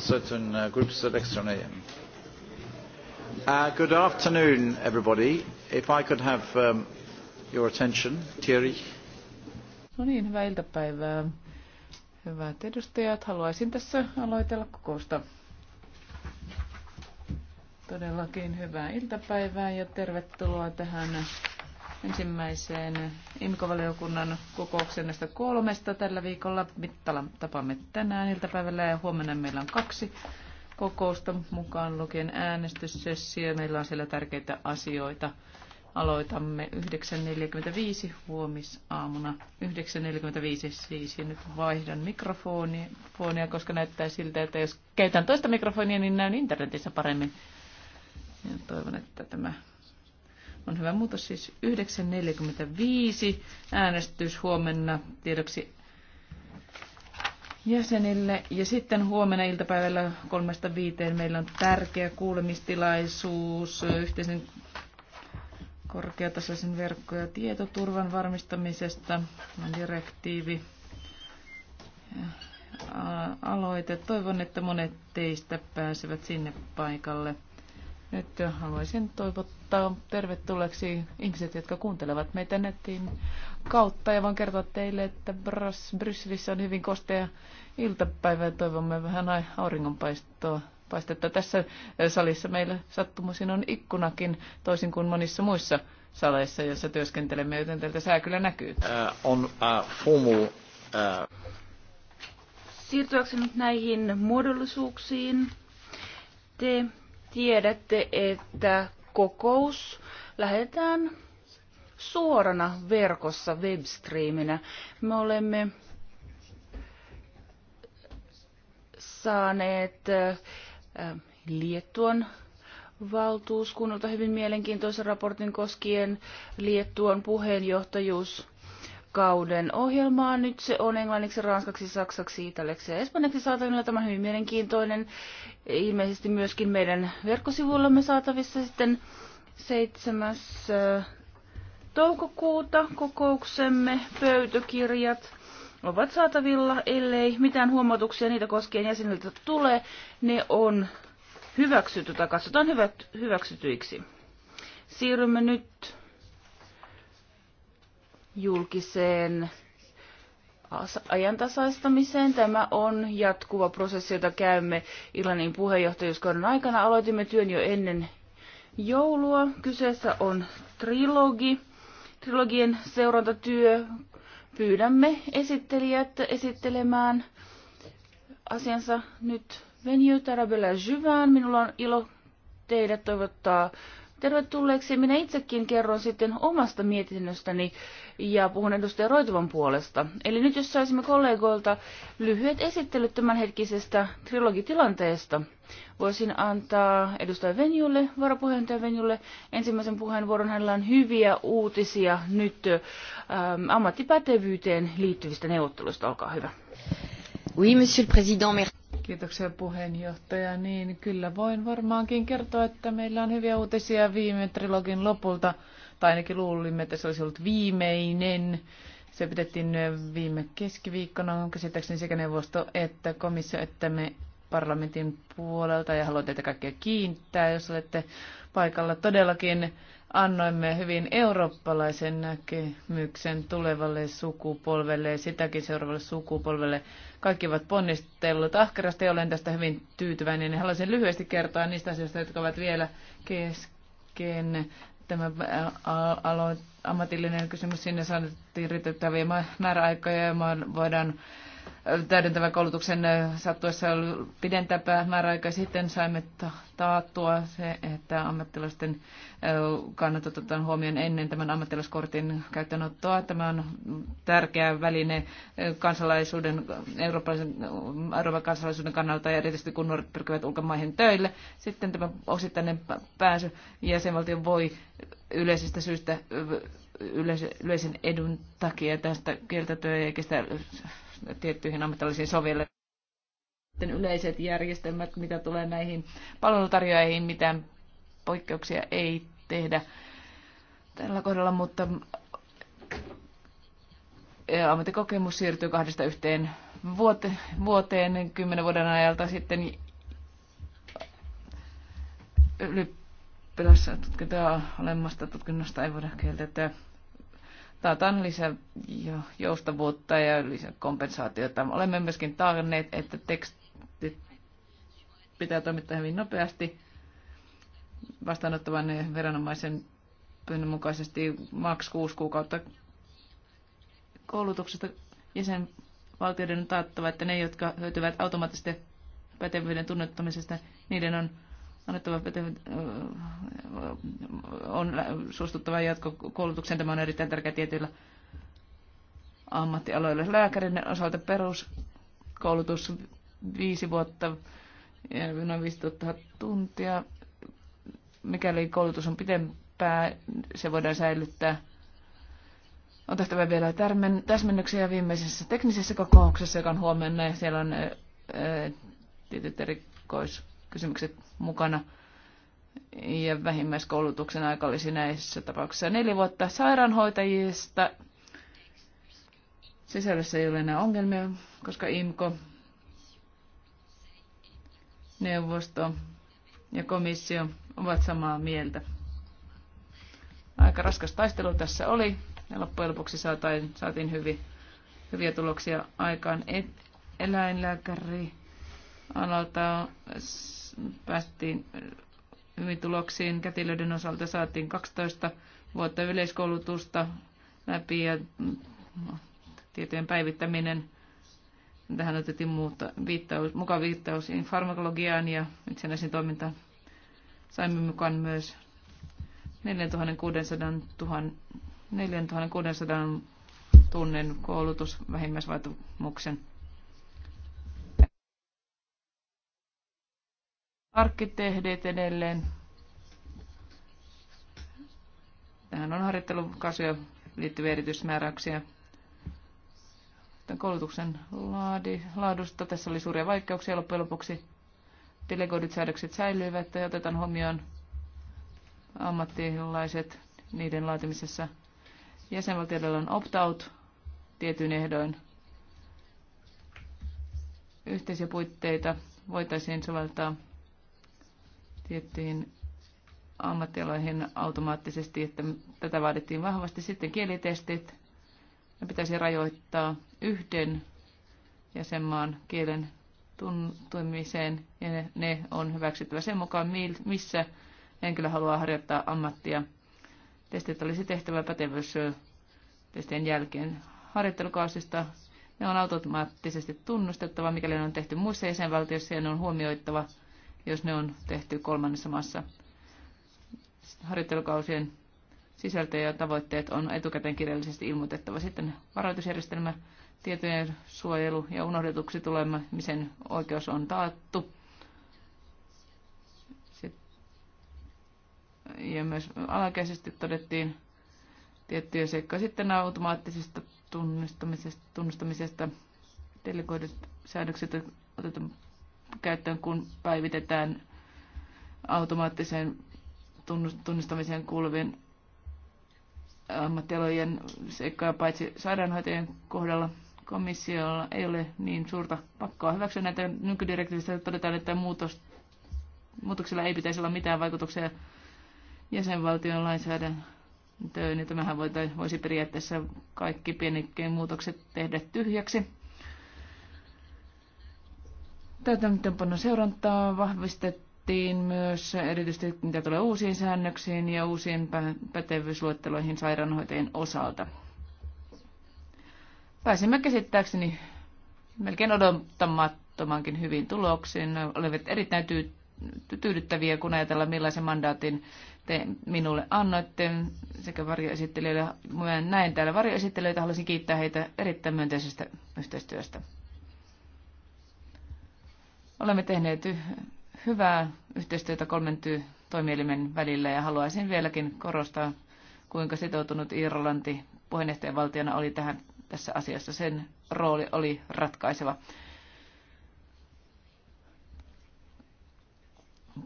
certain groups of extraneum. Uh, good afternoon, everybody. If I could have um, your attention, Thierry. No niin, hyvää iltapäivää. Hyvät edustajat, haluaisin tässä aloitella kokousta. Todellakin hyvää iltapäivää ja tervetuloa tähän ensimmäiseen IMKO-valiokunnan kokoukseen näistä kolmesta tällä viikolla. Mittala tapaamme tänään iltapäivällä ja huomenna meillä on kaksi kokousta mukaan lukien äänestyssessio. Meillä on siellä tärkeitä asioita. Aloitamme 9.45 huomisaamuna. 9.45 siis ja nyt vaihdan mikrofonia, koska näyttää siltä, että jos käytän toista mikrofonia, niin näen internetissä paremmin. Ja toivon, että tämä on hyvä muutos siis 9.45 äänestys huomenna tiedoksi jäsenille. Ja sitten huomenna iltapäivällä kolmesta viiteen meillä on tärkeä kuulemistilaisuus yhteisen korkeatasoisen verkko- ja tietoturvan varmistamisesta. On direktiivi aloite. Toivon, että monet teistä pääsevät sinne paikalle. Nyt haluaisin toivottaa tervetulleeksi ihmiset, jotka kuuntelevat meitä netin kautta. Ja voin kertoa teille, että Brysselissä on hyvin kostea iltapäivä ja toivomme vähän auringonpaistoa. Paistetta tässä salissa meillä sattumusin on ikkunakin, toisin kuin monissa muissa saleissa, joissa työskentelemme, joten teiltä sää kyllä näkyy. Uh, on uh, formal, uh... Siirtyäkseni nyt näihin muodollisuuksiin. Te tiedätte, että kokous lähetään suorana verkossa webstreaminä. Me olemme saaneet äh, Liettuan valtuuskunnalta hyvin mielenkiintoisen raportin koskien Liettuan puheenjohtajuus kauden ohjelmaa. Nyt se on englanniksi, ranskaksi, saksaksi, italiaksi ja espanjaksi saatavilla. Tämä on hyvin mielenkiintoinen. Ilmeisesti myöskin meidän verkkosivuillamme saatavissa sitten 7. toukokuuta kokouksemme pöytökirjat ovat saatavilla, ellei mitään huomautuksia niitä koskien jäseniltä tule. Ne on hyväksytty tai katsotaan hyvät, hyväksytyiksi. Siirrymme nyt julkiseen ajantasaistamiseen. Tämä on jatkuva prosessi, jota käymme Irlannin puheenjohtajuuskauden aikana. Aloitimme työn jo ennen joulua. Kyseessä on trilogi, trilogien seurantatyö. Pyydämme esittelijät esittelemään asiansa nyt Venue Tarabella Jyvään. Minulla on ilo teidät toivottaa tervetulleeksi. Minä itsekin kerron sitten omasta mietinnöstäni ja puhun edustaja Roituvan puolesta. Eli nyt jos saisimme kollegoilta lyhyet esittelyt tämänhetkisestä trilogitilanteesta, voisin antaa edustaja Venjulle, varapuheenjohtaja Venjulle ensimmäisen puheenvuoron. Hänellä on hyviä uutisia nyt ähm, ammattipätevyyteen liittyvistä neuvotteluista. Olkaa hyvä. Oui, monsieur le président, merci. Kiitoksia puheenjohtaja. Niin kyllä voin varmaankin kertoa, että meillä on hyviä uutisia viime trilogin lopulta, tai ainakin luulimme, että se olisi ollut viimeinen. Se pidettiin viime keskiviikkona, käsittääkseni sekä neuvosto että komissio, että me parlamentin puolelta ja haluan teitä kaikkia kiinnittää, jos olette paikalla. Todellakin annoimme hyvin eurooppalaisen näkemyksen tulevalle sukupolvelle ja sitäkin seuraavalle sukupolvelle kaikki ovat ponnistelleet ahkerasti ja olen tästä hyvin tyytyväinen. Haluaisin lyhyesti kertoa niistä asioista, jotka ovat vielä kesken. Tämä alo- ammatillinen kysymys, sinne saatiin riitettäviä määräaikoja ja voidaan täydentävän koulutuksen sattuessa pidentää määräaika. Sitten saimme taattua se, että ammattilaisten kannattaa ottaa huomioon ennen tämän ammattilaiskortin käyttöönottoa. Tämä on tärkeä väline kansalaisuuden, eurooppalaisen, Euroopan kansalaisuuden kannalta ja erityisesti kun nuoret pyrkivät ulkomaihin töille. Sitten tämä osittainen pääsy jäsenvaltio voi yleisestä syystä yleisen edun takia tästä kieltäytyä ei kestä tiettyihin ammattilaisiin soville. Sitten yleiset järjestelmät, mitä tulee näihin palvelutarjoajiin, mitään poikkeuksia ei tehdä tällä kohdalla, mutta e, ammattikokemus siirtyy kahdesta yhteen vuote, vuoteen kymmenen vuoden ajalta sitten ylioppilasstutkintoa olemasta tutkinnosta ei voida kieltäytyä taataan lisää joustavuutta ja lisää kompensaatiota. Olemme myöskin taanneet, että tekstit pitää toimittaa hyvin nopeasti vastaanottavan viranomaisen pyynnön mukaisesti maks 6 kuukautta koulutuksesta jäsenvaltioiden on taattava, että ne, jotka hyötyvät automaattisesti pätevyyden tunnettamisesta, niiden on annettava on suostuttava jatkokoulutukseen. Tämä on erittäin tärkeä tietyillä ammattialoilla. Lääkärin osalta peruskoulutus viisi vuotta, noin 5000 tuntia. Mikäli koulutus on pidempää, se voidaan säilyttää. On tehtävä vielä täsmennyksiä viimeisessä teknisessä kokouksessa, joka on huomenna. siellä on tietyt erikois kysymykset mukana. Ja vähimmäiskoulutuksen aika olisi näissä tapauksissa neljä vuotta sairaanhoitajista. Sisällössä ei ole enää ongelmia, koska IMKO, neuvosto ja komissio ovat samaa mieltä. Aika raskas taistelu tässä oli ja loppujen lopuksi saatiin, saatiin hyvin, hyviä tuloksia aikaan. Et, eläinlääkäri alalta päästiin hyvin tuloksiin. Kätilöiden osalta saatiin 12 vuotta yleiskoulutusta läpi ja tietojen päivittäminen. Tähän otettiin muuta viittaus, mukaan viittaus farmakologiaan ja itsenäisiin toimintaan. Saimme mukaan myös 4600, 000, 4600 koulutus koulutusvähimmäisvaatimuksen. arkkitehdit edelleen. Tähän on harjoittelukasvia liittyviä erityismääräyksiä. Tämän koulutuksen laadi, laadusta tässä oli suuria vaikeuksia loppujen lopuksi. Delegoidut säädökset säilyivät ja otetaan huomioon ammattilaiset niiden laatimisessa. Jäsenvaltioilla on opt-out tietyin ehdoin. Yhteisiä puitteita voitaisiin soveltaa tiettyihin ammattialoihin automaattisesti, että tätä vaadittiin vahvasti. Sitten kielitestit, ne pitäisi rajoittaa yhden jäsenmaan kielen tuntumiseen ja ne, on hyväksyttävä sen mukaan, missä henkilö haluaa harjoittaa ammattia. Testit olisi tehtävä testien jälkeen harjoittelukausista. Ne on automaattisesti tunnustettava, mikäli ne on tehty muissa jäsenvaltioissa ja ne on huomioittava – jos ne on tehty kolmannessa maassa. Harjoittelukausien sisältö ja tavoitteet on etukäteen kirjallisesti ilmoitettava. Sitten varoitusjärjestelmä, tietojen suojelu ja unohdetuksi tulemisen oikeus on taattu. ja myös alakäisesti todettiin tiettyjä seikkoja sitten automaattisesta tunnustamisesta, tunnistamisesta delegoidut säädökset otetaan käyttöön, kun päivitetään automaattiseen tunnistamiseen kuuluvien ammattialojen seikkoja paitsi sairaanhoitajien kohdalla. Komissiolla ei ole niin suurta pakkoa hyväksyä näitä nykydirektiivistä. Todetaan, että muutos, muutoksilla ei pitäisi olla mitään vaikutuksia jäsenvaltion lainsäädäntöön. Niin tämähän voisi periaatteessa kaikki pienikkeen muutokset tehdä tyhjäksi. Täytäntöönpanon seurantaa vahvistettiin myös erityisesti mitä tulee uusiin säännöksiin ja uusiin pätevyysluetteloihin sairaanhoitajien osalta. Pääsimme käsittääkseni melkein odottamattomankin hyvin tuloksiin. Olivat erittäin tyydyttäviä, kun ajatellaan millaisen mandaatin te minulle annoitte sekä varjoesittelijöille. Mä näin täällä varjoesittelijöitä, haluaisin kiittää heitä erittäin myönteisestä yhteistyöstä. Olemme tehneet hyvää yhteistyötä kolmen toimielimen välillä ja haluaisin vieläkin korostaa, kuinka sitoutunut Irlanti puheenjohtajavaltiona oli tähän tässä asiassa. Sen rooli oli ratkaiseva.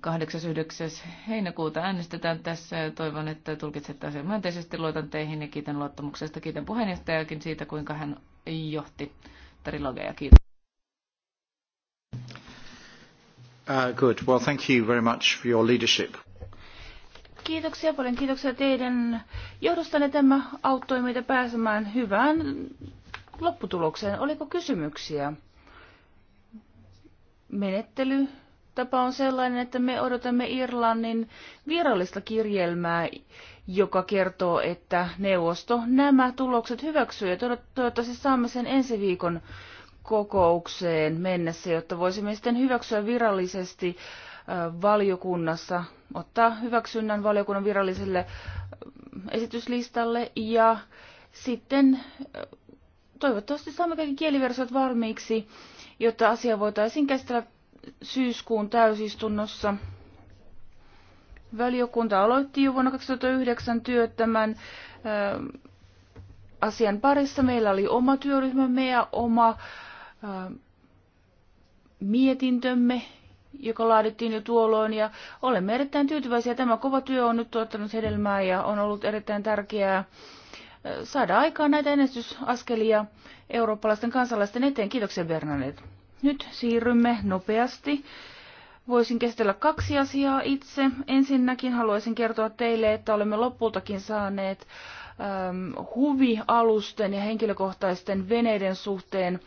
8.9. heinäkuuta äänestetään tässä ja toivon, että tulkitsette asian myönteisesti. Luotan teihin ja kiitän luottamuksesta. Kiitän puheenjohtajakin siitä, kuinka hän johti trilogeja. Kiitos. Uh, good. Well, thank you very much for your leadership. Kiitoksia paljon. Kiitoksia teidän johdostanne. Tämä auttoi meitä pääsemään hyvään lopputulokseen. Oliko kysymyksiä? Menettely tapa on sellainen, että me odotamme Irlannin virallista kirjelmää, joka kertoo, että neuvosto nämä tulokset hyväksyy ja toivottavasti saamme sen ensi viikon kokoukseen mennessä, jotta voisimme sitten hyväksyä virallisesti valiokunnassa, ottaa hyväksynnän valiokunnan viralliselle esityslistalle ja sitten toivottavasti saamme kaikki kieliversiot valmiiksi, jotta asia voitaisiin käsitellä syyskuun täysistunnossa. Valiokunta aloitti jo vuonna 2009 työt tämän asian parissa. Meillä oli oma työryhmämme ja oma äh, mietintömme, joka laadittiin jo tuolloin, ja olemme erittäin tyytyväisiä. Tämä kova työ on nyt tuottanut hedelmää ja on ollut erittäin tärkeää saada aikaan näitä ennestysaskelia eurooppalaisten kansalaisten eteen. Kiitoksia Bernadette. Nyt siirrymme nopeasti. Voisin kestellä kaksi asiaa itse. Ensinnäkin haluaisin kertoa teille, että olemme lopultakin saaneet huvialusten ja henkilökohtaisten veneiden suhteen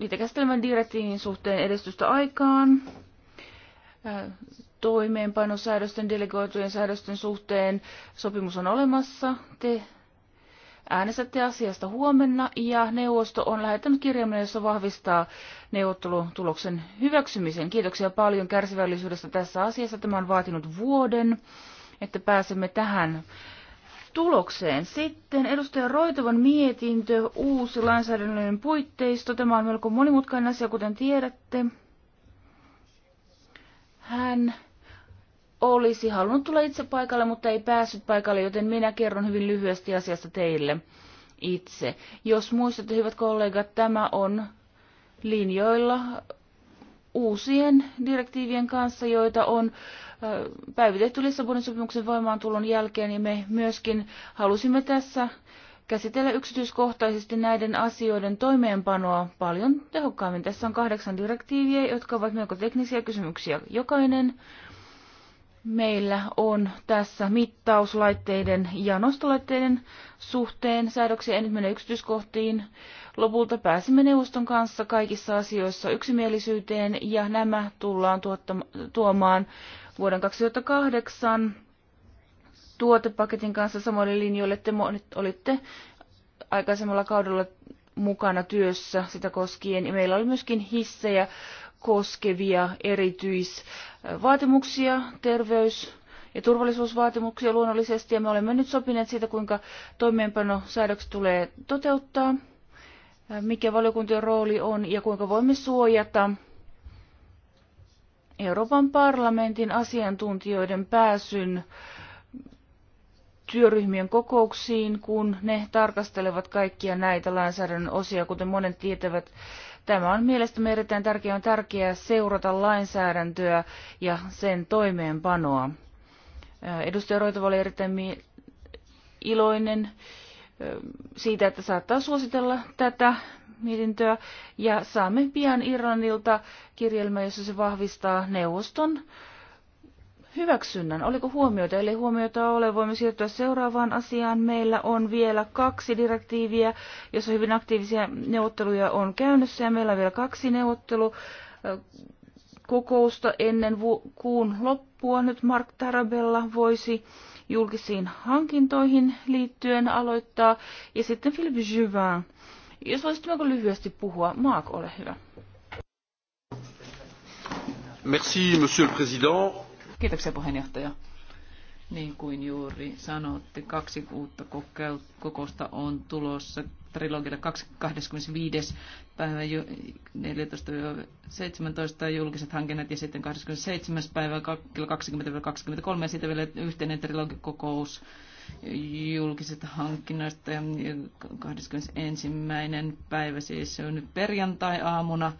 niitä käsittelemään direktiivin suhteen edistystä aikaan toimeenpanosäädösten, delegoitujen säädösten suhteen sopimus on olemassa. Te äänestätte asiasta huomenna ja neuvosto on lähettänyt kirjelmän, jossa vahvistaa neuvottelutuloksen hyväksymisen. Kiitoksia paljon kärsivällisyydestä tässä asiassa. Tämä on vaatinut vuoden, että pääsemme tähän tulokseen. Sitten edustaja Roitovan mietintö, uusi lainsäädännöllinen puitteisto. Tämä on melko monimutkainen asia, kuten tiedätte. Hän olisi halunnut tulla itse paikalle, mutta ei päässyt paikalle, joten minä kerron hyvin lyhyesti asiasta teille itse. Jos muistatte, hyvät kollegat, tämä on linjoilla uusien direktiivien kanssa, joita on päivitetty Lissabonin sopimuksen voimaantulon jälkeen, ja me myöskin halusimme tässä käsitellä yksityiskohtaisesti näiden asioiden toimeenpanoa paljon tehokkaammin. Tässä on kahdeksan direktiiviä, jotka ovat melko teknisiä kysymyksiä jokainen meillä on tässä mittauslaitteiden ja nostolaitteiden suhteen säädöksiä. En nyt mene yksityiskohtiin. Lopulta pääsimme neuvoston kanssa kaikissa asioissa yksimielisyyteen ja nämä tullaan tuomaan vuoden 2008 tuotepaketin kanssa samoille linjoille. Te olitte aikaisemmalla kaudella mukana työssä sitä koskien ja meillä oli myöskin hissejä koskevia erityisvaatimuksia, terveys- ja turvallisuusvaatimuksia luonnollisesti, ja me olemme nyt sopineet siitä, kuinka toimeenpanosäädökset tulee toteuttaa, mikä valiokuntien rooli on ja kuinka voimme suojata Euroopan parlamentin asiantuntijoiden pääsyn työryhmien kokouksiin, kun ne tarkastelevat kaikkia näitä lainsäädännön osia, kuten monet tietävät. Tämä on mielestäni erittäin tärkeää. On tärkeää seurata lainsäädäntöä ja sen toimeenpanoa. Edustaja Roitova oli erittäin iloinen siitä, että saattaa suositella tätä mietintöä. Ja saamme pian Irlannilta kirjelmä, jossa se vahvistaa neuvoston hyväksynnän. Oliko huomiota? Eli huomiota ole, voimme siirtyä seuraavaan asiaan. Meillä on vielä kaksi direktiiviä, jossa hyvin aktiivisia neuvotteluja on käynnissä ja meillä on vielä kaksi neuvottelukokousta ennen kuun loppua. Nyt Mark Tarabella voisi julkisiin hankintoihin liittyen aloittaa. Ja sitten Philippe Juvin. Jos voisitteko lyhyesti puhua, Mark, ole hyvä. Merci, monsieur le président. Kiitoksia puheenjohtaja. Niin kuin juuri sanotte, kaksi uutta kokousta on tulossa trilogilla 25. päivä 14-17 julkiset hankinnat ja sitten 27. päivä kello 20-23 ja sitten vielä yhteinen trilogikokous julkiset hankinnasta ja 21. päivä siis on nyt perjantai-aamuna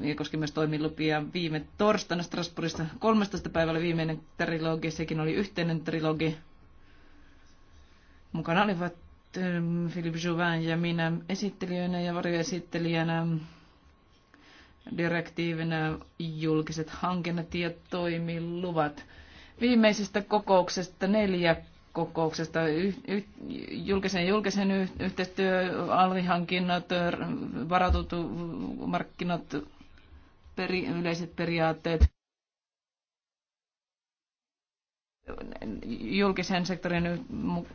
ja koski myös toimilupia viime torstaina Strasbourgissa 13. päivällä viimeinen trilogi, sekin oli yhteinen trilogi. Mukana olivat ähm, Philippe Jouvin ja minä esittelijöinä ja varjoesittelijänä direktiivinä julkiset hankinnat ja toimiluvat. Viimeisestä kokouksesta neljä kokouksesta yh, yh, julkisen julkisen yh, yhteistyö, alvihankinnat, varatut markkinat, peri, yleiset periaatteet, julkisen sektorin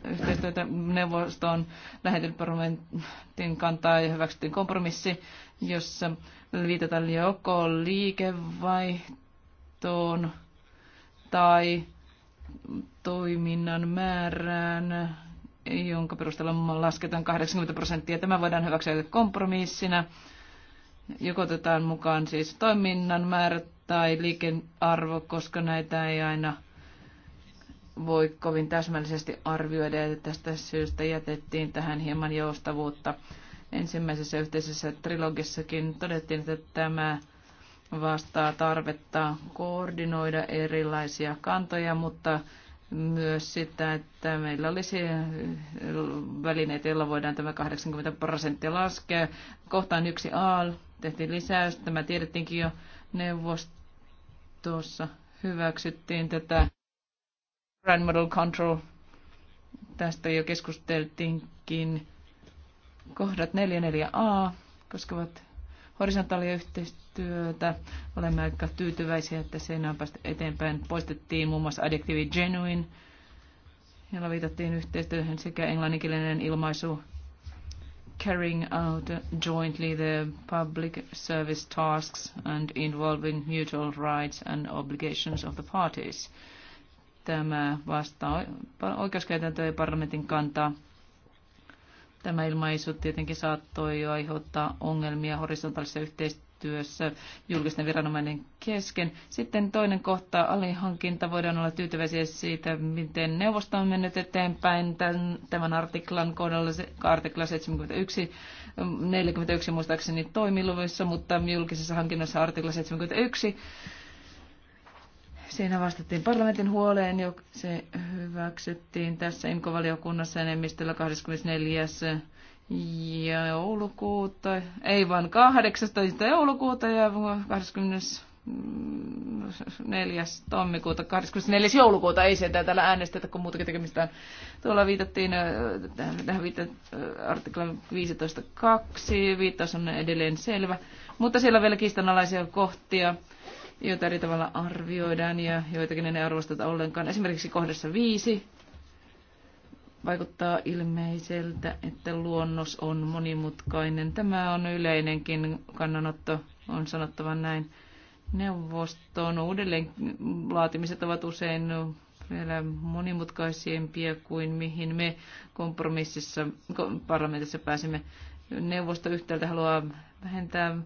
yhteistyötä neuvostoon lähetetty parlamentin kantaa ja hyväksyttiin kompromissi, jossa viitataan joko liikevaihtoon tai toiminnan määrään, jonka perusteella lasketaan 80 prosenttia. Tämä voidaan hyväksyä kompromissina. Jokotetaan mukaan siis toiminnan määrä tai liikearvo, koska näitä ei aina voi kovin täsmällisesti arvioida ja tästä syystä jätettiin tähän hieman joustavuutta. Ensimmäisessä yhteisessä trilogissakin todettiin, että tämä vastaa tarvetta koordinoida erilaisia kantoja, mutta myös sitä, että meillä olisi välineitä, joilla voidaan tämä 80 prosenttia laskea. Kohtaan yksi A tehtiin lisäys. Tämä tiedettiinkin jo neuvostossa. Hyväksyttiin tätä Grand Model Control. Tästä jo keskusteltiinkin. Kohdat 44a koskevat horisontaalia yhteistyötä. Olemme aika tyytyväisiä, että sen on päästy eteenpäin. Poistettiin muun muassa adjektiivi genuine, jolla viitattiin yhteistyöhön sekä englanninkielinen ilmaisu carrying out jointly the public service tasks and involving mutual rights and obligations of the parties. Tämä vastaa oikeuskäytäntöä ja parlamentin kantaa Tämä ilmaisu tietenkin saattoi jo aiheuttaa ongelmia horisontaalisessa yhteistyössä julkisten viranomainen kesken. Sitten toinen kohta, alihankinta. Voidaan olla tyytyväisiä siitä, miten neuvosto on mennyt eteenpäin tämän, tämän artiklan kohdalla, artikla 71, 41 muistaakseni toimiluvissa, mutta julkisessa hankinnassa artikla 71 Siinä vastattiin parlamentin huoleen, jo se hyväksyttiin tässä Inkovaliokunnassa enemmistöllä 24. joulukuuta, ei vaan 18. joulukuuta ja 24. tammikuuta, 24. joulukuuta, ei se täällä äänestetä, kun muutakin tekemistä Tuolla viitattiin äh, tähän, tähän artikla äh, artiklan 15.2, viittaus on edelleen selvä, mutta siellä on vielä kiistanalaisia kohtia joita eri tavalla arvioidaan ja joitakin en arvosteta ollenkaan. Esimerkiksi kohdassa viisi vaikuttaa ilmeiseltä, että luonnos on monimutkainen. Tämä on yleinenkin kannanotto, on sanottava näin. Neuvoston uudelleen laatimiset ovat usein vielä monimutkaisempia kuin mihin me kompromississa parlamentissa pääsimme. Neuvosto yhtäältä haluaa vähentää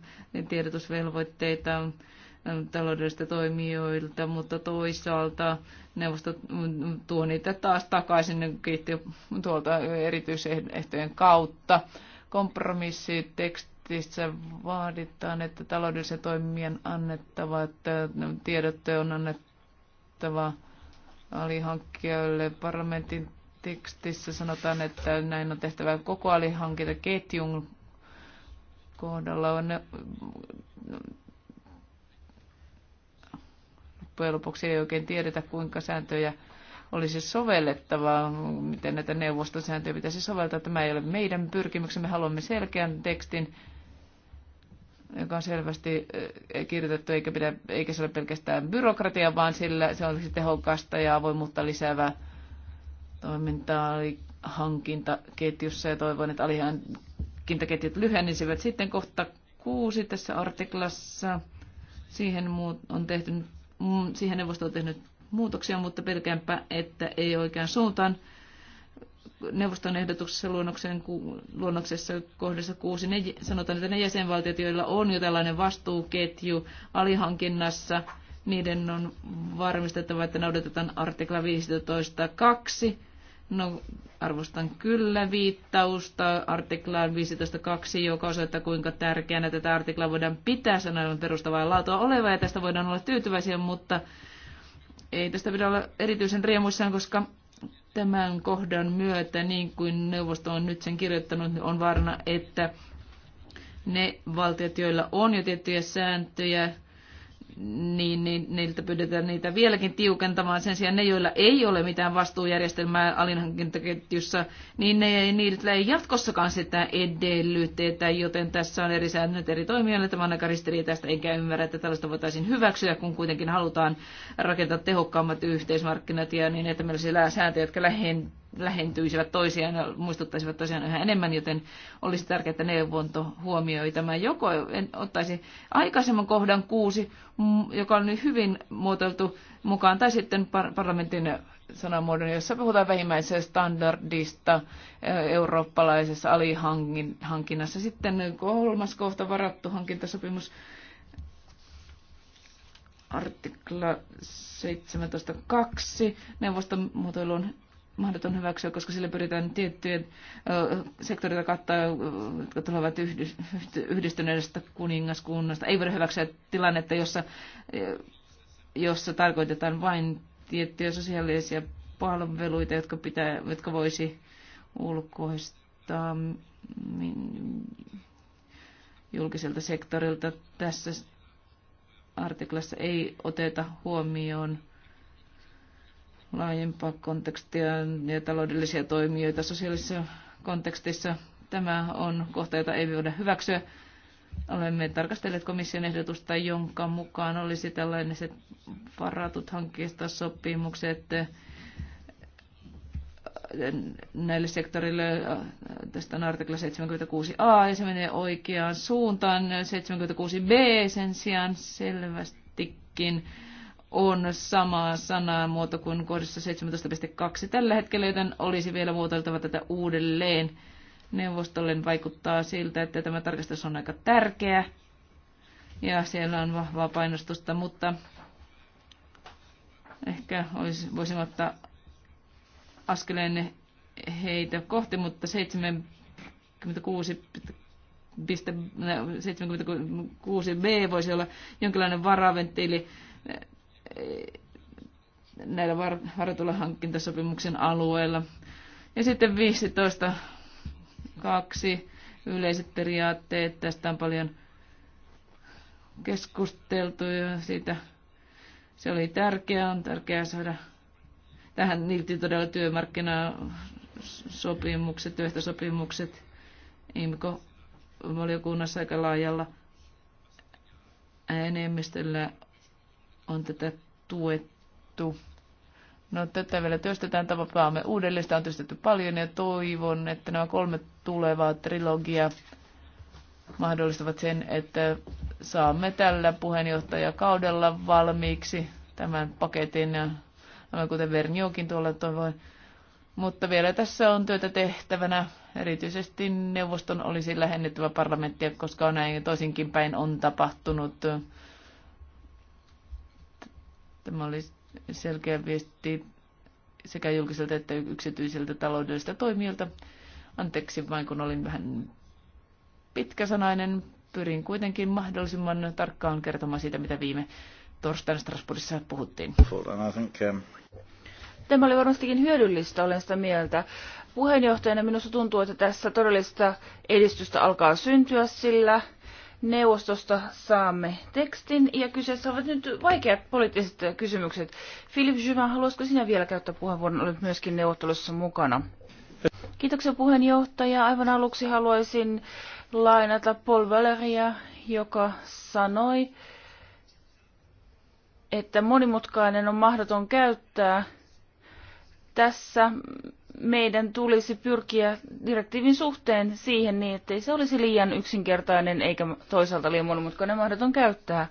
tiedotusvelvoitteita, taloudellisista toimijoilta, mutta toisaalta neuvosto tuo niitä taas takaisin kiitti tuolta erityisehtojen kautta. Kompromissitekstissä vaaditaan, että taloudellisen toimijan annettavat tiedot on annettava alihankkijoille. Parlamentin tekstissä sanotaan, että näin on tehtävä koko alihankintaketjun kohdalla. On loppujen lopuksi ei oikein tiedetä, kuinka sääntöjä olisi sovellettava, miten näitä neuvostosääntöjä pitäisi soveltaa. Tämä ei ole meidän pyrkimyksemme, haluamme selkeän tekstin, joka on selvästi eh, kirjoitettu, eikä, pidä, eikä se ole pelkästään byrokratia, vaan sillä se olisi tehokasta ja avoimuutta lisäävää toimintaa hankintaketjussa ja toivon, että alihankintaketjut lyhenisivät sitten kohta kuusi tässä artiklassa. Siihen on tehty nyt Mm, siihen neuvosto on tehnyt muutoksia, mutta pelkäänpä, että ei oikean suuntaan. Neuvoston ehdotuksessa luonnoksen, luonnoksessa kohdassa kuusi ne, sanotaan, että ne jäsenvaltiot, joilla on jo tällainen vastuuketju alihankinnassa, niiden on varmistettava, että noudatetaan artikla 15.2 No, arvostan kyllä viittausta artiklaan 15.2, joka osoittaa kuinka tärkeänä tätä artiklaa voidaan pitää sanoilla perustavaa laatua olevaa ja tästä voidaan olla tyytyväisiä, mutta ei tästä pidä olla erityisen riemuissaan, koska tämän kohdan myötä, niin kuin neuvosto on nyt sen kirjoittanut, on varna, että ne valtiot, joilla on jo tiettyjä sääntöjä, niin, niin niiltä pyydetään niitä vieläkin tiukentamaan. Sen sijaan ne, joilla ei ole mitään vastuujärjestelmää alinhankintaketjussa, niin ne, niiltä ei jatkossakaan sitä edellytetä, joten tässä on eri säännöt eri toimijoille. Tämä on aika ristiriitaista, enkä ymmärrä, että tällaista voitaisiin hyväksyä, kun kuitenkin halutaan rakentaa tehokkaammat yhteismarkkinat ja niin, että meillä siellä sääntöjä, jotka lähentyvät lähentyisivät toisiaan ja muistuttaisivat toisiaan yhä enemmän, joten olisi tärkeää, että neuvonto huomioi tämä. Joko en ottaisi aikaisemman kohdan kuusi, mm, joka on nyt hyvin muotoiltu mukaan, tai sitten par- parlamentin sanamuodon, jossa puhutaan vähimmäisestä standardista eurooppalaisessa alihankinnassa. Sitten kolmas kohta varattu hankintasopimus artikla 17.2 neuvoston on mahdoton hyväksyä, koska sillä pyritään tiettyjen sektoreita kattaa, jotka tulevat yhdistyneestä kuningaskunnasta. Ei voida hyväksyä tilannetta, jossa, jossa tarkoitetaan vain tiettyjä sosiaalisia palveluita, jotka, pitää, jotka voisi ulkoistaa mm, julkiselta sektorilta. Tässä artiklassa ei oteta huomioon laajempaa kontekstia ja taloudellisia toimijoita sosiaalisessa kontekstissa. Tämä on kohta, jota ei voida hyväksyä. Olemme tarkastelleet komission ehdotusta, jonka mukaan olisi tällaiset varatut hankkeista sopimukset eh, näille sektorille. Eh, tästä on artikla 76a ja se menee oikeaan suuntaan. 76b sen sijaan selvästikin on sama sanamuoto kuin kohdassa 17.2 tällä hetkellä, joten olisi vielä muotoiltava tätä uudelleen. Neuvostolle vaikuttaa siltä, että tämä tarkastus on aika tärkeä ja siellä on vahvaa painostusta, mutta ehkä olisi, voisin ottaa askeleen heitä kohti, mutta 76 76b voisi olla jonkinlainen varaventtiili näillä varatulla hankintasopimuksen alueilla. Ja sitten 15. Kaksi yleiset periaatteet. Tästä on paljon keskusteltu ja siitä se oli tärkeää. On tärkeää saada tähän liittyy todella työmarkkinasopimukset, työehtosopimukset IMKO valiokunnassa aika laajalla enemmistöllä on tätä tuettu. No tätä vielä työstetään, tapaamme uudelleen, sitä on työstetty paljon ja toivon, että nämä kolme tulevaa trilogia mahdollistavat sen, että saamme tällä puheenjohtajakaudella valmiiksi tämän paketin, ja kuten Verniokin tuolla toivoi. Mutta vielä tässä on työtä tehtävänä. Erityisesti neuvoston olisi lähennettävä parlamenttia, koska näin toisinkin päin on tapahtunut Tämä oli selkeä viesti sekä julkiselta että yksityisiltä taloudellisilta toimijoilta. Anteeksi vain, kun olin vähän pitkäsanainen. Pyrin kuitenkin mahdollisimman tarkkaan kertomaan siitä, mitä viime torstaina Strasbourgissa puhuttiin. Um, Tämä oli varmastikin hyödyllistä, olen sitä mieltä. Puheenjohtajana minusta tuntuu, että tässä todellista edistystä alkaa syntyä, sillä neuvostosta saamme tekstin. Ja kyseessä ovat nyt vaikeat poliittiset kysymykset. Philip Jyvä, haluaisiko sinä vielä käyttää puheenvuoron? Olet myöskin neuvottelussa mukana. Kiitoksia puheenjohtaja. Aivan aluksi haluaisin lainata Paul Valeria, joka sanoi, että monimutkainen on mahdoton käyttää. Tässä meidän tulisi pyrkiä direktiivin suhteen siihen niin, ettei se olisi liian yksinkertainen eikä toisaalta liian monimutkainen mahdoton käyttää.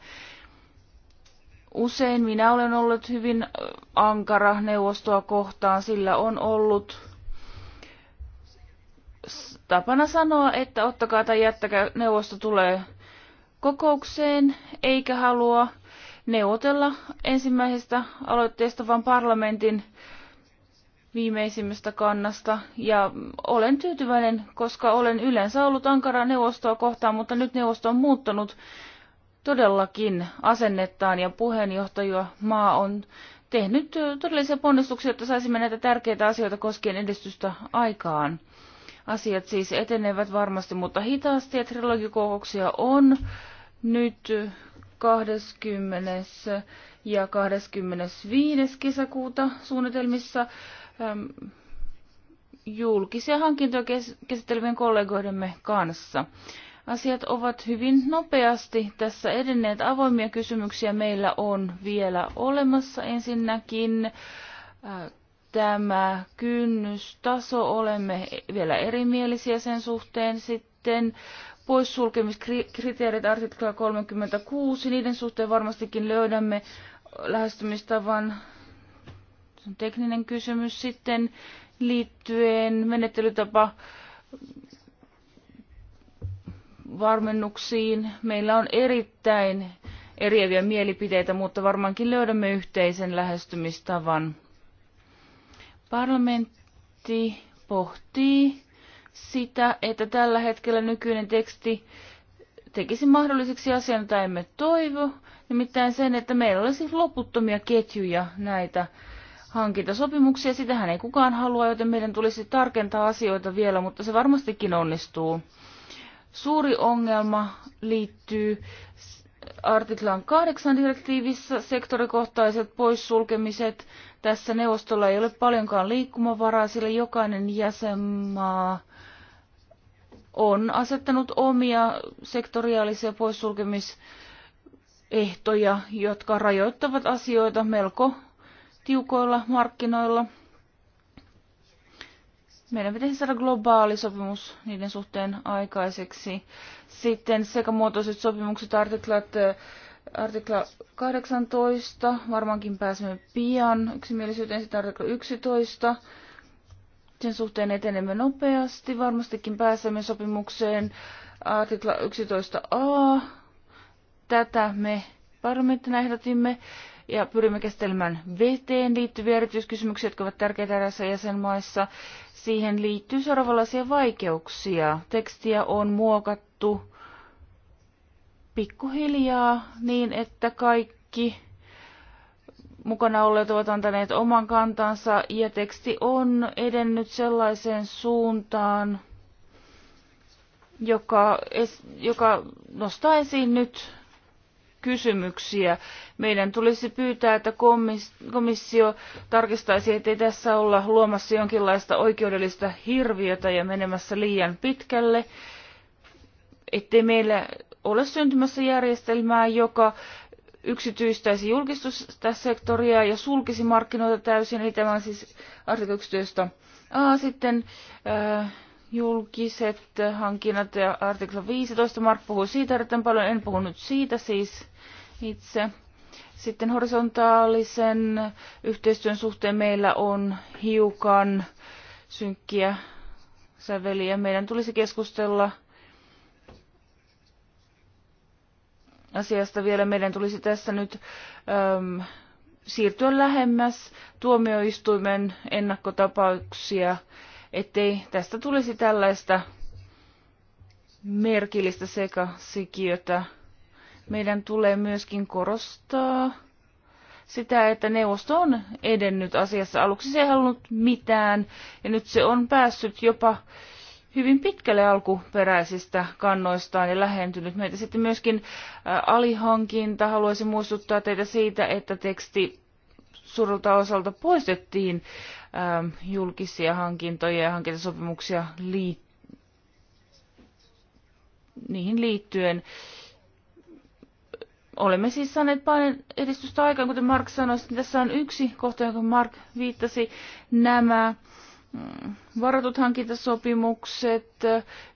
Usein minä olen ollut hyvin ankara neuvostoa kohtaan, sillä on ollut tapana sanoa, että ottakaa tai jättäkää neuvosto tulee kokoukseen, eikä halua neuvotella ensimmäisestä aloitteesta, vaan parlamentin viimeisimmästä kannasta ja olen tyytyväinen, koska olen yleensä ollut ankaraa neuvostoa kohtaan, mutta nyt neuvosto on muuttanut todellakin asennettaan ja puheenjohtaja maa on tehnyt todellisia ponnistuksia, että saisimme näitä tärkeitä asioita koskien edistystä aikaan. Asiat siis etenevät varmasti, mutta hitaasti että trilogikokouksia on nyt 20. ja 25. kesäkuuta suunnitelmissa julkisia hankintoja käsittelevien kollegoidemme kanssa. Asiat ovat hyvin nopeasti tässä edenneet. Avoimia kysymyksiä meillä on vielä olemassa. Ensinnäkin tämä kynnystaso, olemme vielä erimielisiä sen suhteen. Sitten poissulkemiskriteerit artikla 36, niiden suhteen varmastikin löydämme lähestymistavan tekninen kysymys sitten liittyen menettelytapa varmennuksiin. Meillä on erittäin eriäviä mielipiteitä, mutta varmaankin löydämme yhteisen lähestymistavan. Parlamentti pohtii sitä, että tällä hetkellä nykyinen teksti tekisi mahdolliseksi asian, jota emme toivo, nimittäin sen, että meillä olisi loputtomia ketjuja näitä hankintasopimuksia. Sitähän ei kukaan halua, joten meidän tulisi tarkentaa asioita vielä, mutta se varmastikin onnistuu. Suuri ongelma liittyy artiklaan kahdeksan direktiivissä sektorikohtaiset poissulkemiset. Tässä neuvostolla ei ole paljonkaan liikkumavaraa, sillä jokainen jäsenmaa on asettanut omia sektoriaalisia poissulkemisehtoja, jotka rajoittavat asioita melko tiukoilla markkinoilla. Meidän pitäisi saada globaali sopimus niiden suhteen aikaiseksi. Sitten sekä sopimukset, artiklat, äh, artikla 18, varmaankin pääsemme pian yksimielisyyteen, sitten artikla 11. Sen suhteen etenemme nopeasti, varmastikin pääsemme sopimukseen artikla 11a. Tätä me parlamenttina ehdotimme ja pyrimme käsittelemään veteen liittyviä erityiskysymyksiä, jotka ovat tärkeitä eräissä jäsenmaissa. Siihen liittyy seuraavanlaisia vaikeuksia. Tekstiä on muokattu pikkuhiljaa niin, että kaikki mukana olleet ovat antaneet oman kantansa ja teksti on edennyt sellaiseen suuntaan, joka, joka nostaa esiin nyt kysymyksiä. Meidän tulisi pyytää, että komissio tarkistaisi, ettei tässä olla luomassa jonkinlaista oikeudellista hirviötä ja menemässä liian pitkälle, ettei meillä ole syntymässä järjestelmää, joka yksityistäisi julkista sektoria ja sulkisi markkinoita täysin, eli tämä on siis artikla 11a. Sitten äh, julkiset hankinnat ja artikla 15. Mark puhui siitä erittäin paljon, en puhunut siitä siis itse. Sitten horisontaalisen yhteistyön suhteen meillä on hiukan synkkiä säveliä. Meidän tulisi keskustella asiasta vielä. Meidän tulisi tässä nyt äm, siirtyä lähemmäs tuomioistuimen ennakkotapauksia ettei tästä tulisi tällaista merkillistä sekasikiötä. Meidän tulee myöskin korostaa sitä, että neuvosto on edennyt asiassa. Aluksi se ei halunnut mitään ja nyt se on päässyt jopa hyvin pitkälle alkuperäisistä kannoistaan ja lähentynyt meitä. Sitten myöskin alihankinta. Haluaisin muistuttaa teitä siitä, että teksti suurelta osalta poistettiin ähm, julkisia hankintoja ja hankintasopimuksia liittyen niihin liittyen. Olemme siis saaneet paljon edistystä aikaan, kuten Mark sanoi. Sitten tässä on yksi kohta, johon Mark viittasi. Nämä mm, varatut hankintasopimukset,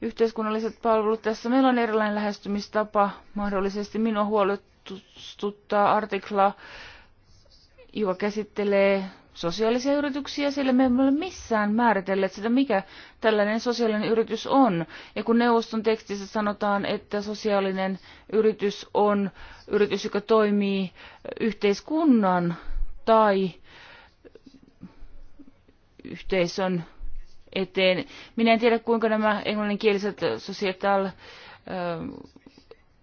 yhteiskunnalliset palvelut. Tässä meillä on erilainen lähestymistapa. Mahdollisesti minua huolestuttaa artikla joka käsittelee sosiaalisia yrityksiä, sillä me emme ole missään määritelleet sitä, mikä tällainen sosiaalinen yritys on. Ja kun neuvoston tekstissä sanotaan, että sosiaalinen yritys on yritys, joka toimii yhteiskunnan tai yhteisön eteen. Minä en tiedä, kuinka nämä englanninkieliset societal ähm,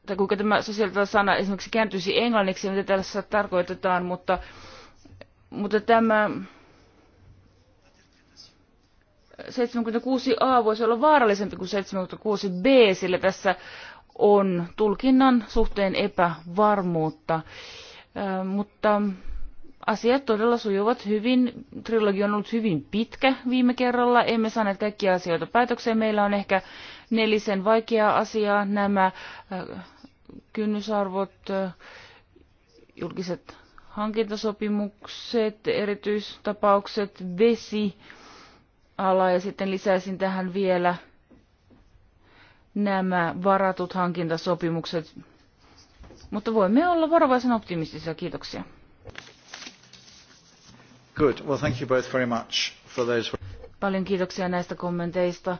tai kuinka tämä sosiaalinen sana esimerkiksi kääntyisi englanniksi mitä tällä tarkoitetaan, mutta mutta tämä 76a voisi olla vaarallisempi kuin 76b, sillä tässä on tulkinnan suhteen epävarmuutta. Mutta asiat todella sujuvat hyvin. Trilogi on ollut hyvin pitkä viime kerralla. Emme saaneet kaikkia asioita päätökseen. Meillä on ehkä nelisen vaikeaa asiaa. Nämä kynnysarvot, julkiset hankintasopimukset, erityistapaukset, vesi ala ja sitten lisäisin tähän vielä nämä varatut hankintasopimukset. Mutta voimme olla varovaisen optimistisia. Kiitoksia. Good. Well, thank you both very much for those. Paljon kiitoksia näistä kommenteista.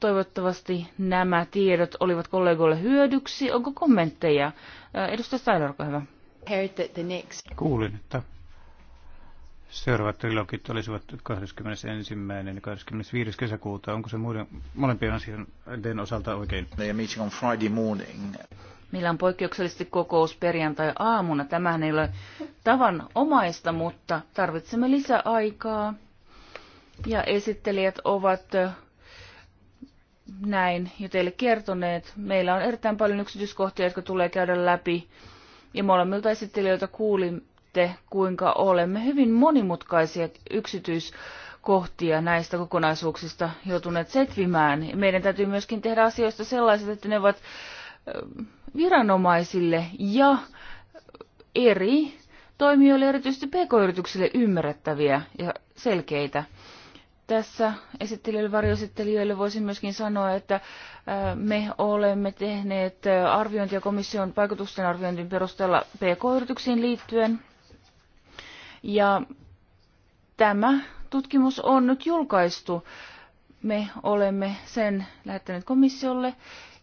Toivottavasti nämä tiedot olivat kollegoille hyödyksi. Onko kommentteja? Edustaja Steiner, olkaa hyvä. Kuulin, että seuraavat trilogit olisivat 21. ja 25. kesäkuuta. Onko se muiden, molempien asioiden osalta oikein? They are meeting on Friday morning. Meillä on poikkeuksellisesti kokous perjantai-aamuna. Tämähän ei ole tavanomaista, mutta tarvitsemme lisäaikaa. Ja esittelijät ovat äh, näin jo teille kertoneet. Meillä on erittäin paljon yksityiskohtia, jotka tulee käydä läpi ja molemmilta esittelijöiltä kuulitte, kuinka olemme hyvin monimutkaisia yksityiskohtia näistä kokonaisuuksista joutuneet setvimään. Meidän täytyy myöskin tehdä asioista sellaiset, että ne ovat viranomaisille ja eri toimijoille, erityisesti pk-yrityksille, ymmärrettäviä ja selkeitä tässä esittelijöille, varjoesittelijöille voisin myöskin sanoa, että äh, me olemme tehneet äh, arviointia komission vaikutusten arviointin perusteella PK-yrityksiin liittyen. Ja tämä tutkimus on nyt julkaistu. Me olemme sen lähettäneet komissiolle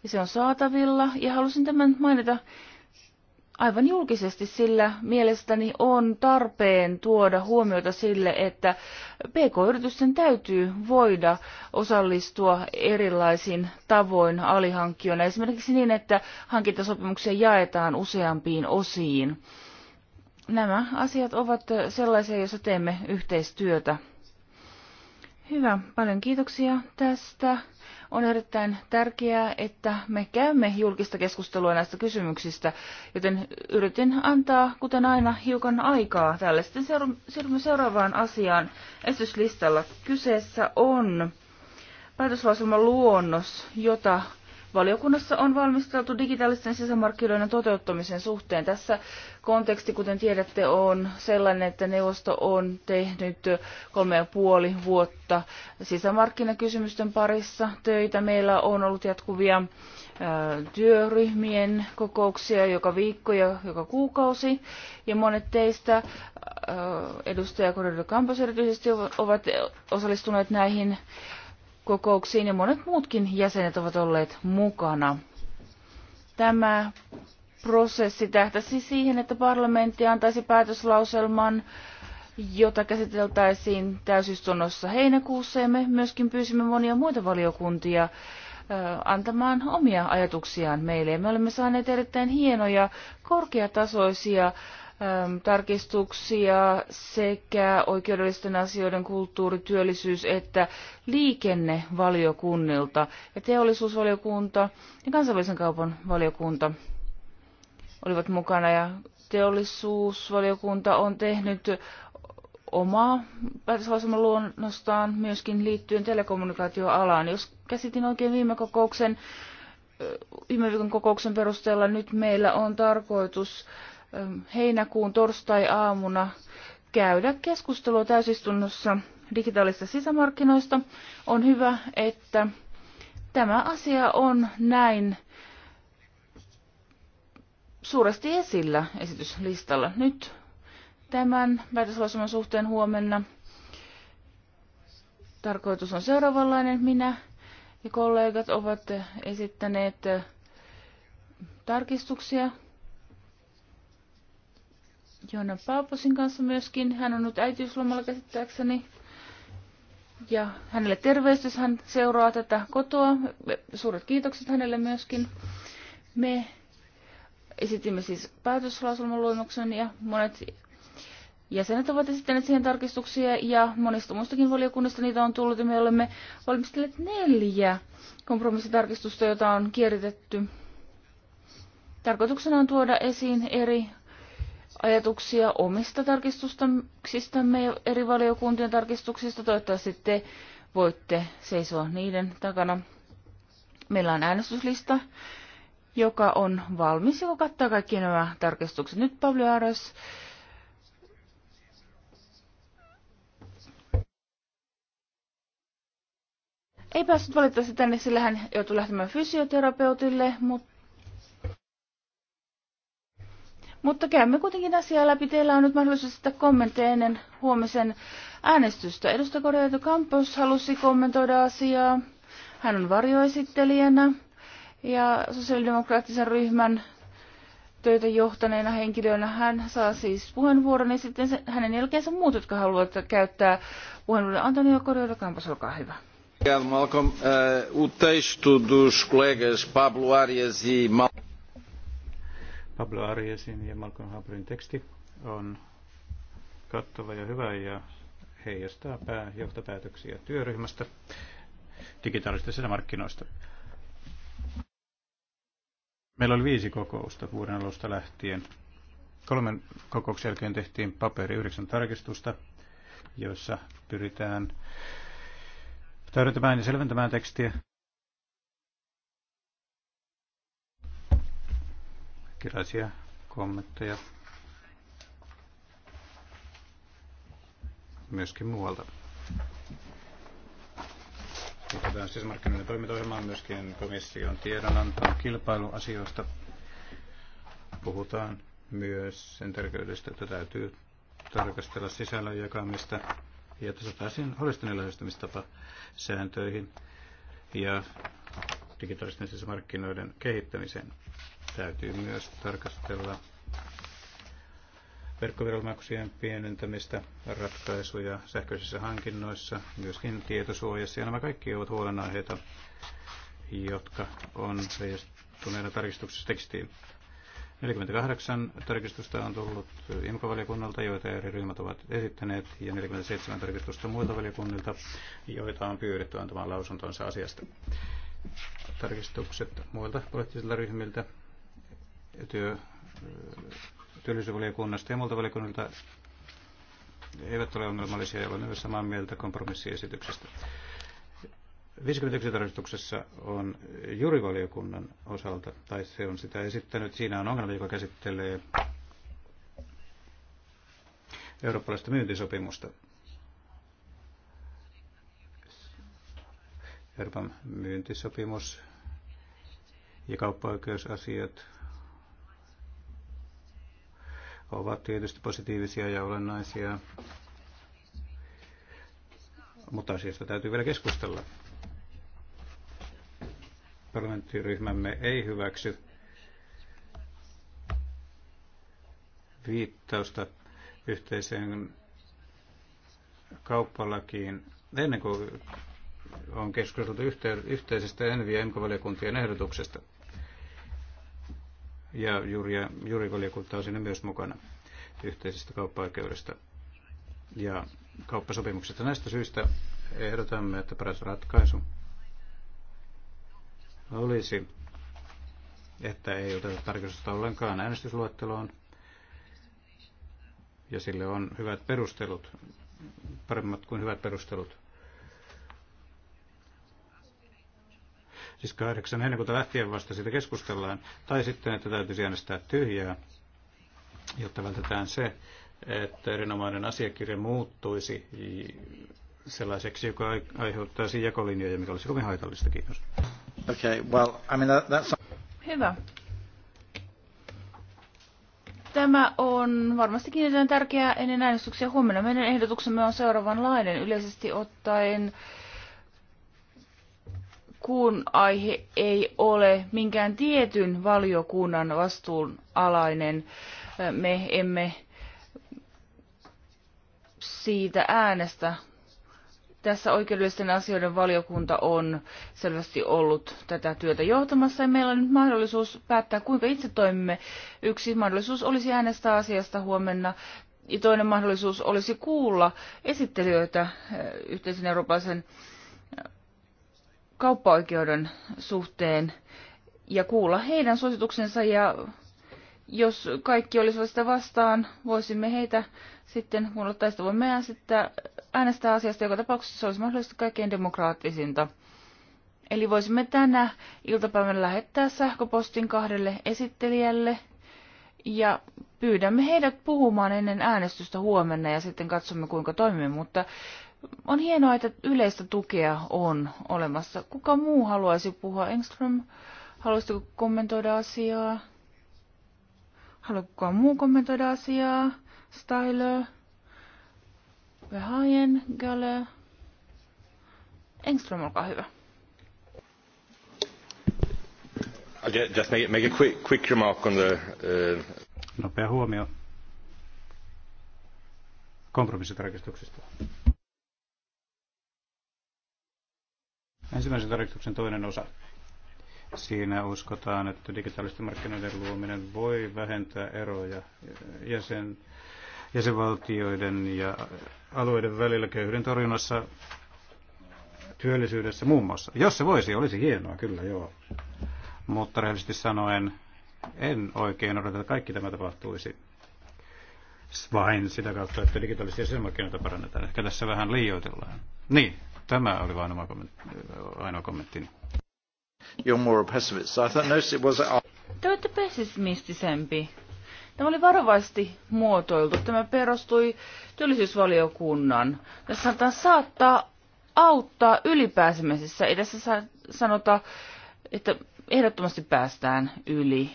ja se on saatavilla. Ja halusin tämän mainita aivan julkisesti, sillä mielestäni on tarpeen tuoda huomiota sille, että PK-yritysten täytyy voida osallistua erilaisin tavoin alihankkijoina, esimerkiksi niin, että hankintasopimuksia jaetaan useampiin osiin. Nämä asiat ovat sellaisia, joissa teemme yhteistyötä. Hyvä, paljon kiitoksia tästä on erittäin tärkeää, että me käymme julkista keskustelua näistä kysymyksistä, joten yritin antaa, kuten aina, hiukan aikaa tälle. Sitten siirrymme seuraavaan asiaan. Esityslistalla kyseessä on päätöslauselman luonnos, jota Valiokunnassa on valmisteltu digitaalisten sisämarkkinoiden toteuttamisen suhteen. Tässä konteksti, kuten tiedätte, on sellainen, että neuvosto on tehnyt kolme ja puoli vuotta sisämarkkinakysymysten parissa töitä. Meillä on ollut jatkuvia työryhmien kokouksia joka viikko ja joka kuukausi. Ja monet teistä, edustaja Corredo Campos erityisesti, ovat osallistuneet näihin kokouksiin ja monet muutkin jäsenet ovat olleet mukana. Tämä prosessi tähtäisi siihen, että parlamentti antaisi päätöslauselman, jota käsiteltäisiin täysistunnossa heinäkuussa ja me myöskin pyysimme monia muita valiokuntia antamaan omia ajatuksiaan meille. Me olemme saaneet erittäin hienoja, korkeatasoisia tarkistuksia sekä oikeudellisten asioiden kulttuuri, työllisyys että liikennevaliokunnilta ja teollisuusvaliokunta ja kansainvälisen kaupan valiokunta olivat mukana ja teollisuusvaliokunta on tehnyt omaa päätöslauselman luonnostaan myöskin liittyen telekommunikaatioalaan. Jos käsitin oikein viime kokouksen, viime viikon kokouksen perusteella nyt meillä on tarkoitus heinäkuun torstai-aamuna käydä keskustelua täysistunnossa digitaalisista sisämarkkinoista. On hyvä, että tämä asia on näin suuresti esillä esityslistalla. Nyt tämän päätöslausuman suhteen huomenna tarkoitus on seuraavanlainen. Minä ja kollegat ovat esittäneet tarkistuksia Joona Paaposin kanssa myöskin. Hän on nyt äitiyslomalla käsittääkseni. Ja hänelle terveistys, hän seuraa tätä kotoa. Suuret kiitokset hänelle myöskin. Me esitimme siis päätöslauselman luonnoksen ja monet jäsenet ovat esittäneet siihen tarkistuksia ja monista muistakin valiokunnista niitä on tullut ja me olemme valmistelleet neljä kompromissitarkistusta, joita on kierritetty. Tarkoituksena on tuoda esiin eri ajatuksia omista tarkistuksistamme ja eri valiokuntien tarkistuksista. Toivottavasti te voitte seisoa niiden takana. Meillä on äänestyslista, joka on valmis, joka kattaa kaikki nämä tarkistukset. Nyt Pavli Aras. Ei päässyt valitettavasti tänne, sillä hän joutui lähtemään fysioterapeutille, mutta Mutta käymme kuitenkin asiaa läpi. Teillä on nyt mahdollisuus sitä kommentteja ennen huomisen äänestystä. Edustaja Korjaito Kampos halusi kommentoida asiaa. Hän on varjoesittelijänä ja sosiaalidemokraattisen ryhmän töitä johtaneena henkilönä hän saa siis puheenvuoron ja sitten se, hänen jälkeensä muut, jotka haluavat käyttää puheenvuoron. Antonio Correa Campos, olkaa hyvä. Malcolm. Eh, o texto dos colegas Pablo Arias e Malcolm... Pablo Ariesin ja Malcolm Harbourin teksti on kattava ja hyvä ja heijastaa pääjohtopäätöksiä työryhmästä digitaalisista markkinoista. Meillä oli viisi kokousta vuoden alusta lähtien. Kolmen kokouksen jälkeen tehtiin paperi yhdeksän tarkistusta, joissa pyritään täydentämään ja selventämään tekstiä. Iraisia kommentteja myöskin muualta. Otetaan sisämarkkinoiden toimintaohjelmaan myöskin komission tiedonantoon kilpailuasioista. Puhutaan myös sen tärkeydestä, että täytyy tarkastella sisällön jakamista ja tasataan holistinen lähestymistapa sääntöihin ja digitaalisten sisämarkkinoiden kehittämiseen täytyy myös tarkastella verkkoviranomaksien pienentämistä, ratkaisuja sähköisissä hankinnoissa, myöskin tietosuojassa. Ja nämä kaikki ovat huolenaiheita, jotka on heijastuneena tarkistuksessa tekstiin. 48 tarkistusta on tullut IMCO-valiokunnalta, joita eri ryhmät ovat esittäneet, ja 47 tarkistusta muilta valiokunnilta, joita on pyydetty antamaan lausuntonsa asiasta. Tarkistukset muilta poliittisilta ryhmiltä työ, työllisyysvaliokunnasta ja muilta valiokunnilta eivät ole ongelmallisia ja olemme myös samaa mieltä kompromissiesityksestä. 51 tarkistuksessa on jurivaliokunnan osalta, tai se on sitä esittänyt. Siinä on ongelma, joka käsittelee eurooppalaista myyntisopimusta. Euroopan myyntisopimus ja kauppa-oikeusasiat ovat tietysti positiivisia ja olennaisia, mutta asiasta täytyy vielä keskustella. Parlamenttiryhmämme ei hyväksy viittausta yhteiseen kauppalakiin ennen kuin on keskusteltu yhteisestä Envi- ja valiokuntien ehdotuksesta ja juurivaliokunta on siinä myös mukana yhteisestä kauppa-oikeudesta ja kauppasopimuksesta. Näistä syistä ehdotamme, että paras ratkaisu olisi, että ei oteta tarkistusta ollenkaan äänestysluetteloon, ja sille on hyvät perustelut, paremmat kuin hyvät perustelut siis 8 heinäkuuta lähtien vasta siitä keskustellaan, tai sitten, että täytyisi äänestää tyhjää, jotta vältetään se, että erinomainen asiakirja muuttuisi sellaiseksi, joka aiheuttaisi jakolinjoja, mikä olisi kovin haitallista. Kiitos. Okay, well, I mean that, that's... Hyvä. Tämä on varmastikin jotain tärkeää ennen äänestyksiä huomenna. Meidän ehdotuksemme on seuraavanlainen yleisesti ottaen kun aihe ei ole minkään tietyn valiokunnan vastuun alainen. Me emme siitä äänestä. Tässä oikeudellisten asioiden valiokunta on selvästi ollut tätä työtä johtamassa ja meillä on nyt mahdollisuus päättää, kuinka itse toimimme. Yksi mahdollisuus olisi äänestää asiasta huomenna ja toinen mahdollisuus olisi kuulla esittelijöitä eh, yhteisen eurooppalaisen kauppaoikeuden suhteen ja kuulla heidän suosituksensa ja jos kaikki olisi sitä vastaan, voisimme heitä sitten kun tästä. Voimme äänestää, äänestää asiasta joka tapauksessa, olisi mahdollisesti kaikkein demokraattisinta. Eli voisimme tänä iltapäivänä lähettää sähköpostin kahdelle esittelijälle ja pyydämme heidät puhumaan ennen äänestystä huomenna ja sitten katsomme kuinka toimimme, mutta on hienoa, että yleistä tukea on olemassa. Kuka muu haluaisi puhua? Engström, haluaisitko kommentoida asiaa? Haluatko kukaan muu kommentoida asiaa? Styler? Vähäjen, Gale? Engström, olkaa hyvä. Just make, make a quick, quick remark on the, uh... Nopea huomio kompromissitarkistuksista. Ensimmäisen tarkistuksen toinen osa. Siinä uskotaan, että digitaalisten markkinoiden luominen voi vähentää eroja jäsen, jäsenvaltioiden ja alueiden välillä köyhyyden torjunnassa, työllisyydessä muun muassa. Jos se voisi, olisi hienoa, kyllä joo. Mutta rehellisesti sanoen, en oikein odota, että kaikki tämä tapahtuisi vain sitä kautta, että digitaalisia jäsenmarkkinoita parannetaan. Ehkä tässä vähän liioitellaan. Niin, Tämä oli vain oma kommentti, ainoa kommenttini. You're more pessimist. I thought, no, it was... Te olette pessimistisempi. Tämä oli varovasti muotoiltu. Tämä perustui työllisyysvaliokunnan. Tässä sanotaan saattaa auttaa ylipääsemisessä. Ei tässä sanota, että ehdottomasti päästään yli.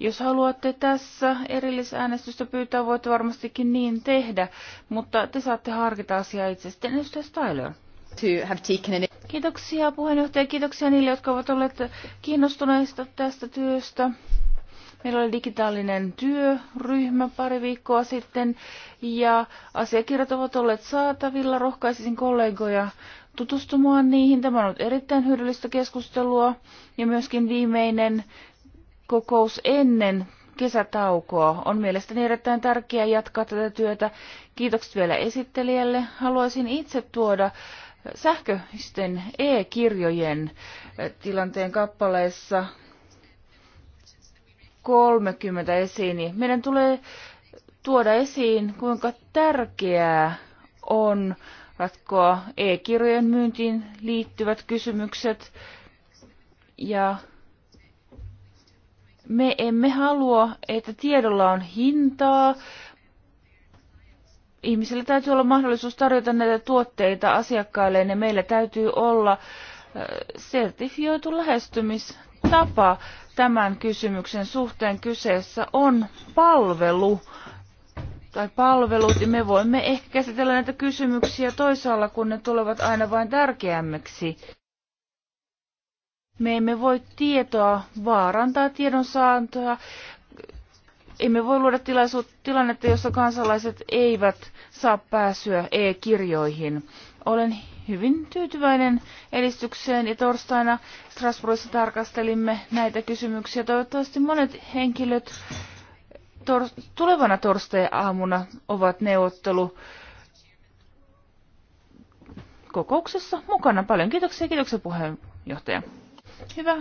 Jos haluatte tässä erillisäänestystä pyytää, voitte varmastikin niin tehdä, mutta te saatte harkita asiaa itse sitten. Tyler. Kiitoksia puheenjohtaja, kiitoksia niille, jotka ovat olleet kiinnostuneista tästä työstä. Meillä oli digitaalinen työryhmä pari viikkoa sitten ja asiakirjat ovat olleet saatavilla. Rohkaisisin kollegoja tutustumaan niihin. Tämä on ollut erittäin hyödyllistä keskustelua ja myöskin viimeinen kokous ennen kesätaukoa. On mielestäni erittäin tärkeää jatkaa tätä työtä. Kiitokset vielä esittelijälle. Haluaisin itse tuoda sähköisten e-kirjojen eh, tilanteen kappaleessa 30 esiin, niin meidän tulee tuoda esiin, kuinka tärkeää on ratkoa e-kirjojen myyntiin liittyvät kysymykset. Ja me emme halua, että tiedolla on hintaa, ihmisillä täytyy olla mahdollisuus tarjota näitä tuotteita asiakkaille, ja meillä täytyy olla äh, sertifioitu lähestymistapa tämän kysymyksen suhteen. Kyseessä on palvelu tai palvelut, ja me voimme ehkä käsitellä näitä kysymyksiä toisaalla, kun ne tulevat aina vain tärkeämmiksi. Me emme voi tietoa vaarantaa tiedon saantoa, emme voi luoda tilannetta, jossa kansalaiset eivät saa pääsyä e-kirjoihin. Olen hyvin tyytyväinen edistykseen ja torstaina Strasbourgissa tarkastelimme näitä kysymyksiä. Toivottavasti monet henkilöt tor- tulevana torstai-aamuna ovat neuvottelu kokouksessa mukana. Paljon kiitoksia, kiitoksia puheenjohtaja. Hyvä.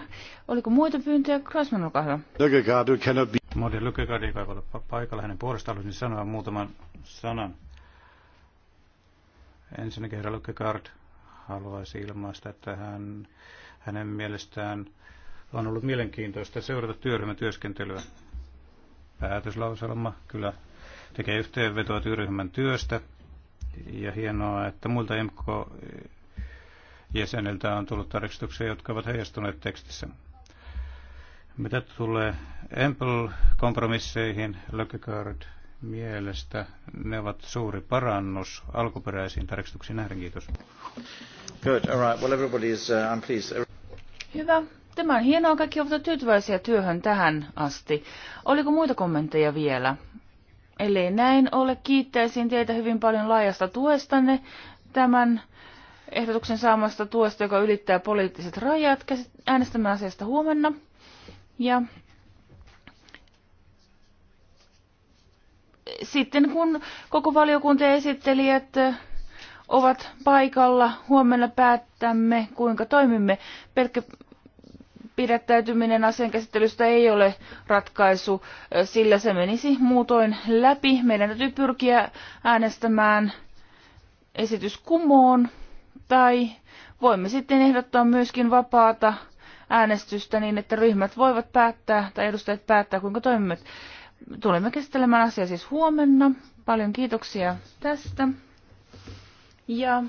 Oliko muita pyyntöjä? Krasman, olkaa hyvä. Modi Lykekadi, joka paikalla, hänen puolestaan haluaisin sanoa muutaman sanan. Ensinnäkin herra Lykekard haluaisi ilmaista, että hän, hänen mielestään on ollut mielenkiintoista seurata työryhmän työskentelyä. Päätöslauselma kyllä tekee yhteenvetoa työryhmän työstä. Ja hienoa, että muilta MK-jäseniltä on tullut tarkistuksia, jotka ovat heijastuneet tekstissä. Mitä tulee Ample-kompromisseihin, Lökikaard mielestä ne ovat suuri parannus alkuperäisiin tarkistuksiin nähden. Kiitos. Good, all right. Well, is, uh, I'm pleased. Hyvä. Tämä on hienoa. Kaikki ovat tyytyväisiä työhön tähän asti. Oliko muita kommentteja vielä? Ellei näin ole, kiittäisin teitä hyvin paljon laajasta tuestanne tämän ehdotuksen saamasta tuesta, joka ylittää poliittiset rajat. äänestämään asiasta huomenna. Ja sitten kun koko valiokunta esitteli, että ovat paikalla, huomenna päättämme, kuinka toimimme. Pelkkä pidättäytyminen asian käsittelystä ei ole ratkaisu, sillä se menisi muutoin läpi. Meidän täytyy pyrkiä äänestämään esitys kumoon tai voimme sitten ehdottaa myöskin vapaata äänestystä niin, että ryhmät voivat päättää tai edustajat päättää, kuinka toimimme. Tulemme käsittelemään asiaa siis huomenna. Paljon kiitoksia tästä. Ja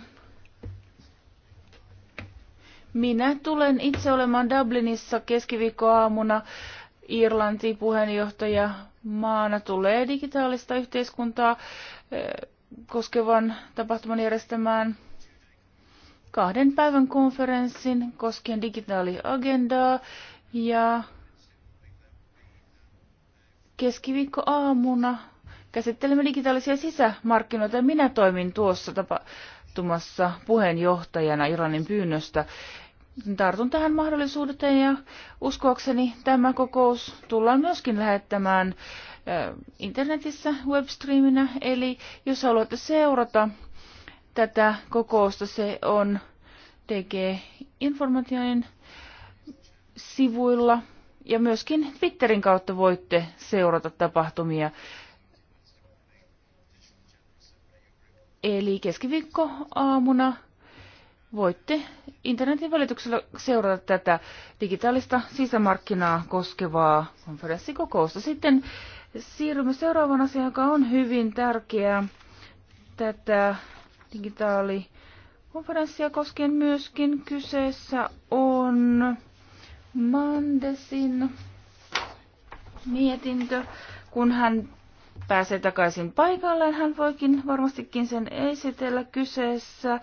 minä tulen itse olemaan Dublinissa keskiviikkoaamuna. Irlanti puheenjohtaja maana tulee digitaalista yhteiskuntaa eh, koskevan tapahtuman järjestämään kahden päivän konferenssin koskien digitaaliagendaa ja keskiviikko aamuna käsittelemme digitaalisia sisämarkkinoita. Minä toimin tuossa tapahtumassa puheenjohtajana Iranin pyynnöstä. Tartun tähän mahdollisuuteen ja uskoakseni tämä kokous tullaan myöskin lähettämään äh, internetissä webstreaminä. Eli jos haluatte seurata tätä kokousta. Se on DG informaation sivuilla ja myöskin Twitterin kautta voitte seurata tapahtumia. Eli keskiviikko aamuna voitte internetin välityksellä seurata tätä digitaalista sisämarkkinaa koskevaa konferenssikokousta. Sitten siirrymme seuraavaan asiaan, joka on hyvin tärkeää. Tätä digitaali konferenssia koskien myöskin kyseessä on Mandesin mietintö. Kun hän pääsee takaisin paikalleen, hän voikin varmastikin sen esitellä. Kyseessä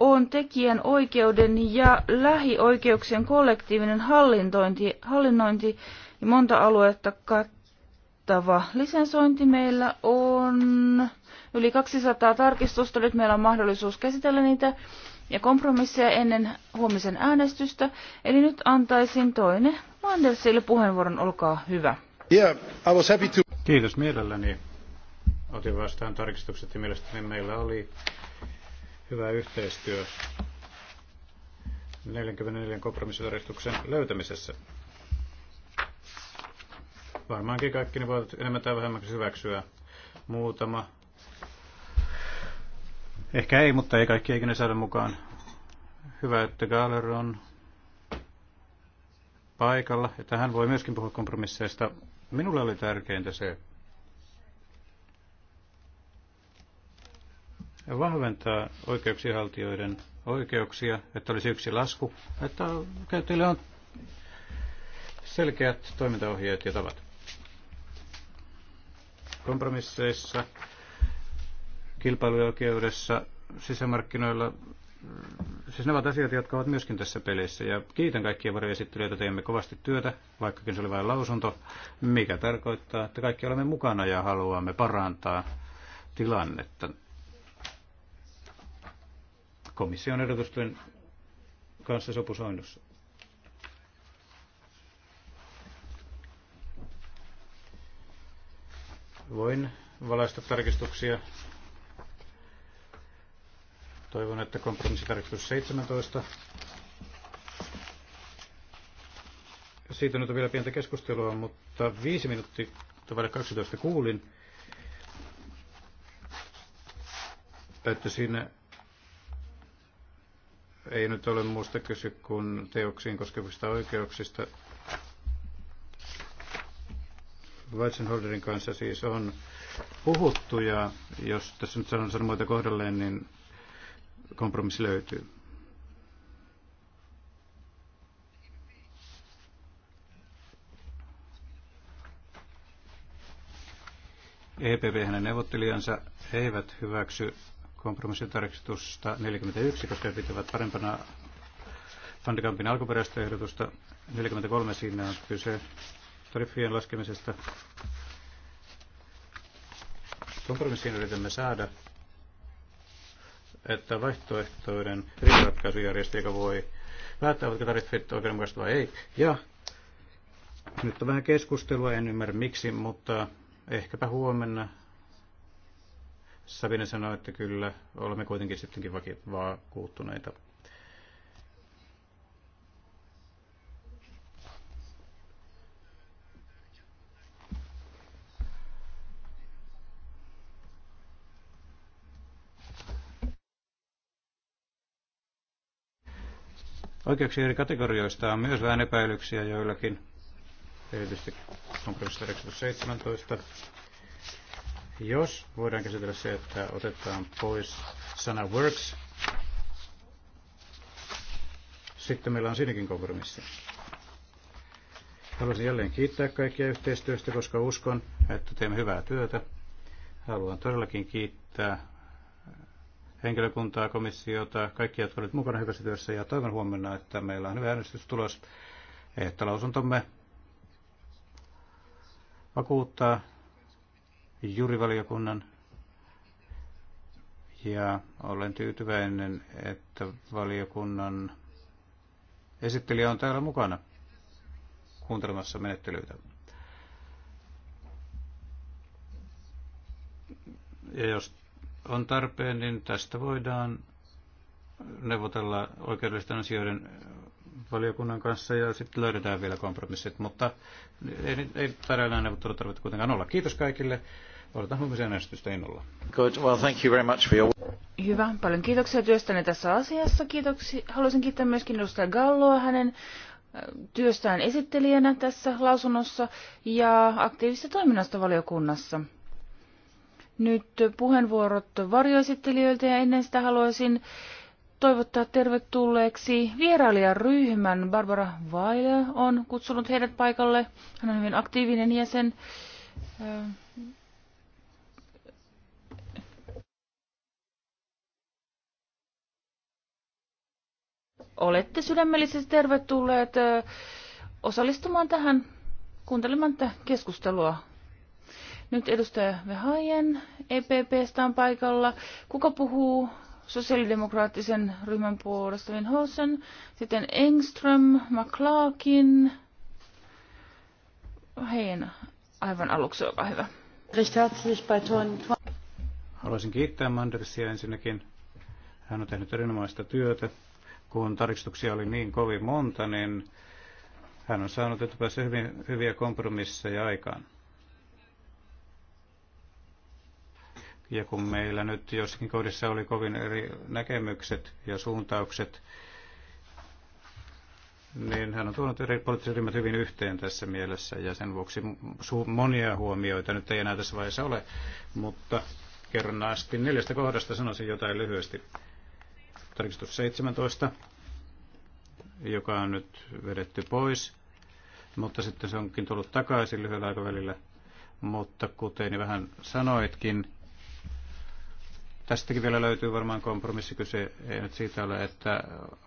on tekijän oikeuden ja lähioikeuksien kollektiivinen hallinnointi, hallinnointi ja monta aluetta kattava lisensointi. Meillä on yli 200 tarkistusta. Nyt meillä on mahdollisuus käsitellä niitä ja kompromisseja ennen huomisen äänestystä. Eli nyt antaisin toinen Mandelsille puheenvuoron. Olkaa hyvä. Yeah, I was happy to... Kiitos mielelläni. Otin vastaan tarkistukset ja mielestäni meillä oli hyvä yhteistyö 44 kompromissitarkistuksen löytämisessä. Varmaankin kaikki ne voivat enemmän tai vähemmän hyväksyä. Muutama Ehkä ei, mutta ei kaikki ikinä saada mukaan. Hyvä, että Gaaler on paikalla, että hän voi myöskin puhua kompromisseista. Minulle oli tärkeintä se vahventaa oikeuksienhaltijoiden oikeuksia, että olisi yksi lasku, että käyttäjille on selkeät toimintaohjeet ja tavat. Kompromisseissa kilpailuoikeudessa sisämarkkinoilla. Siis ne ovat asioita, jotka ovat myöskin tässä pelissä. Ja kiitän kaikkia varjoesittelijöitä, teemme kovasti työtä, vaikkakin se oli vain lausunto, mikä tarkoittaa, että kaikki olemme mukana ja haluamme parantaa tilannetta. Komission ehdotusten kanssa sopusoinnussa. Voin valaista tarkistuksia Toivon, että kompromissitarkistus 17. Siitä nyt on vielä pientä keskustelua, mutta viisi minuuttia vaille 12 kuulin, että siinä ei nyt ole muusta kysy kuin teoksiin koskevista oikeuksista. Weizenholderin kanssa siis on puhuttu ja jos tässä nyt sanon sanomoita kohdalleen, niin kompromissi löytyy. EPV hänen neuvottelijansa eivät hyväksy kompromissitarkistusta 41, koska he pitävät parempana Fandikampin alkuperäistä ehdotusta. 43 siinä on kyse tariffien laskemisesta. Kompromissiin yritämme saada että vaihtoehtoinen riidanratkaisujärjestö, joka voi päättää, ovatko tariffit oikeudenmukaiset vai ei. Ja nyt on vähän keskustelua, en ymmärrä miksi, mutta ehkäpä huomenna Sabine sanoi, että kyllä olemme kuitenkin sittenkin vakuuttuneita Oikeuksien eri kategorioista on myös vähän epäilyksiä joillakin, erityisesti on 17. Jos voidaan käsitellä se, että otetaan pois sana works, sitten meillä on siinäkin kompromissi. Haluaisin jälleen kiittää kaikkia yhteistyöstä, koska uskon, että teemme hyvää työtä. Haluan todellakin kiittää henkilökuntaa, komissiota, kaikki, jotka olivat mukana hyvässä työssä ja toivon huomenna, että meillä on hyvä äänestystulos, että lausuntomme vakuuttaa juurivaliokunnan. ja olen tyytyväinen, että valiokunnan esittelijä on täällä mukana kuuntelemassa menettelyitä. Ja jos on tarpeen, niin tästä voidaan neuvotella oikeudellisten asioiden valiokunnan kanssa ja sitten löydetään vielä kompromissit, mutta ei, ei tarjolla tarvitse kuitenkaan olla. Kiitos kaikille. Odotan huomisen äänestystä innolla. Good. Well, thank you very much for your... Hyvä. Paljon kiitoksia työstänne tässä asiassa. Kiitoksia. Haluaisin kiittää myöskin edustaja Galloa hänen työstään esittelijänä tässä lausunnossa ja aktiivisesta toiminnasta valiokunnassa nyt puheenvuorot varjoesittelijöiltä ja ennen sitä haluaisin toivottaa tervetulleeksi vierailijaryhmän. Barbara Weiler on kutsunut heidät paikalle. Hän on hyvin aktiivinen jäsen. Olette sydämellisesti tervetulleet osallistumaan tähän kuuntelemaan tätä keskustelua nyt edustaja Vehaien EPPstä on paikalla. Kuka puhuu sosiaalidemokraattisen ryhmän puolesta? Linhausen, sitten Engström, McClarkin. Heidän aivan aluksi, olkaa hyvä. Haluaisin kiittää Mandersia ensinnäkin. Hän on tehnyt erinomaista työtä. Kun tarkistuksia oli niin kovin monta, niin hän on saanut etupäässä hyvin, hyviä kompromisseja aikaan. Ja kun meillä nyt joskin kohdissa oli kovin eri näkemykset ja suuntaukset, niin hän on tuonut eri poliittiset ryhmät hyvin yhteen tässä mielessä ja sen vuoksi monia huomioita nyt ei enää tässä vaiheessa ole, mutta kerrannaasti neljästä kohdasta sanoisin jotain lyhyesti. Tarkistus 17, joka on nyt vedetty pois, mutta sitten se onkin tullut takaisin lyhyellä aikavälillä. Mutta kuten vähän sanoitkin, Tästäkin vielä löytyy varmaan kompromissi. Kyse ei nyt siitä ole, että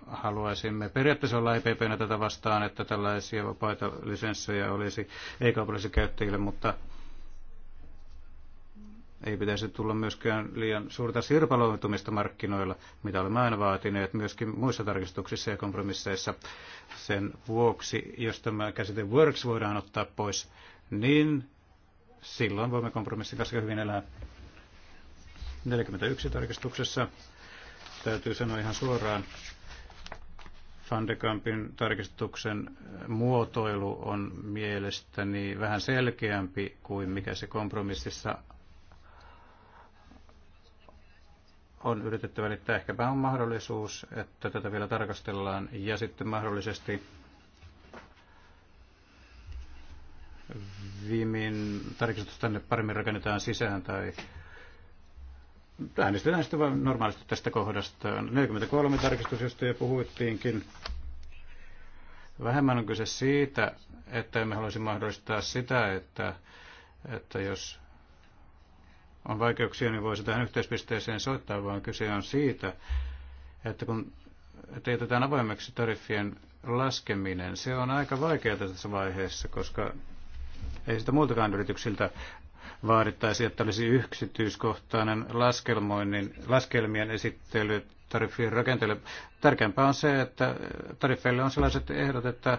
haluaisimme periaatteessa olla EPPnä tätä vastaan, että tällaisia vapaita lisenssejä olisi ei-kaupallisille käyttäjille, mutta ei pitäisi tulla myöskään liian suurta sirpaloitumista markkinoilla, mitä olemme aina vaatineet myöskin muissa tarkistuksissa ja kompromisseissa. Sen vuoksi, jos tämä käsite works voidaan ottaa pois, niin silloin voimme kompromissin kanssa hyvin elää. 41 tarkistuksessa täytyy sanoa ihan suoraan, fandekampin tarkistuksen eh, muotoilu on mielestäni vähän selkeämpi kuin mikä se kompromississa on yritetty välittää. Ehkäpä on mahdollisuus, että tätä vielä tarkastellaan ja sitten mahdollisesti Vimin tarkistus tänne paremmin rakennetaan sisään tai äänestetään sitten vain normaalisti tästä kohdasta. 43 tarkistus, josta jo puhuttiinkin. Vähemmän on kyse siitä, että emme haluaisi mahdollistaa sitä, että, että jos on vaikeuksia, niin voisi tähän yhteispisteeseen soittaa, vaan kyse on siitä, että kun teetetään avoimeksi tariffien laskeminen, se on aika vaikeaa tässä vaiheessa, koska ei sitä muiltakaan yrityksiltä vaadittaisiin, että olisi yksityiskohtainen laskelmoinnin, laskelmien esittely tariffien rakenteelle. Tärkeämpää on se, että tariffeille on sellaiset ehdot, että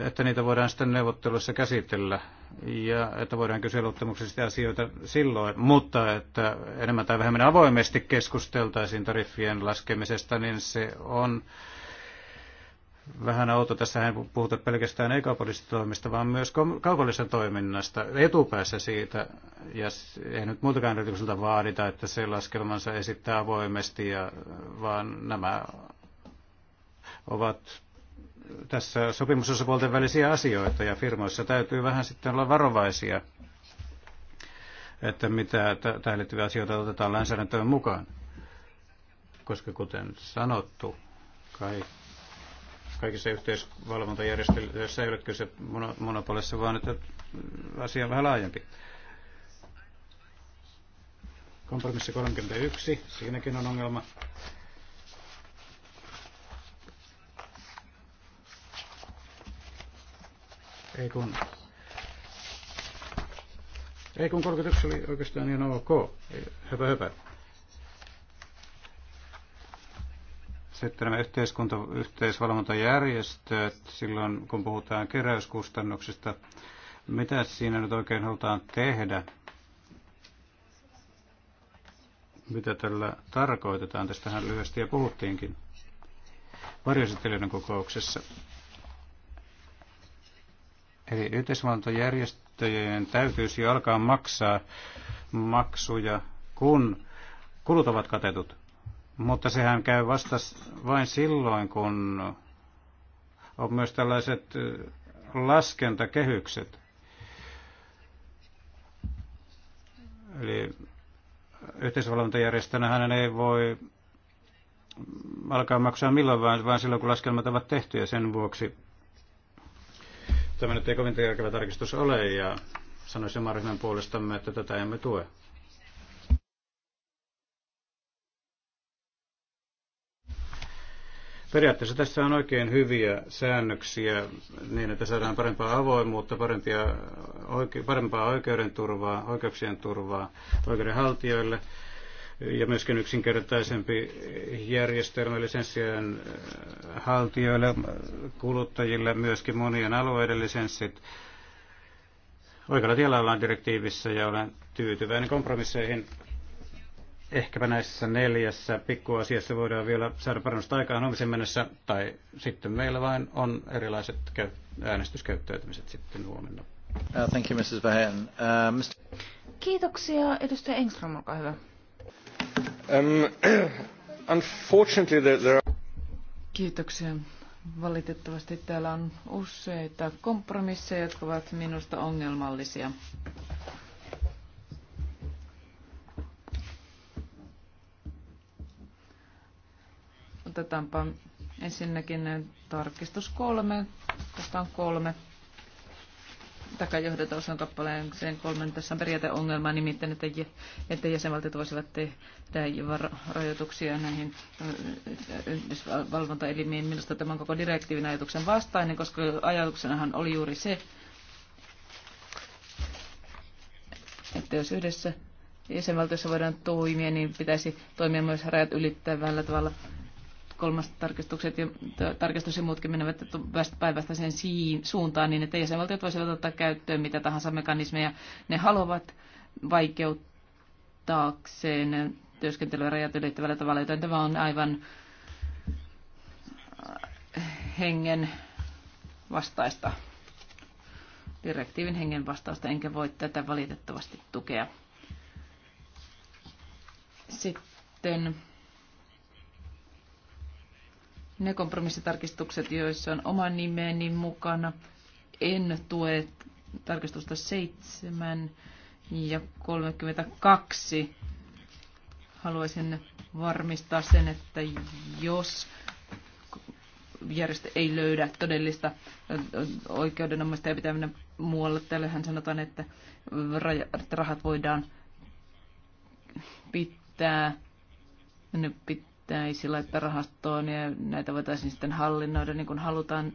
että niitä voidaan sitten neuvottelussa käsitellä ja että voidaan kysyä luottamuksesta asioita silloin, mutta että enemmän tai vähemmän avoimesti keskusteltaisiin tariffien laskemisesta, niin se on vähän outo. Tässä ei puhuta pelkästään ei toimista, vaan myös kaupallisesta toiminnasta, etupäässä siitä. Ja ei nyt muutakaan yritykseltä vaadita, että se laskelmansa esittää avoimesti, ja, vaan nämä ovat tässä sopimusosapuolten välisiä asioita, ja firmoissa täytyy vähän sitten olla varovaisia, että mitä tähän liittyviä asioita otetaan lainsäädäntöön mukaan. Koska kuten sanottu, kaikki kaikissa yhteisvalvontajärjestelyissä ei ole kyse monopolissa, vaan että asia on vähän laajempi. Kompromissi 31, siinäkin on ongelma. Ei kun, ei kun 31 oli oikeastaan ihan ok. Höpö höpö. Sitten nämä yhteiskunta, yhteisvalvontajärjestöt, silloin kun puhutaan keräyskustannuksista, mitä siinä nyt oikein halutaan tehdä? Mitä tällä tarkoitetaan? Tästähän lyhyesti ja puhuttiinkin varjoesittelijöiden kokouksessa. Eli yhteisvalvontajärjestöjen täytyisi alkaa maksaa maksuja, kun kulut ovat katetut. Mutta sehän käy vasta vain silloin, kun on myös tällaiset laskentakehykset. Eli yhteisvalvontajärjestönä hänen ei voi alkaa maksaa milloin vaan, vaan silloin, kun laskelmat ovat tehty ja sen vuoksi tämä nyt ei kovin tarkistus ole ja sanoisin maaryhmän puolestamme, että tätä emme tue. Periaatteessa tässä on oikein hyviä säännöksiä niin, että saadaan parempaa avoimuutta, parempia, oike, parempaa oikeuden turvaa, oikeuksien turvaa oikeudenhaltijoille ja myöskin yksinkertaisempi järjestelmä lisenssien äh, haltijoille, kuluttajille, myöskin monien alueiden lisenssit. Oikealla tiellä ollaan direktiivissä ja olen tyytyväinen kompromisseihin ehkäpä näissä neljässä pikkuasiassa voidaan vielä saada parannusta aikaan huomisen mennessä, tai sitten meillä vain on erilaiset äänestyskäyttäytymiset sitten huomenna. Uh, thank you, Mrs. Uh, Mr. Kiitoksia. Edustaja Engström, olkaa hyvä. Um, unfortunately, there are... Kiitoksia. Valitettavasti täällä on useita kompromisseja, jotka ovat minusta ongelmallisia. Otetaanpa ensinnäkin tarkistus kolme. Tästä on kolme. johdetaan osan kappaleen sen kolmen. Tässä on periaateongelma nimittäin, että, että jäsenvaltiot voisivat tehdä rajoituksia näihin yhdysvalvontaelimiin. Minusta tämä on koko direktiivin ajatuksen vastainen, koska ajatuksenahan oli juuri se, että jos yhdessä jäsenvaltiossa voidaan toimia, niin pitäisi toimia myös rajat ylittävällä tavalla kolmas tarkistukset ja tarkistus ja muutkin menevät päivästä sen suuntaan niin, että jäsenvaltiot voisivat ottaa käyttöön mitä tahansa mekanismeja ne haluavat vaikeuttaakseen työskentelyä rajat ylittävällä tavalla, joten tämä on aivan äh, hengen vastaista, direktiivin hengen vastaista, enkä voi tätä valitettavasti tukea. Sitten ne kompromissitarkistukset, joissa on oma nimeni mukana, en tue tarkistusta 7 ja 32. Haluaisin varmistaa sen, että jos järjestö ei löydä todellista oikeudenomaista ja pitää mennä muualle. tällähän sanotaan, että rahat voidaan pitää, ne pit, pitäisi laittaa rahastoon ja näitä voitaisiin sitten hallinnoida niin kuin halutaan.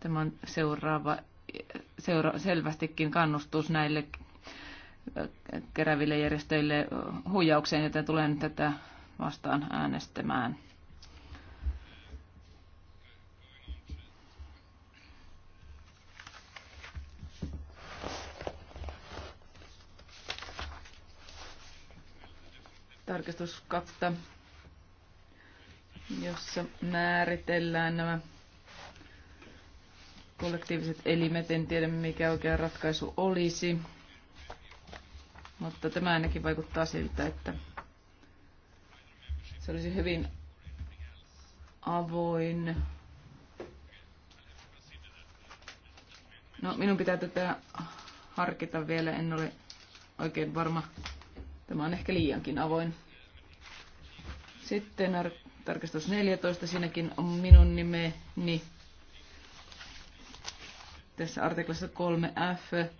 Tämä on seuraava, seura, selvästikin kannustus näille keräville järjestöille huijaukseen, joten tulen tätä vastaan äänestämään. tarkistus 2 jossa määritellään nämä kollektiiviset elimet. En tiedä, mikä oikea ratkaisu olisi, mutta tämä ainakin vaikuttaa siltä, että se olisi hyvin avoin. No, minun pitää tätä harkita vielä, en ole oikein varma. Tämä on ehkä liiankin avoin. Sitten ar- tarkastus 14, siinäkin on minun nimeni. Tässä artiklassa 3F,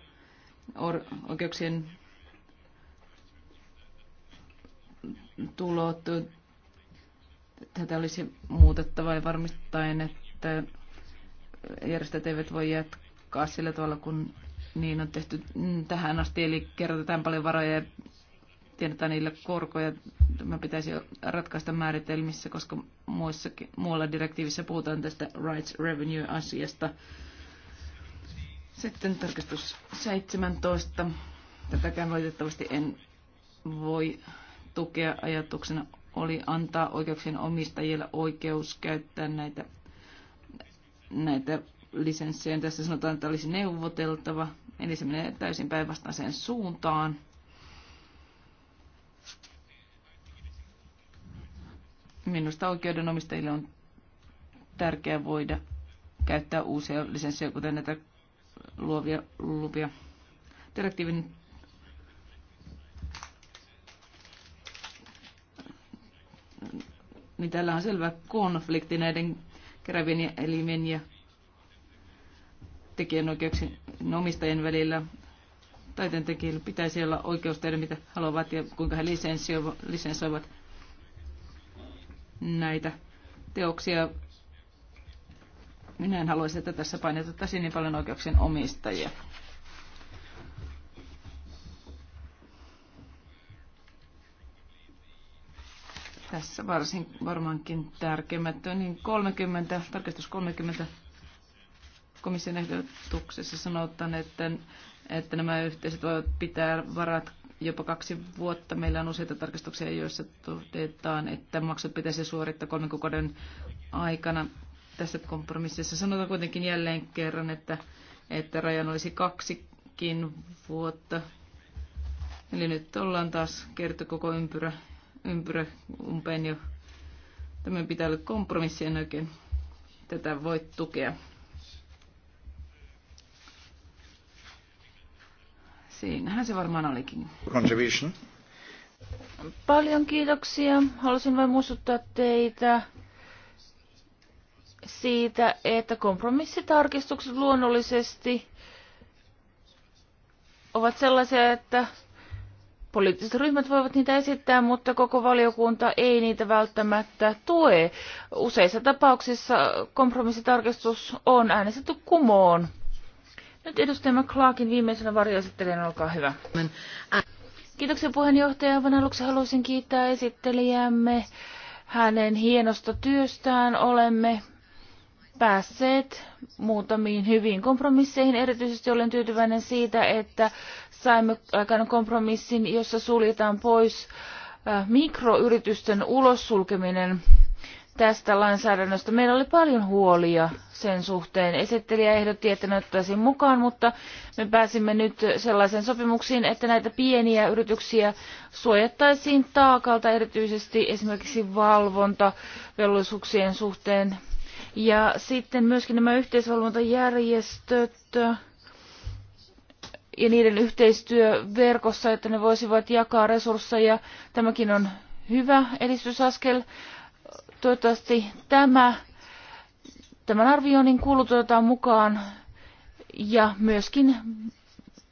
oikeuksien tulot. Tätä olisi muutettava ja varmistaen, että järjestöt eivät voi jatkaa sillä tavalla, kun niin on tehty tähän asti, eli kerätetään paljon varoja ja tiedetään niille korkoja. mä pitäisi ratkaista määritelmissä, koska muissakin, muualla direktiivissä puhutaan tästä rights revenue-asiasta. Sitten tarkastus 17. Tätäkään valitettavasti en voi tukea ajatuksena oli antaa oikeuksien omistajille oikeus käyttää näitä, näitä lisenssejä. Tässä sanotaan, että olisi neuvoteltava, eli se menee täysin päinvastaiseen suuntaan. Minusta oikeudenomistajille on tärkeää voida käyttää uusia lisenssejä, kuten näitä luovia lupia. Direktiivin niin täällä on selvä konflikti näiden kerävien elimen ja tekijänoikeuksien omistajien välillä. Taiteen tekijöillä pitäisi olla oikeus tehdä mitä haluavat ja kuinka he lisensoivat näitä teoksia. Minä en haluaisi, että tässä painetettaisiin niin paljon oikeuksien omistajia. Tässä varsin, varmaankin tärkeimmät, niin 30, tarkistus 30 komission ehdotuksessa sanotaan, että, että nämä yhteiset voivat pitää varat jopa kaksi vuotta. Meillä on useita tarkastuksia, joissa todetaan, että maksut pitäisi suorittaa kolmen kuukauden aikana. Tässä kompromississa sanotaan kuitenkin jälleen kerran, että, että rajan olisi kaksikin vuotta. Eli nyt ollaan taas kerty koko ympyrä, ympyrä umpeen jo. Tämän pitää olla kompromissi, en oikein tätä voi tukea. Siinähän se varmaan olikin. Contribution. Paljon kiitoksia. Halusin vain muistuttaa teitä siitä, että kompromissitarkistukset luonnollisesti ovat sellaisia, että poliittiset ryhmät voivat niitä esittää, mutta koko valiokunta ei niitä välttämättä tue. Useissa tapauksissa kompromissitarkistus on äänestetty kumoon nyt edustaja McClarkin viimeisenä varjoesittelijänä, olkaa hyvä. Kiitoksia puheenjohtaja. Aivan aluksi haluaisin kiittää esittelijämme hänen hienosta työstään. Olemme päässeet muutamiin hyviin kompromisseihin. Erityisesti olen tyytyväinen siitä, että saimme aikana kompromissin, jossa suljetaan pois äh, mikroyritysten ulossulkeminen tästä lainsäädännöstä. Meillä oli paljon huolia sen suhteen. Esittelijä ehdotti, että ne ottaisiin mukaan, mutta me pääsimme nyt sellaisen sopimuksiin, että näitä pieniä yrityksiä suojattaisiin taakalta, erityisesti esimerkiksi valvontavelvollisuuksien suhteen. Ja sitten myöskin nämä yhteisvalvontajärjestöt ja niiden yhteistyö verkossa, että ne voisivat jakaa resursseja. Tämäkin on hyvä edistysaskel. Toivottavasti tämä, tämän arvioinnin kulut otetaan mukaan ja myöskin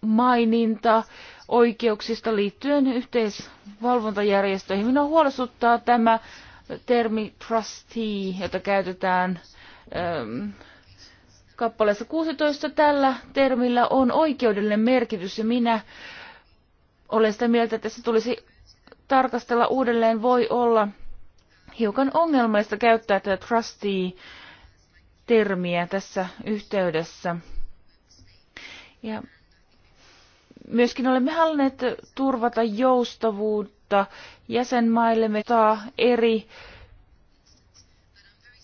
maininta oikeuksista liittyen yhteisvalvontajärjestöihin. Minua huolestuttaa tämä termi trustee, jota käytetään ähm, kappaleessa 16. Tällä termillä on oikeudellinen merkitys ja minä olen sitä mieltä, että se tulisi tarkastella uudelleen. Voi olla hiukan ongelmallista käyttää tätä trustee-termiä tässä yhteydessä. Ja myöskin olemme halunneet turvata joustavuutta jäsenmaillemme taa eri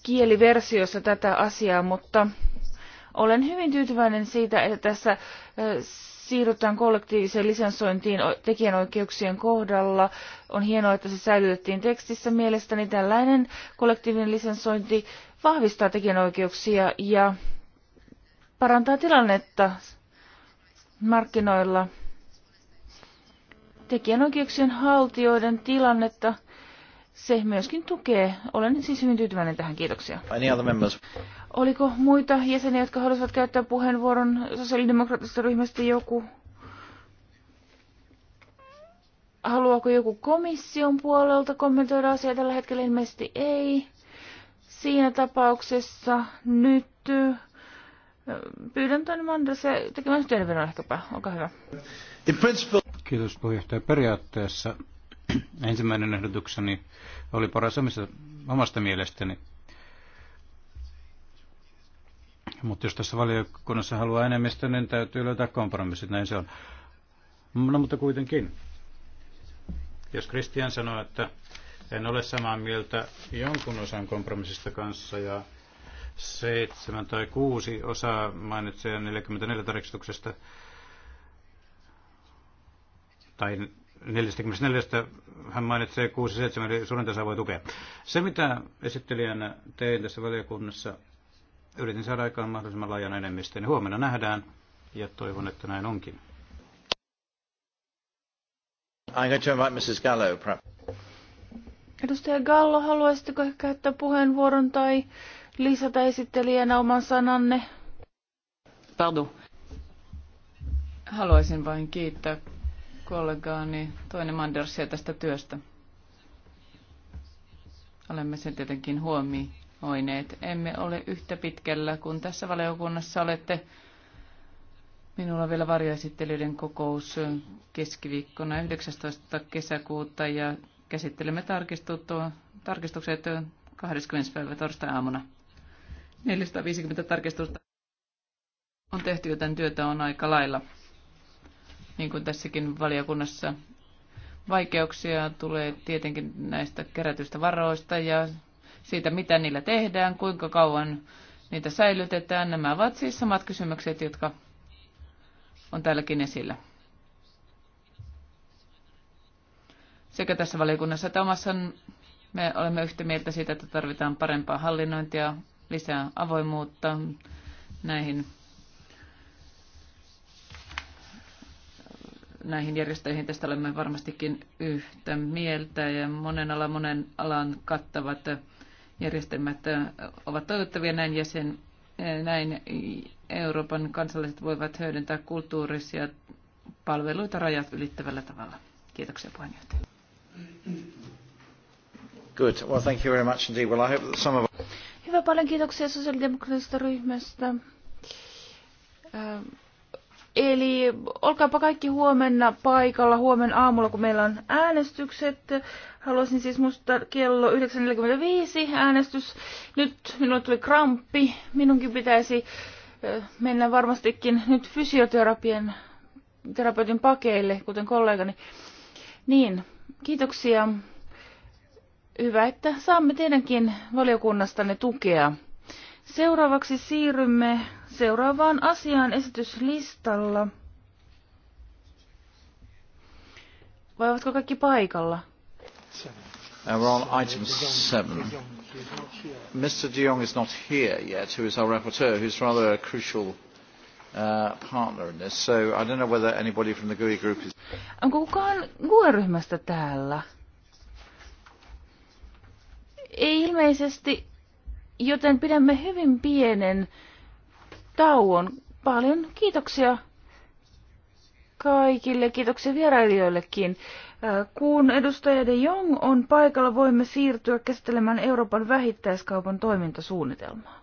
kieliversiossa tätä asiaa, mutta olen hyvin tyytyväinen siitä, että tässä siirrytään kollektiiviseen lisensointiin tekijänoikeuksien kohdalla. On hienoa, että se säilytettiin tekstissä. Mielestäni tällainen kollektiivinen lisensointi vahvistaa tekijänoikeuksia ja parantaa tilannetta markkinoilla. Tekijänoikeuksien haltijoiden tilannetta se myöskin tukee. Olen siis hyvin tyytyväinen tähän. Kiitoksia. Oliko muita jäseniä, jotka halusivat käyttää puheenvuoron sosiaalidemokraattisesta ryhmästä joku? Haluaako joku komission puolelta kommentoida asiaa tällä hetkellä? Ilmeisesti ei. Siinä tapauksessa nyt pyydän tuon Mandressa tekemään yhteenvedon ehkäpä. Olkaa hyvä. Kiitos puheenjohtaja. Periaatteessa Ensimmäinen ehdotukseni oli paras omista, omasta mielestäni. Mutta jos tässä valiokunnassa haluaa enemmistö, niin täytyy löytää kompromissit, näin se on. No mutta kuitenkin, jos Kristian sanoo, että en ole samaa mieltä jonkun osan kompromissista kanssa ja seitsemän tai kuusi osaa mainitsee 44 tarkistuksesta, tai 44. hän mainitsee 6-7, eli suurin voi tukea. Se, mitä esittelijänä tein tässä valiokunnassa, yritin saada aikaan mahdollisimman laajan enemmistön. Niin huomenna nähdään, ja toivon, että näin onkin. Gallo, Edustaja Gallo, haluaisitko ehkä käyttää puheenvuoron tai lisätä esittelijänä oman sananne? Pardon. Haluaisin vain kiittää kollegaani toinen Mandersia tästä työstä. Olemme sen tietenkin huomioineet. Emme ole yhtä pitkällä kuin tässä valiokunnassa olette. Minulla on vielä varjoesittelyiden kokous keskiviikkona 19. kesäkuuta ja käsittelemme tarkistukset 20. päivä torstai-aamuna. 450 tarkistusta on tehty, joten työtä on aika lailla niin kuin tässäkin valiokunnassa. Vaikeuksia tulee tietenkin näistä kerätyistä varoista ja siitä, mitä niillä tehdään, kuinka kauan niitä säilytetään. Nämä ovat siis samat kysymykset, jotka on täälläkin esillä. Sekä tässä valiokunnassa että omassa me olemme yhtä mieltä siitä, että tarvitaan parempaa hallinnointia, lisää avoimuutta näihin näihin järjestöihin. Tästä olemme varmastikin yhtä mieltä ja monen ala, monen alan kattavat järjestelmät ovat toivottavia näin jäsen, näin Euroopan kansalaiset voivat hyödyntää kulttuurisia palveluita rajat ylittävällä tavalla. Kiitoksia puheenjohtaja. Good. Well, thank you very much indeed. Well, I hope that some of... Hyvä, paljon kiitoksia sosiaalidemokraattisesta ryhmästä. Eli olkaapa kaikki huomenna paikalla, huomenna aamulla, kun meillä on äänestykset. Haluaisin siis musta kello 9.45 äänestys. Nyt minulle tuli kramppi. Minunkin pitäisi mennä varmastikin nyt fysioterapian terapeutin pakeille, kuten kollegani. Niin, kiitoksia. Hyvä, että saamme teidänkin valiokunnastanne tukea. Seuraavaksi siirrymme seuraavaan asiaan esityslistalla. Vai ovatko kaikki paikalla? Uh, we're on item seven. Mr. de Jong is not here yet, who is our rapporteur, who's rather a crucial uh, partner in this. So I don't know whether anybody from the GUI group is... Onko kukaan gui ryhmästä täällä? Ei ilmeisesti, joten pidämme hyvin pienen tauon. Paljon kiitoksia kaikille, kiitoksia vierailijoillekin. Äh, kun edustaja De Jong on paikalla, voimme siirtyä käsittelemään Euroopan vähittäiskaupan toimintasuunnitelmaa.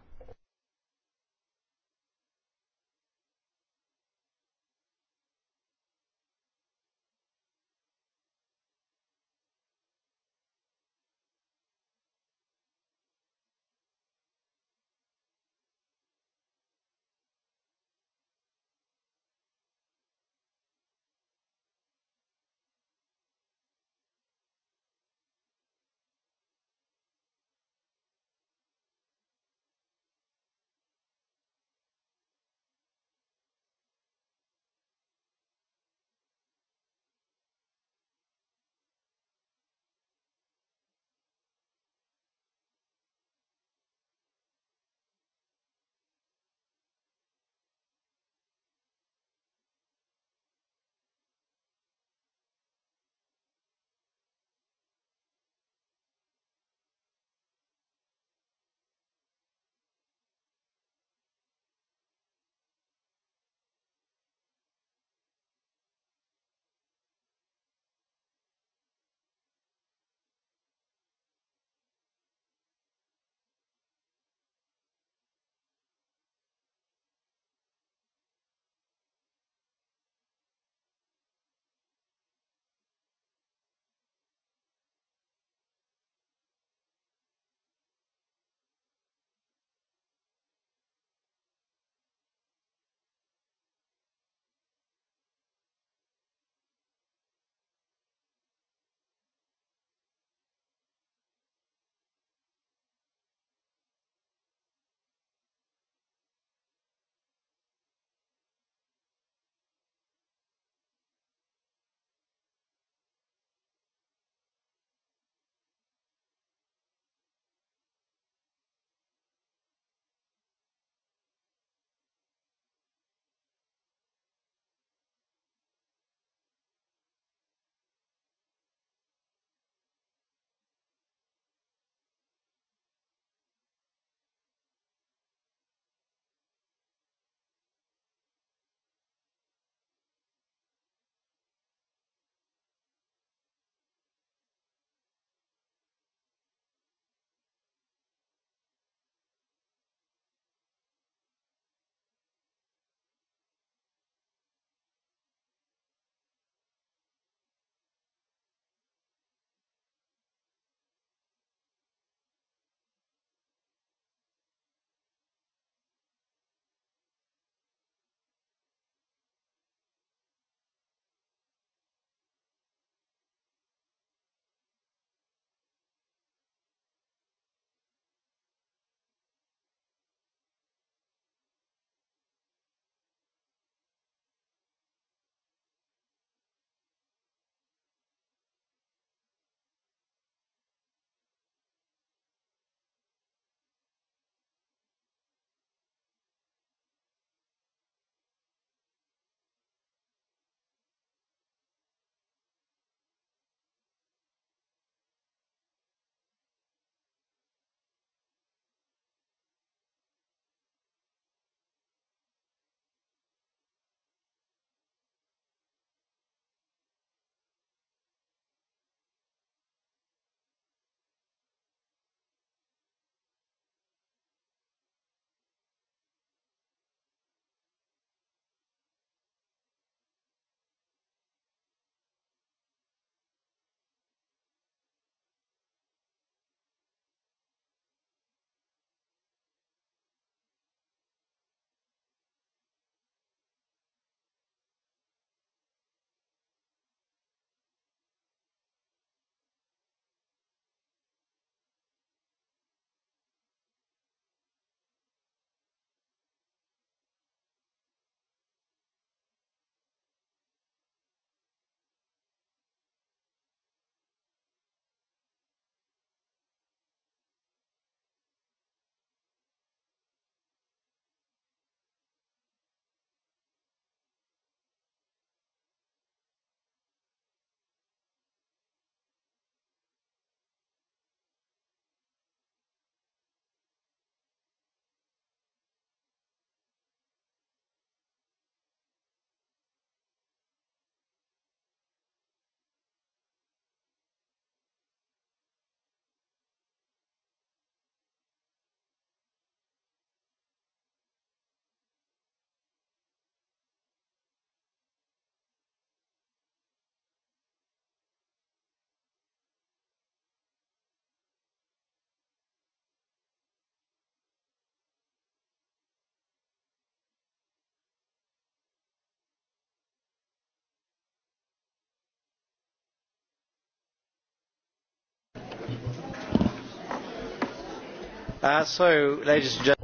Uh,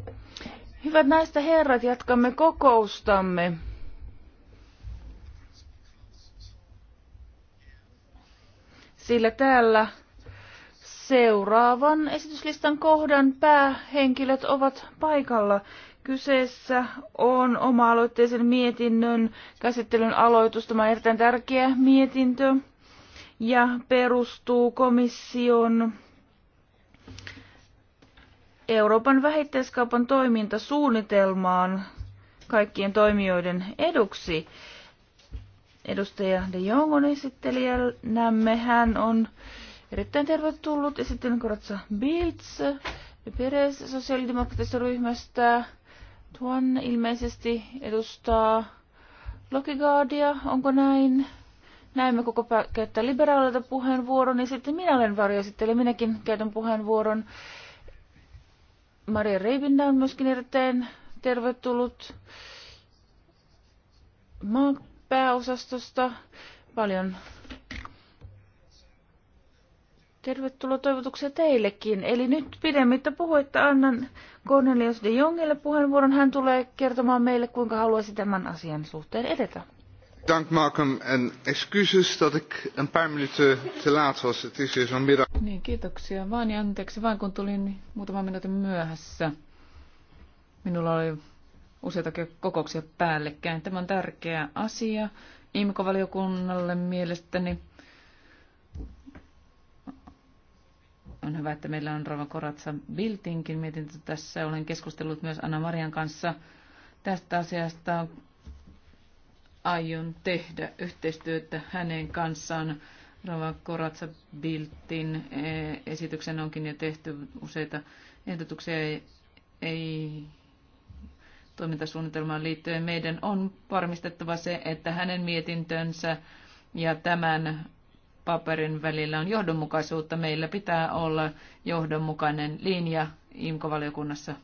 Hyvät naiset ja herrat, jatkamme kokoustamme. Sillä täällä seuraavan esityslistan kohdan päähenkilöt ovat paikalla. Kyseessä on oma-aloitteisen mietinnön käsittelyn aloitus. Tämä on erittäin tärkeä mietintö ja perustuu komission Euroopan vähittäiskaupan toimintasuunnitelmaan kaikkien toimijoiden eduksi. Edustaja De Jong on esittelijänämme. Hän on erittäin tervetullut. Ja sitten Korotsa Biltz, Perez sosiaalidemokraattisesta ryhmästä. Tuon ilmeisesti edustaa Lokigaardia, onko näin? Näemme koko käyttää liberaalilta puheenvuoron, niin sitten minä olen varjoesittelijä, minäkin käytän puheenvuoron. Maria Reibinda on myöskin erittäin tervetullut pääosastosta. Paljon tervetuloa toivotuksia teillekin. Eli nyt pidemmittä puhetta annan Cornelius de Jongille puheenvuoron. Hän tulee kertomaan meille, kuinka haluaisi tämän asian suhteen edetä. Dank Malcolm en excuses dat ik een paar minuten te laat was. Het is weer zo'n middag. Niin, kiitoksia vaan ja anteeksi vaan kun tulin muutaman minuutin myöhässä. Minulla oli useita kokouksia päällekkäin. Tämä on tärkeä asia imco valiokunnalle mielestäni. On hyvä, että meillä on Rova Koratsa Biltinkin mietintö tässä. Olen keskustellut myös Anna Marian kanssa tästä asiasta aion tehdä yhteistyötä hänen kanssaan. Rava Koratsa Biltin eh, esityksen onkin jo tehty useita ehdotuksia ei, ei toimintasuunnitelmaan liittyen. Meidän on varmistettava se, että hänen mietintönsä ja tämän paperin välillä on johdonmukaisuutta. Meillä pitää olla johdonmukainen linja IMKO-valiokunnassa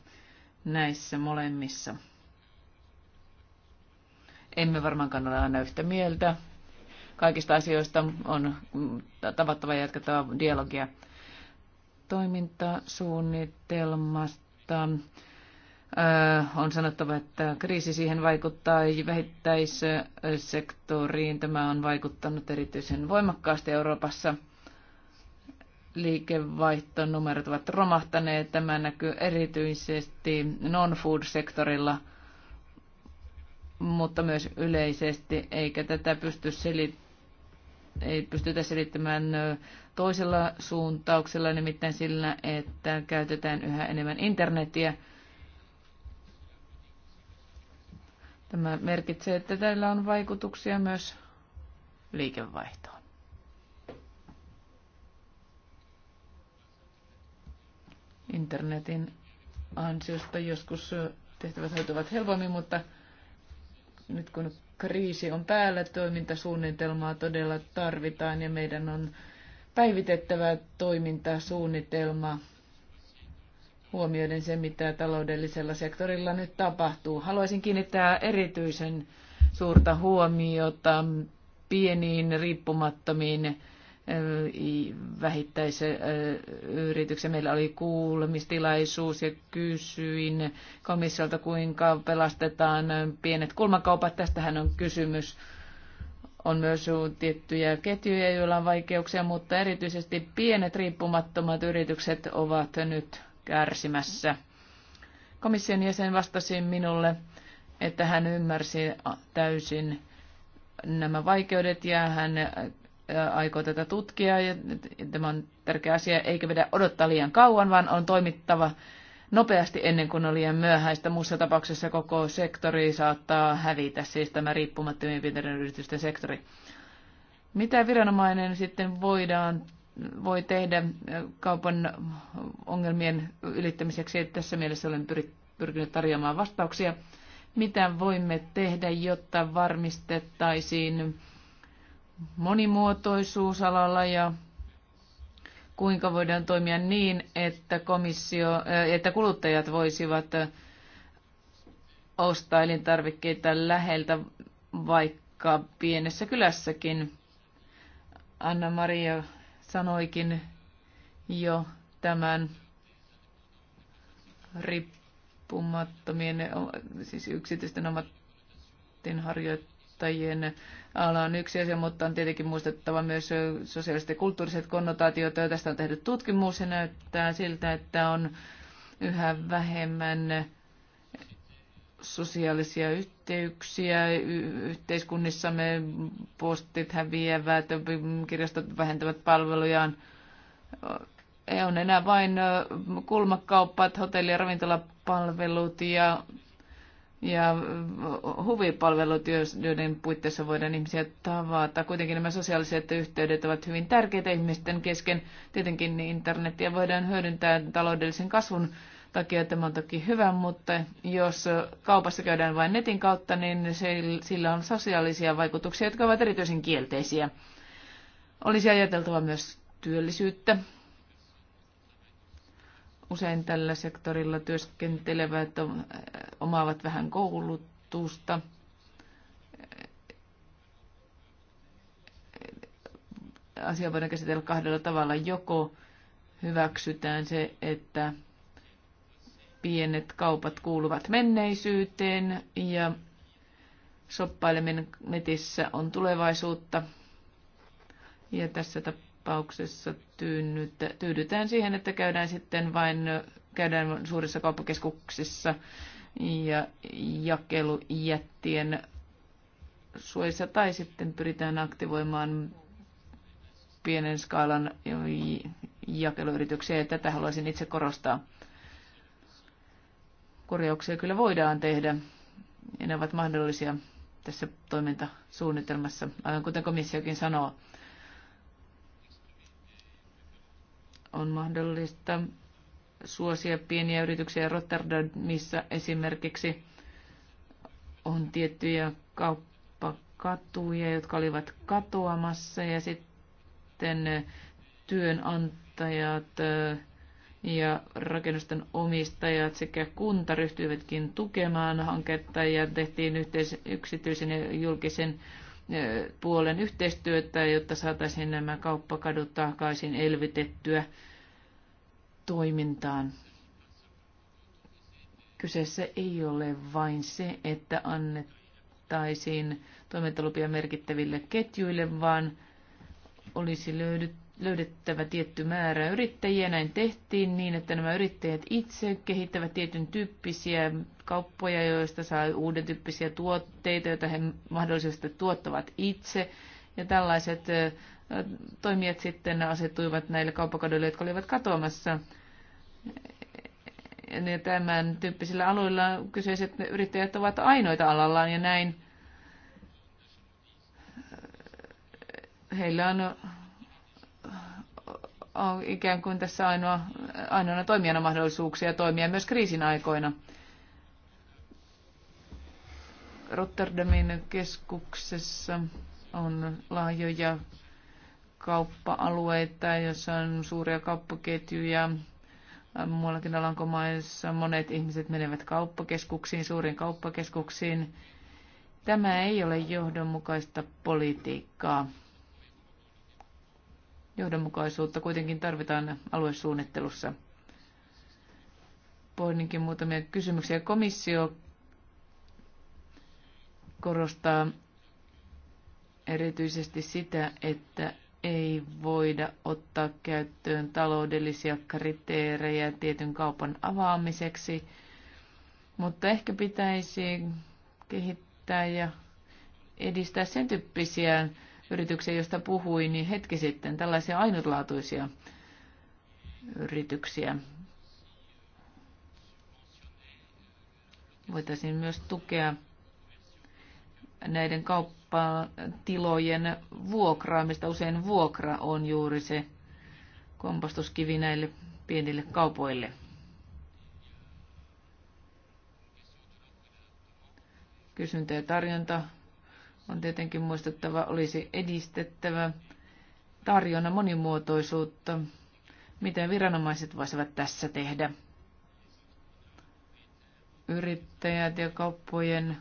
näissä molemmissa. Emme varmaankaan ole aina yhtä mieltä. Kaikista asioista on tavattava ja jatkettava dialogia toimintasuunnitelmasta. Äh, on sanottava, että kriisi siihen vaikuttaa vähittäissektoriin. Tämä on vaikuttanut erityisen voimakkaasti Euroopassa. Liikevaihtonumerot ovat romahtaneet. Tämä näkyy erityisesti non-food-sektorilla – mutta myös yleisesti, eikä tätä pysty selit ei pystytä selittämään toisella suuntauksella, nimittäin sillä, että käytetään yhä enemmän internetiä. Tämä merkitsee, että tällä on vaikutuksia myös liikevaihtoon. Internetin ansiosta joskus tehtävät hoituvat helpommin, mutta nyt kun kriisi on päällä, toimintasuunnitelmaa todella tarvitaan ja meidän on päivitettävä toimintasuunnitelma huomioiden se, mitä taloudellisella sektorilla nyt tapahtuu. Haluaisin kiinnittää erityisen suurta huomiota pieniin riippumattomiin yrityksen. Meillä oli kuulemistilaisuus ja kysyin komissiolta, kuinka pelastetaan pienet kulmakaupat. Tästähän on kysymys. On myös tiettyjä ketjuja, joilla on vaikeuksia, mutta erityisesti pienet riippumattomat yritykset ovat nyt kärsimässä. Komission jäsen vastasi minulle, että hän ymmärsi täysin nämä vaikeudet ja hän aikoo tätä tutkia ja tämä on tärkeä asia, eikä pidä odottaa liian kauan, vaan on toimittava nopeasti ennen kuin on liian myöhäistä. Muussa tapauksessa koko sektori saattaa hävitä, siis tämä riippumattomien pienten yritysten sektori. Mitä viranomainen sitten voidaan, voi tehdä kaupan ongelmien ylittämiseksi? Tässä mielessä olen pyrkinyt tarjoamaan vastauksia. Mitä voimme tehdä, jotta varmistettaisiin monimuotoisuusalalla ja kuinka voidaan toimia niin, että, komissio, äh, että kuluttajat voisivat äh, ostaa elintarvikkeita läheltä vaikka pienessä kylässäkin. Anna-Maria sanoikin jo tämän riippumattomien, siis yksityisten ammattinharjoittajien harjoittajien ala on yksi asia, mutta on tietenkin muistettava myös sosiaaliset ja kulttuuriset konnotaatiot. Tästä on tehty tutkimus ja näyttää siltä, että on yhä vähemmän sosiaalisia yhteyksiä yhteiskunnissamme, postit häviävät, kirjastot vähentävät palvelujaan. Ei on enää vain kulmakaupat, hotelli- ja ravintolapalvelut ja ja huvipalvelut, joiden puitteissa voidaan ihmisiä tavata. Kuitenkin nämä sosiaaliset yhteydet ovat hyvin tärkeitä ihmisten kesken. Tietenkin internetiä voidaan hyödyntää taloudellisen kasvun takia tämä on toki hyvä, mutta jos kaupassa käydään vain netin kautta, niin sillä on sosiaalisia vaikutuksia, jotka ovat erityisen kielteisiä. Olisi ajateltava myös työllisyyttä usein tällä sektorilla työskentelevät omaavat vähän koulutusta. Asia voidaan käsitellä kahdella tavalla. Joko hyväksytään se, että pienet kaupat kuuluvat menneisyyteen ja shoppaileminen netissä on tulevaisuutta. Ja tässä tapauksessa tyydytään siihen, että käydään sitten vain käydään suurissa kauppakeskuksissa ja jakelujättien suojissa tai sitten pyritään aktivoimaan pienen skaalan jakeluyrityksiä ja tätä haluaisin itse korostaa. Korjauksia kyllä voidaan tehdä ja ne ovat mahdollisia tässä toimintasuunnitelmassa, aivan kuten komissiokin sanoo. on mahdollista suosia pieniä yrityksiä. Rotterdamissa esimerkiksi on tiettyjä kauppakatuja, jotka olivat katoamassa ja sitten työnantajat ja rakennusten omistajat sekä kunta ryhtyivätkin tukemaan hanketta ja tehtiin yhteis- yksityisen ja julkisen puolen yhteistyötä, jotta saataisiin nämä kauppakadut takaisin elvytettyä toimintaan. Kyseessä ei ole vain se, että annettaisiin toimintalupia merkittäville ketjuille, vaan olisi löydetty löydettävä tietty määrä yrittäjiä. Näin tehtiin niin, että nämä yrittäjät itse kehittävät tietyn tyyppisiä kauppoja, joista saa uuden tyyppisiä tuotteita, joita he mahdollisesti tuottavat itse. Ja tällaiset toimijat sitten asettuivat näille kauppakadoille, jotka olivat katoamassa. Ja tämän tyyppisillä aloilla kyseiset yrittäjät ovat ainoita alallaan ja näin heillä on ikään kuin tässä ainoa, ainoana toimijana mahdollisuuksia toimia myös kriisin aikoina. Rotterdamin keskuksessa on laajoja kauppa-alueita, joissa on suuria kauppaketjuja. Muuallakin Alankomaissa monet ihmiset menevät kauppakeskuksiin, suuriin kauppakeskuksiin. Tämä ei ole johdonmukaista politiikkaa johdonmukaisuutta kuitenkin tarvitaan aluesuunnittelussa. Pohdinkin muutamia kysymyksiä. Komissio korostaa erityisesti sitä, että ei voida ottaa käyttöön taloudellisia kriteerejä tietyn kaupan avaamiseksi, mutta ehkä pitäisi kehittää ja edistää sen tyyppisiä yrityksiä, josta puhuin niin hetki sitten, tällaisia ainutlaatuisia yrityksiä. Voitaisiin myös tukea näiden kauppatilojen vuokraamista. Usein vuokra on juuri se kompastuskivi näille pienille kaupoille. Kysyntä ja tarjonta on tietenkin muistettava, olisi edistettävä tarjona monimuotoisuutta. Mitä viranomaiset voisivat tässä tehdä? Yrittäjät ja kauppojen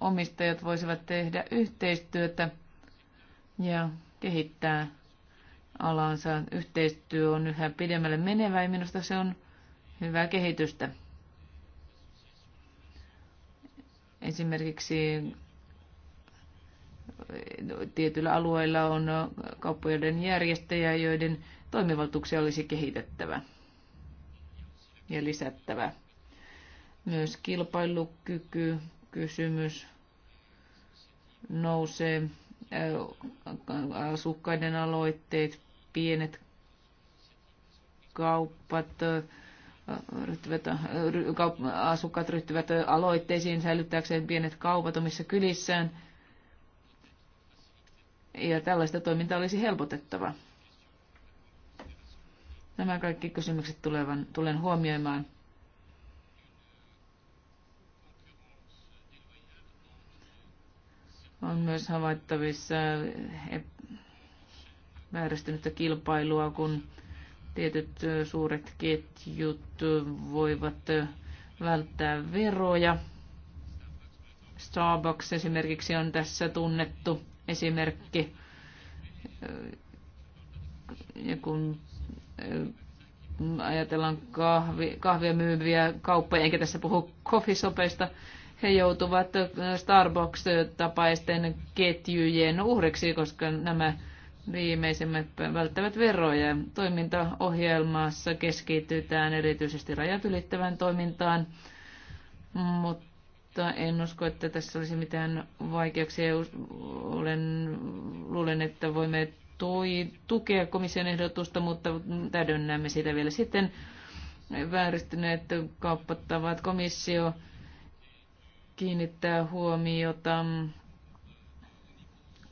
omistajat voisivat tehdä yhteistyötä ja kehittää alansa. Yhteistyö on yhä pidemmälle menevä ja minusta se on hyvää kehitystä. Esimerkiksi tietyillä alueilla on kauppojen järjestäjä, joiden toimivaltuuksia olisi kehitettävä ja lisättävä. Myös kilpailukyky kysymys nousee asukkaiden aloitteet, pienet kaupat, ryhtyvät, asukkaat ryhtyvät aloitteisiin säilyttääkseen pienet kaupat omissa kylissään – ja tällaista toimintaa olisi helpotettava. Nämä kaikki kysymykset tulevan, tulen huomioimaan. On myös havaittavissa vääristynyttä kilpailua, kun tietyt suuret ketjut voivat välttää veroja. Starbucks esimerkiksi on tässä tunnettu esimerkki. Ja kun äh, ajatellaan kahvi, kahvia myyviä kauppoja, enkä tässä puhu kofisopeista, he joutuvat äh, Starbucks-tapaisten ketjujen uhreksi, koska nämä viimeisimmät välttävät veroja. Toimintaohjelmassa keskitytään erityisesti rajat ylittävään toimintaan, mutta mutta en usko, että tässä olisi mitään vaikeuksia. Olen, luulen, että voimme toi, tukea komission ehdotusta, mutta täydennämme sitä vielä sitten. Vääristyneet kauppattavat komissio kiinnittää huomiota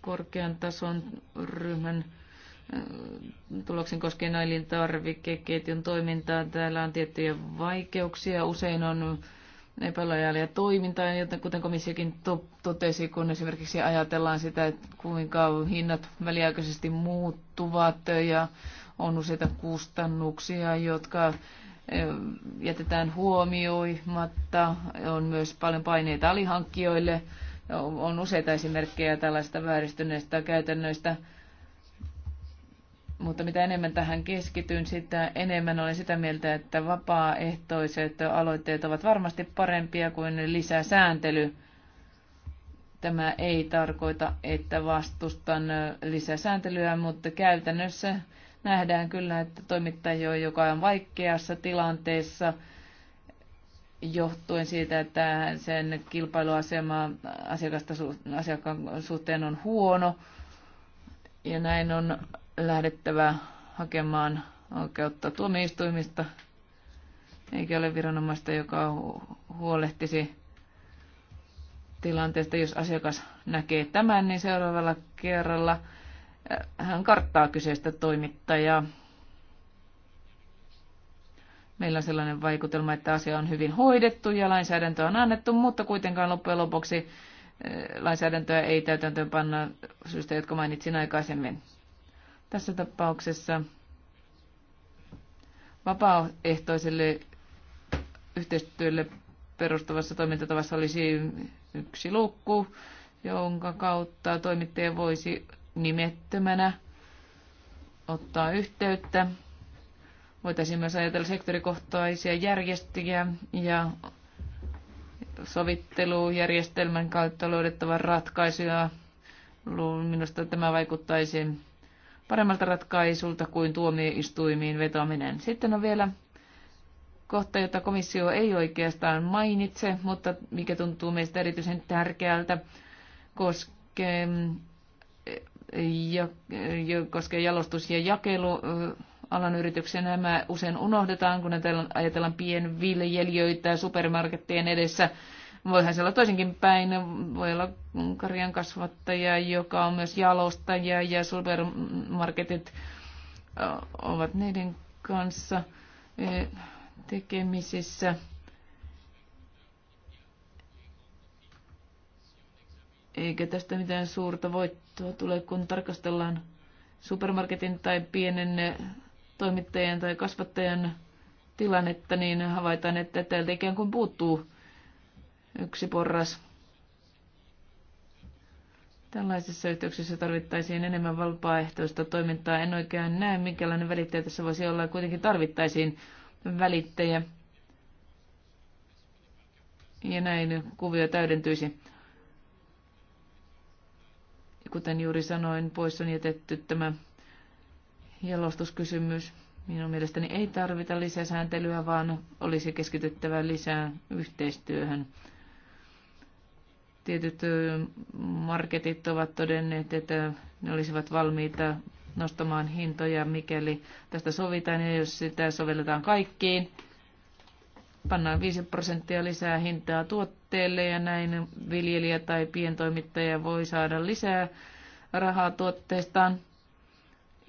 korkean tason ryhmän äh, tuloksen koskien elintarvikeketjun toimintaa. Täällä on tiettyjä vaikeuksia. Usein on epälojalia toimintaa, joten kuten komissiokin to- totesi, kun esimerkiksi ajatellaan sitä, että kuinka hinnat väliaikaisesti muuttuvat ja on useita kustannuksia, jotka e, jätetään huomioimatta. On myös paljon paineita alihankkijoille. On useita esimerkkejä tällaista vääristyneistä käytännöistä mutta mitä enemmän tähän keskityn, sitä enemmän olen sitä mieltä, että vapaaehtoiset aloitteet ovat varmasti parempia kuin lisäsääntely. Tämä ei tarkoita, että vastustan lisäsääntelyä, mutta käytännössä nähdään kyllä, että toimittaja, joka on vaikeassa tilanteessa, johtuen siitä, että sen kilpailuasema asiakasta, asiakkaan suhteen on huono, ja näin on lähdettävä hakemaan oikeutta tuomioistuimista, eikä ole viranomaista, joka huolehtisi tilanteesta, jos asiakas näkee tämän, niin seuraavalla kerralla äh, hän karttaa kyseistä toimittajaa. Meillä on sellainen vaikutelma, että asia on hyvin hoidettu ja lainsäädäntö on annettu, mutta kuitenkaan loppujen lopuksi äh, lainsäädäntöä ei täytäntöön panna syystä, jotka mainitsin aikaisemmin. Tässä tapauksessa vapaaehtoiselle yhteistyölle perustuvassa toimintatavassa olisi yksi luukku, jonka kautta toimittaja voisi nimettömänä ottaa yhteyttä. Voitaisiin myös ajatella sektorikohtaisia järjestöjä ja sovittelujärjestelmän kautta löydettävän ratkaisuja. Minusta tämä vaikuttaisi paremmalta ratkaisulta kuin tuomioistuimiin vetoaminen. Sitten on vielä kohta, jota komissio ei oikeastaan mainitse, mutta mikä tuntuu meistä erityisen tärkeältä, koskee, ja, koskee jalostus- ja jakelualan yrityksiä. Nämä usein unohdetaan, kun ajatellaan pienviljelijöitä supermarkettien edessä – Voihan se olla toisinkin päin. Voi olla karjan kasvattaja, joka on myös jalostaja ja supermarketit äh, ovat niiden kanssa äh, tekemisissä. Eikä tästä mitään suurta voittoa tule, kun tarkastellaan supermarketin tai pienen äh, toimittajan tai kasvattajan tilannetta, niin havaitaan, että täältä ikään kuin puuttuu yksi porras. Tällaisissa yhteyksissä tarvittaisiin enemmän vapaaehtoista toimintaa. En oikein näe, minkälainen välittäjä tässä voisi olla. Kuitenkin tarvittaisiin välittäjä. Ja näin kuvio täydentyisi. Kuten juuri sanoin, pois on jätetty tämä jalostuskysymys. Minun mielestäni ei tarvita lisää sääntelyä, vaan olisi keskityttävä lisää yhteistyöhön Tietyt marketit ovat todenneet, että ne olisivat valmiita nostamaan hintoja, mikäli tästä sovitaan ja jos sitä sovelletaan kaikkiin. Pannaan 5 prosenttia lisää hintaa tuotteelle ja näin viljelijä tai pientoimittaja voi saada lisää rahaa tuotteestaan.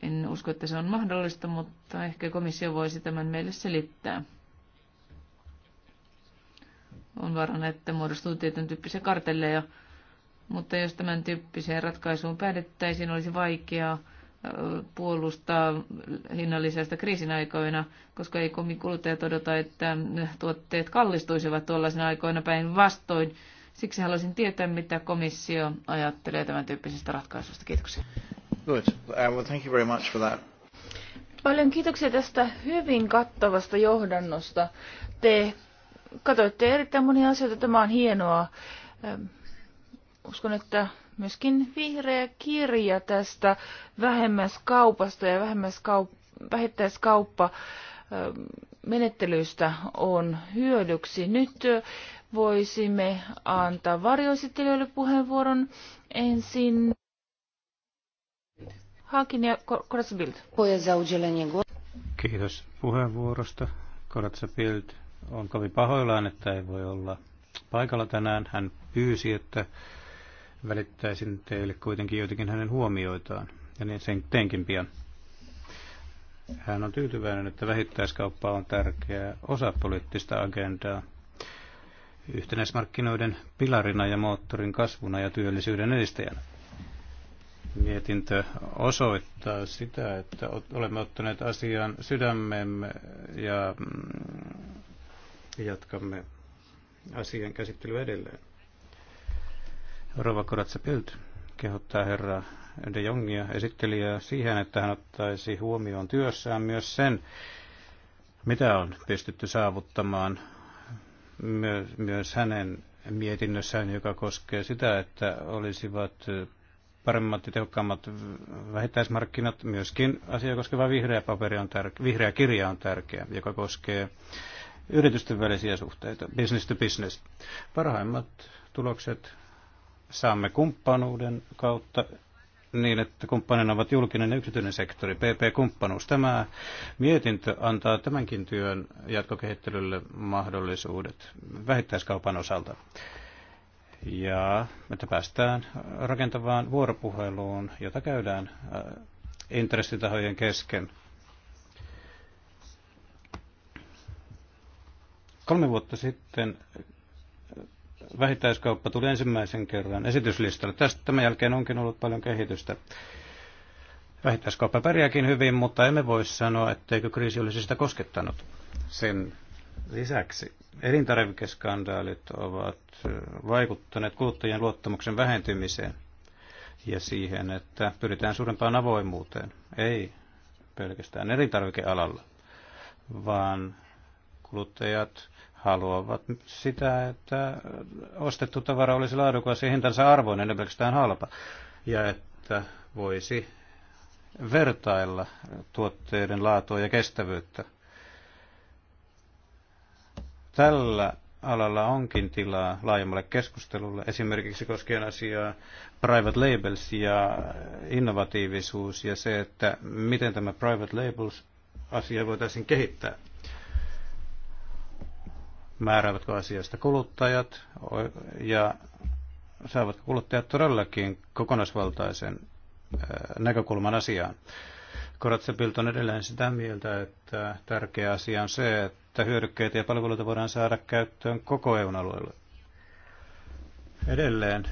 En usko, että se on mahdollista, mutta ehkä komissio voisi tämän meille selittää on varana, että muodostuu tietyn tyyppisiä kartelleja. Mutta jos tämän tyyppiseen ratkaisuun päädettäisiin, olisi vaikeaa puolustaa hinnallisesta kriisin aikoina, koska ei komi kuluttajat odota, että tuotteet kallistuisivat tuollaisina aikoina päin vastoin. Siksi haluaisin tietää, mitä komissio ajattelee tämän tyyppisestä ratkaisusta. Kiitoksia. Good. Uh, well, thank you very much for that. Paljon kiitoksia tästä hyvin kattavasta johdannosta. Te katsoitte erittäin monia asioita. Tämä on hienoa. Uskon, että myöskin vihreä kirja tästä vähemmäskaupasta ja kaup vähittäiskauppa menettelystä on hyödyksi. Nyt voisimme antaa varjoesittelijöille puheenvuoron ensin. Haakin ja Koratsa Bild. Kiitos puheenvuorosta. Koratsa Bild on kovin pahoillaan, että ei voi olla paikalla tänään. Hän pyysi, että välittäisin teille kuitenkin joitakin hänen huomioitaan, ja niin sen teenkin pian. Hän on tyytyväinen, että vähittäiskauppa on tärkeä osa poliittista agendaa yhtenäismarkkinoiden pilarina ja moottorin kasvuna ja työllisyyden edistäjänä. Mietintö osoittaa sitä, että olemme ottaneet asian sydämemme ja mm, Jatkamme asian käsittelyä edelleen. Rova Koratsa Pilt kehottaa herra De Jongia esittelijää siihen, että hän ottaisi huomioon työssään myös sen, mitä on pystytty saavuttamaan myös hänen mietinnössään, joka koskee sitä, että olisivat paremmat ja tehokkaammat vähittäismarkkinat. Myöskin asia koskeva vihreä, paperi on tär- vihreä kirja on tärkeä, joka koskee yritysten välisiä suhteita, business to business. Parhaimmat tulokset saamme kumppanuuden kautta niin, että kumppanina ovat julkinen ja yksityinen sektori, PP-kumppanuus. Tämä mietintö antaa tämänkin työn jatkokehittelylle mahdollisuudet vähittäiskaupan osalta. Ja että päästään rakentavaan vuoropuheluun, jota käydään äh, intressitahojen kesken Kolme vuotta sitten vähittäiskauppa tuli ensimmäisen kerran esityslistalle. Tästä tämän jälkeen onkin ollut paljon kehitystä. Vähittäiskauppa pärjääkin hyvin, mutta emme voi sanoa, etteikö kriisi olisi sitä koskettanut. Sen lisäksi elintarvikeskandaalit ovat vaikuttaneet kuluttajien luottamuksen vähentymiseen ja siihen, että pyritään suurempaan avoimuuteen. Ei pelkästään elintarvikealalla, vaan kuluttajat haluavat sitä, että ostettu tavara olisi laadukas ja hintansa arvoinen, ei pelkästään halpa, ja että voisi vertailla tuotteiden laatua ja kestävyyttä. Tällä alalla onkin tilaa laajemmalle keskustelulle, esimerkiksi koskien asiaa private labels ja innovatiivisuus ja se, että miten tämä private labels asia voitaisiin kehittää määräävätkö asiasta kuluttajat ja saavatko kuluttajat todellakin kokonaisvaltaisen näkökulman asiaan. Koratsepilt on edelleen sitä mieltä, että tärkeä asia on se, että hyödykkeitä ja palveluita voidaan saada käyttöön koko EUn alueella. Edelleen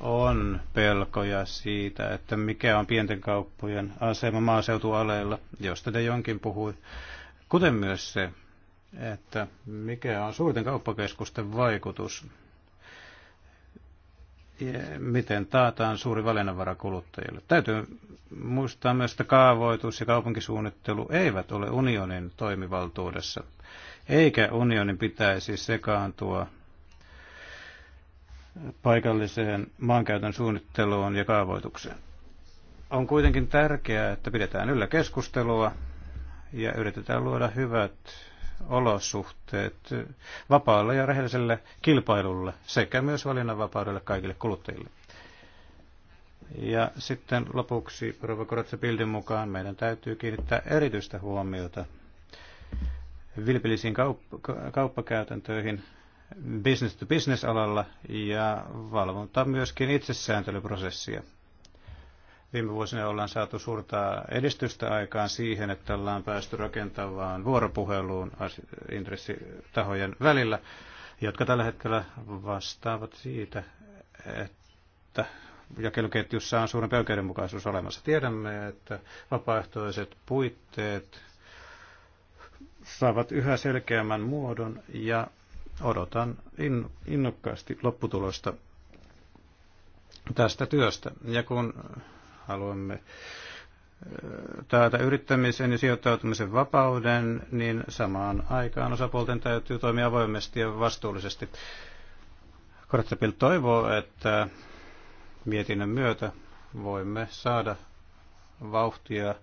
on pelkoja siitä, että mikä on pienten kauppojen asema maaseutualueilla, josta te jonkin puhui, kuten myös se, että mikä on suurten kauppakeskusten vaikutus, ja miten taataan suuri valinnanvara kuluttajille. Täytyy muistaa myös, että kaavoitus ja kaupunkisuunnittelu eivät ole unionin toimivaltuudessa, eikä unionin pitäisi sekaantua paikalliseen maankäytön suunnitteluun ja kaavoitukseen. On kuitenkin tärkeää, että pidetään yllä keskustelua ja yritetään luoda hyvät olosuhteet vapaalle ja rehelliselle kilpailulle sekä myös valinnanvapaudelle kaikille kuluttajille. Ja sitten lopuksi Rova Koratsa-Bildin mukaan meidän täytyy kiinnittää erityistä huomiota vilpillisiin kaup- kauppakäytäntöihin business-to-business-alalla ja valvontaa myöskin itsesääntelyprosessia Viime vuosina ollaan saatu suurta edistystä aikaan siihen, että ollaan päästy rakentavaan vuoropuheluun intressitahojen välillä, jotka tällä hetkellä vastaavat siitä, että jakeluketjussa on suurempi oikeudenmukaisuus olemassa. Tiedämme, että vapaaehtoiset puitteet saavat yhä selkeämmän muodon ja odotan innokkaasti lopputulosta tästä työstä. Ja kun haluamme taata yrittämisen ja sijoittautumisen vapauden, niin samaan aikaan osapuolten täytyy toimia avoimesti ja vastuullisesti. Kortsapil toivoo, että mietinnön myötä voimme saada vauhtia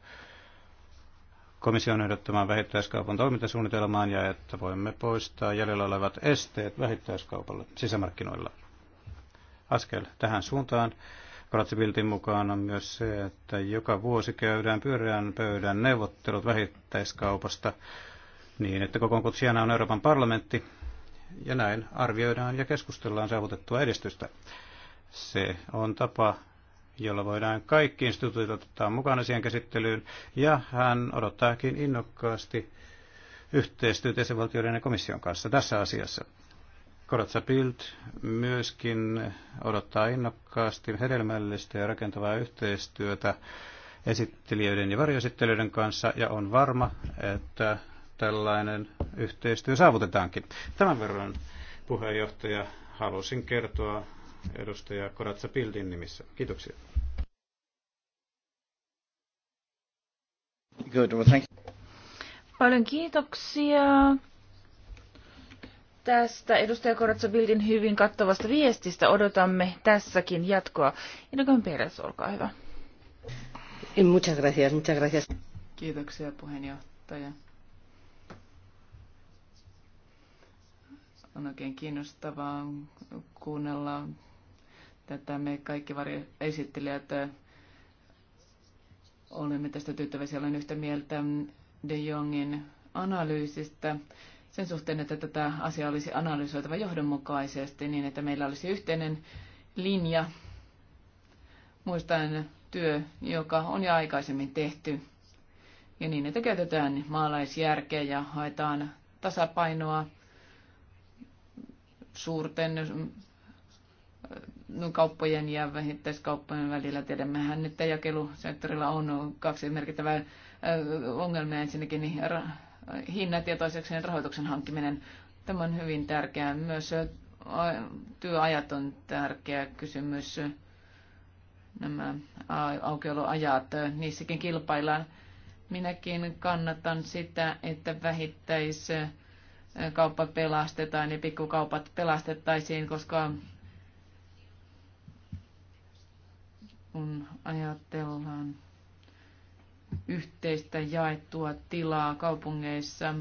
komission ehdottamaan vähittäiskaupan toimintasuunnitelmaan ja että voimme poistaa jäljellä olevat esteet vähittäiskaupalle sisämarkkinoilla. Askel tähän suuntaan Pratzibiltin mukaan on myös se, että joka vuosi käydään pyöreän pöydän neuvottelut vähittäiskaupasta niin, että kokoonput siellä on Euroopan parlamentti ja näin arvioidaan ja keskustellaan saavutettua edistystä. Se on tapa, jolla voidaan kaikki instituutit ottaa mukana siihen käsittelyyn ja hän odottaakin innokkaasti yhteistyötä jäsenvaltioiden ja komission kanssa tässä asiassa. Koratsa Bild myöskin odottaa innokkaasti hedelmällistä ja rakentavaa yhteistyötä esittelijöiden ja varjoesittelijöiden kanssa ja on varma, että tällainen yhteistyö saavutetaankin. Tämän verran puheenjohtaja halusin kertoa edustaja Koratsa Pildin nimissä. Kiitoksia. Good, well, thank you. Paljon kiitoksia tästä edustaja Koratsa Bildin hyvin kattavasta viestistä. Odotamme tässäkin jatkoa. Inokon Peres, olkaa hyvä. Muchas gracias, muchas gracias. Kiitoksia puheenjohtaja. On oikein kiinnostavaa kuunnella tätä. Me kaikki esittelijät olemme tästä tyytyväisiä. Olen yhtä mieltä De Jongin analyysistä sen suhteen, että tätä asiaa olisi analysoitava johdonmukaisesti niin, että meillä olisi yhteinen linja, muistaen työ, joka on jo aikaisemmin tehty. Ja niin, että käytetään maalaisjärkeä ja haetaan tasapainoa suurten mm, kauppojen ja vähittäiskauppojen välillä. Tiedämmehän, että jakelusektorilla on kaksi merkittävää ongelmia. Ensinnäkin hinnat ja toiseksi rahoituksen hankkiminen. Tämä on hyvin tärkeää. Myös työajat on tärkeä kysymys. Nämä aukioloajat, niissäkin kilpaillaan. Minäkin kannatan sitä, että vähittäis kauppa pelastetaan ja pikkukaupat pelastettaisiin, koska kun ajatellaan yhteistä jaettua tilaa kaupungeissa.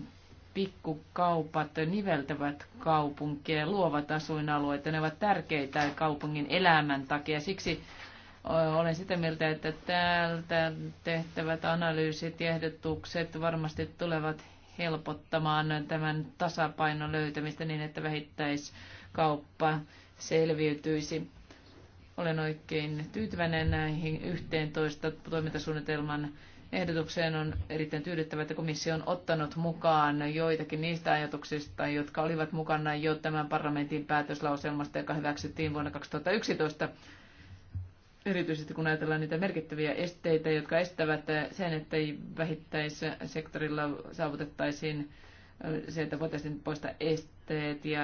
Pikkukaupat niveltävät kaupunkia ja luovat asuinalueita. Ne ovat tärkeitä kaupungin elämän takia. Siksi olen sitä mieltä, että täältä tehtävät analyysit ja ehdotukset varmasti tulevat helpottamaan tämän tasapainon löytämistä niin, että vähittäiskauppa selviytyisi. Olen oikein tyytyväinen näihin 11 toimintasuunnitelman ehdotukseen on erittäin tyydyttävä, että komissio on ottanut mukaan joitakin niistä ajatuksista, jotka olivat mukana jo tämän parlamentin päätöslauselmasta, joka hyväksyttiin vuonna 2011. Erityisesti kun ajatellaan niitä merkittäviä esteitä, jotka estävät sen, että ei vähittäissektorilla saavutettaisiin se, että voitaisiin poistaa esteet ja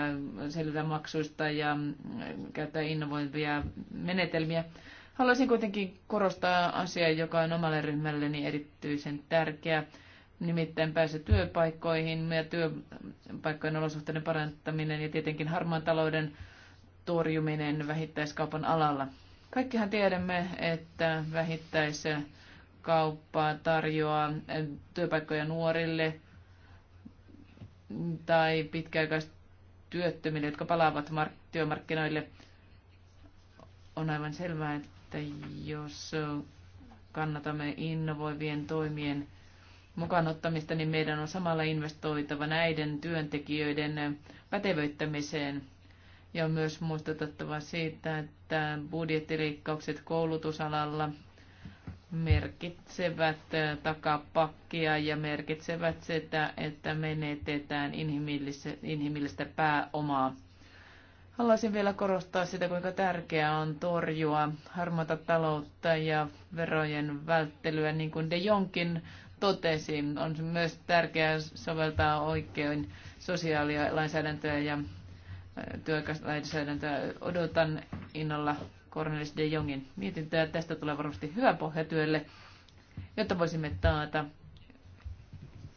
selvitä maksuista ja käyttää innovoivia menetelmiä. Haluaisin kuitenkin korostaa asiaa, joka on omalle ryhmälleni erityisen tärkeä. Nimittäin pääsy työpaikkoihin ja työpaikkojen olosuhteiden parantaminen ja tietenkin harmaan talouden torjuminen vähittäiskaupan alalla. Kaikkihan tiedämme, että vähittäiskauppa tarjoaa työpaikkoja nuorille tai pitkäaikaistyöttömille, jotka palaavat työmarkkinoille. On aivan selvää, että että jos kannatamme innovoivien toimien mukaanottamista, niin meidän on samalla investoitava näiden työntekijöiden pätevöittämiseen ja on myös muistutettava siitä, että budjettiriikkaukset koulutusalalla merkitsevät takapakkia ja merkitsevät sitä, että menetetään inhimillistä pääomaa. Haluaisin vielä korostaa sitä, kuinka tärkeää on torjua harmaata taloutta ja verojen välttelyä, niin kuin De Jonkin totesi. On myös tärkeää soveltaa oikein sosiaalilainsäädäntöä ja työaikalainsäädäntöä. Odotan innolla Cornelis de Jongin mietintöä. Tästä tulee varmasti hyvä pohja työlle, jotta voisimme taata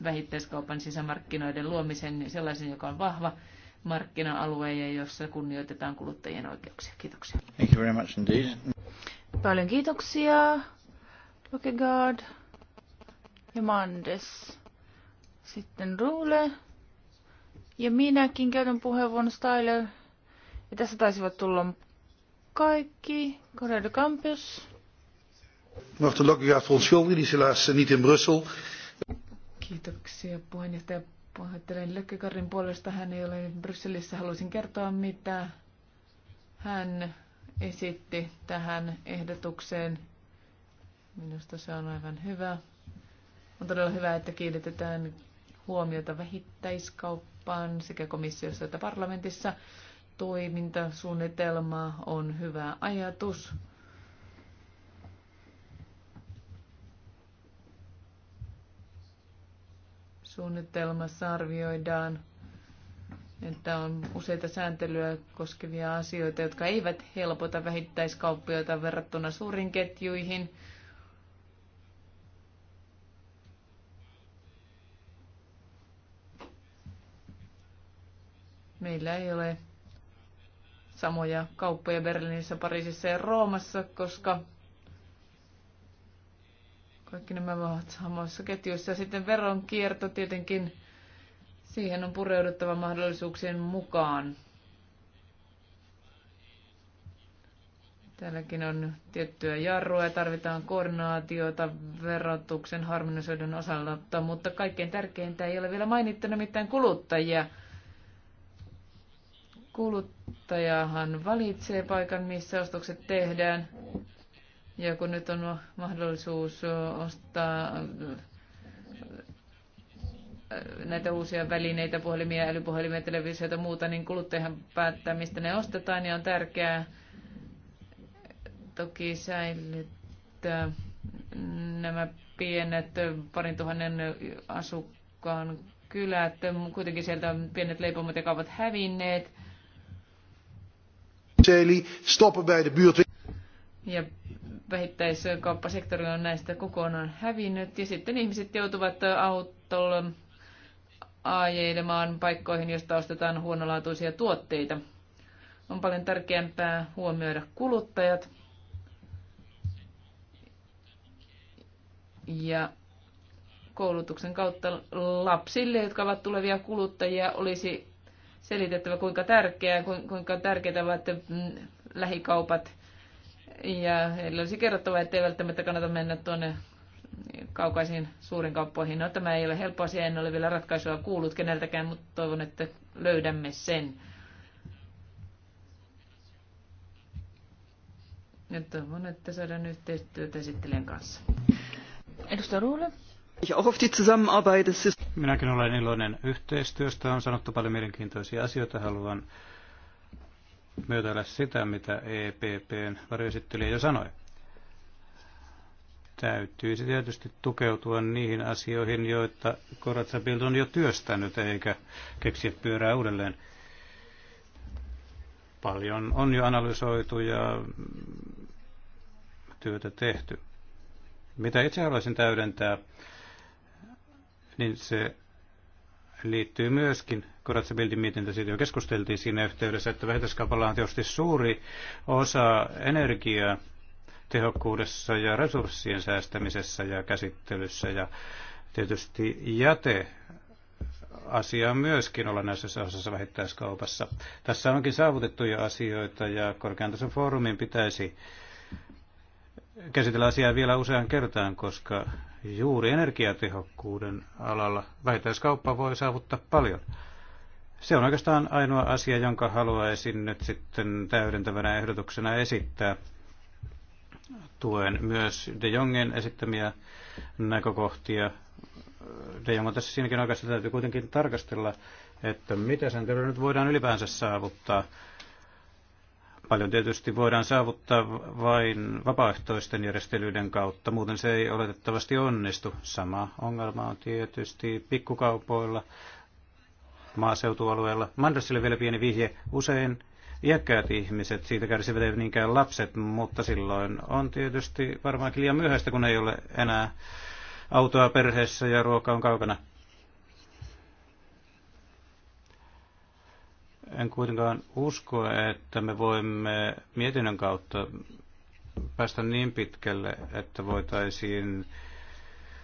vähittäiskaupan sisämarkkinoiden luomisen sellaisen, joka on vahva markkina-alueja, jossa kunnioitetaan kuluttajien oikeuksia. Kiitoksia. Thank you very much indeed. Paljon kiitoksia. Lokegaard ja Mandes. Sitten Rule Ja minäkin käytän puheenvuoron Styler. Ja tässä taisivat tulla kaikki. Correo Campus. Martin Lokegaard verontschuldigen, die is helaas niet in Brussel. Kiitoksia puheenjohtaja Pahoittelen Lökkikarin puolesta. Hän ei ole Brysselissä. Haluaisin kertoa, mitä hän esitti tähän ehdotukseen. Minusta se on aivan hyvä. On todella hyvä, että kiinnitetään huomiota vähittäiskauppaan sekä komissiossa että parlamentissa. Toimintasuunnitelma on hyvä ajatus. suunnitelmassa arvioidaan, että on useita sääntelyä koskevia asioita, jotka eivät helpota vähittäiskauppioita verrattuna suurin ketjuihin. Meillä ei ole samoja kauppoja Berliinissä, Pariisissa ja Roomassa, koska kaikki nämä ovat samoissa ketjuissa. Sitten veronkierto tietenkin, siihen on pureuduttava mahdollisuuksien mukaan. Täälläkin on tiettyä jarrua ja tarvitaan koordinaatiota verotuksen harmonisoidun osalta, mutta kaikkein tärkeintä ei ole vielä mainittu mitään kuluttajia. Kuluttajahan valitsee paikan, missä ostokset tehdään. Ja kun nyt on mahdollisuus ostaa näitä uusia välineitä, puhelimia, älypuhelimia, televisioita ja muuta, niin kuluttajahan päättää, mistä ne ostetaan, ja on tärkeää toki säilyttää nämä pienet parin tuhannen asukkaan kylät. Kuitenkin sieltä on pienet leipomot ja kaupat hävinneet. Stoppen bij de buurt. Ja vähittäiskauppasektori on näistä kokonaan hävinnyt ja sitten ihmiset joutuvat autolla ajelemaan paikkoihin, josta ostetaan huonolaatuisia tuotteita. On paljon tärkeämpää huomioida kuluttajat ja koulutuksen kautta lapsille, jotka ovat tulevia kuluttajia, olisi selitettävä, kuinka tärkeää, kuinka tärkeitä ovat mm, lähikaupat ja heillä olisi kerrottava, ei välttämättä kannata mennä tuonne kaukaisiin suurin kauppoihin. No tämä ei ole helppo asia, en ole vielä ratkaisua kuullut keneltäkään, mutta toivon, että löydämme sen. Ja toivon, että saadaan yhteistyötä esittelijän kanssa. Edustaja Ruule. Minäkin olen iloinen yhteistyöstä. On sanottu paljon mielenkiintoisia asioita. Haluan myötäillä sitä, mitä EPPn varjoesittelijä jo sanoi. Täytyisi tietysti tukeutua niihin asioihin, joita Koratsabild on jo työstänyt, eikä keksiä pyörää uudelleen. Paljon on jo analysoitu ja työtä tehty. Mitä itse haluaisin täydentää, niin se liittyy myöskin Koratsabildin mietintä, siitä jo keskusteltiin siinä yhteydessä, että vähittäiskaupalla on tietysti suuri osa energiaa tehokkuudessa ja resurssien säästämisessä ja käsittelyssä ja tietysti jäte on myöskin olla näissä osassa vähittäiskaupassa. Tässä onkin saavutettuja asioita ja korkean tason foorumin pitäisi käsitellä asiaa vielä usean kertaan, koska juuri energiatehokkuuden alalla vähittäiskauppa voi saavuttaa paljon. Se on oikeastaan ainoa asia, jonka haluaisin nyt sitten täydentävänä ehdotuksena esittää. Tuen myös De Jongen esittämiä näkökohtia. De Jong on tässä siinäkin oikeastaan täytyy kuitenkin tarkastella, että mitä sen nyt voidaan ylipäänsä saavuttaa Paljon tietysti voidaan saavuttaa vain vapaaehtoisten järjestelyiden kautta, muuten se ei oletettavasti onnistu. Sama ongelma on tietysti pikkukaupoilla, maaseutualueella. Mandersille vielä pieni vihje. Usein iäkkäät ihmiset, siitä kärsivät ei niinkään lapset, mutta silloin on tietysti varmaankin liian myöhäistä, kun ei ole enää autoa perheessä ja ruoka on kaukana. En kuitenkaan usko, että me voimme mietinnön kautta päästä niin pitkälle, että voitaisiin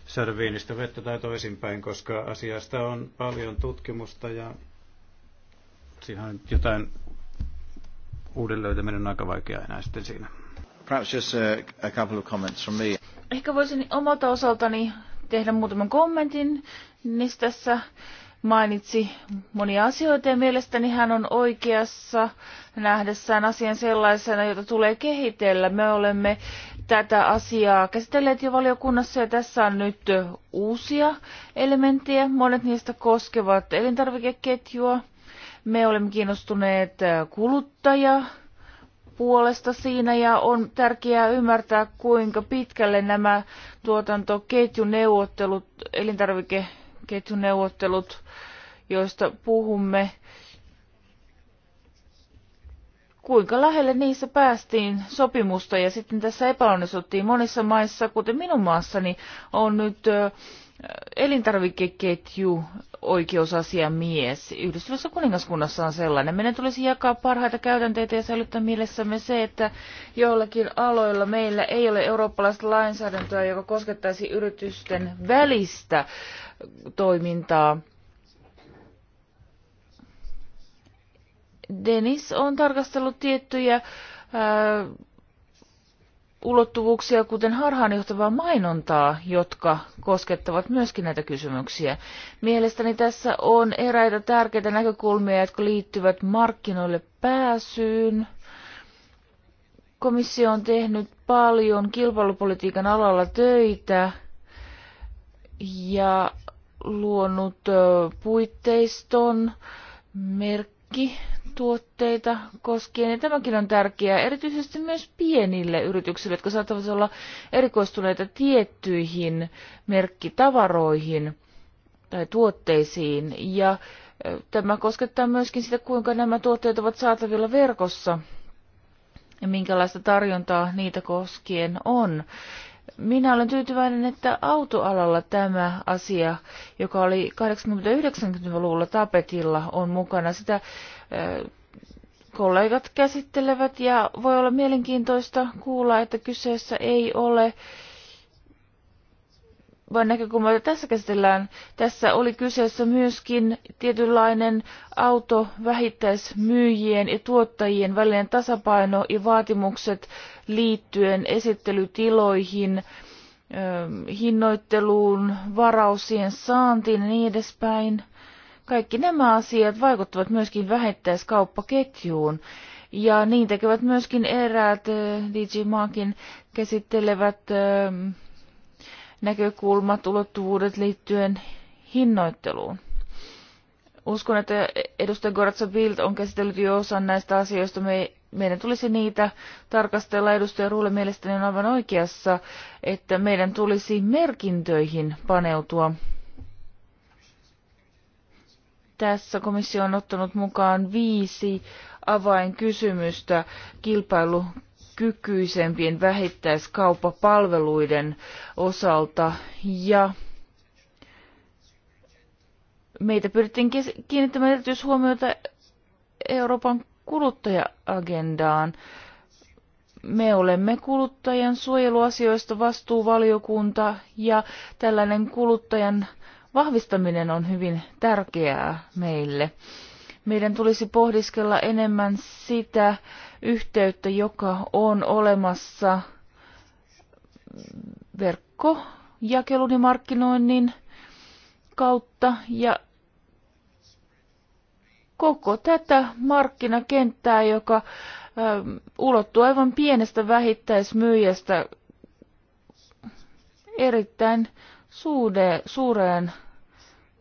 saada viinistä vettä tai toisinpäin, koska asiasta on paljon tutkimusta ja siinä on jotain uuden löytäminen on aika vaikeaa enää sitten siinä. just a, a couple of comments from me. Ehkä voisin omalta osaltani tehdä muutaman kommentin niistä tässä mainitsi monia asioita ja mielestäni hän on oikeassa nähdessään asian sellaisena, jota tulee kehitellä. Me olemme tätä asiaa käsitelleet jo valiokunnassa ja tässä on nyt uusia elementtejä. Monet niistä koskevat elintarvikeketjua. Me olemme kiinnostuneet kuluttaja puolesta siinä ja on tärkeää ymmärtää, kuinka pitkälle nämä tuotantoketjuneuvottelut elintarvike ketjuneuvottelut, joista puhumme, kuinka lähelle niissä päästiin sopimusta ja sitten tässä epäonnistuttiin monissa maissa, kuten minun maassani, on nyt elintarvikeketju oikeusasiamies. Yhdistyvässä kuningaskunnassa on sellainen. Meidän tulisi jakaa parhaita käytänteitä ja säilyttää mielessämme se, että joillakin aloilla meillä ei ole eurooppalaista lainsäädäntöä, joka koskettaisi yritysten välistä toimintaa. Dennis on tarkastellut tiettyjä ää, ulottuvuuksia, kuten harhaanjohtavaa mainontaa, jotka koskettavat myöskin näitä kysymyksiä. Mielestäni tässä on eräitä tärkeitä näkökulmia, jotka liittyvät markkinoille pääsyyn. Komissio on tehnyt paljon kilpailupolitiikan alalla töitä ja luonut puitteiston merkki tuotteita koskien. Ja tämäkin on tärkeää erityisesti myös pienille yrityksille, jotka saattavat olla erikoistuneita tiettyihin merkkitavaroihin tai tuotteisiin. Ja tämä koskettaa myöskin sitä, kuinka nämä tuotteet ovat saatavilla verkossa ja minkälaista tarjontaa niitä koskien on. Minä olen tyytyväinen, että autoalalla tämä asia, joka oli 80-90-luvulla tapetilla, on mukana. Sitä eh, kollegat käsittelevät ja voi olla mielenkiintoista kuulla, että kyseessä ei ole vaan näkökulmalta tässä käsitellään. Tässä oli kyseessä myöskin tietynlainen auto vähittäismyyjien ja tuottajien välinen tasapaino ja vaatimukset liittyen esittelytiloihin, hinnoitteluun, varausien saantiin ja niin edespäin. Kaikki nämä asiat vaikuttavat myöskin vähittäiskauppaketjuun. Ja niin tekevät myöskin eräät Digimaakin käsittelevät näkökulmat, ulottuvuudet liittyen hinnoitteluun. Uskon, että edustaja Goratsa Bild on käsitellyt jo osan näistä asioista. Me meidän tulisi niitä tarkastella. Edustaja Ruule mielestäni on aivan oikeassa, että meidän tulisi merkintöihin paneutua. Tässä komissio on ottanut mukaan viisi avainkysymystä kilpailukykyisempien vähittäiskauppapalveluiden osalta ja meitä pyrittiin kiinnittämään erityishuomiota Euroopan kuluttaja-agendaan. Me olemme kuluttajan suojeluasioista vastuuvaliokunta ja tällainen kuluttajan vahvistaminen on hyvin tärkeää meille. Meidän tulisi pohdiskella enemmän sitä yhteyttä, joka on olemassa verkkojakelun ja markkinoinnin kautta ja koko tätä markkinakenttää, joka ähm, ulottuu aivan pienestä vähittäismyyjästä erittäin suude, suureen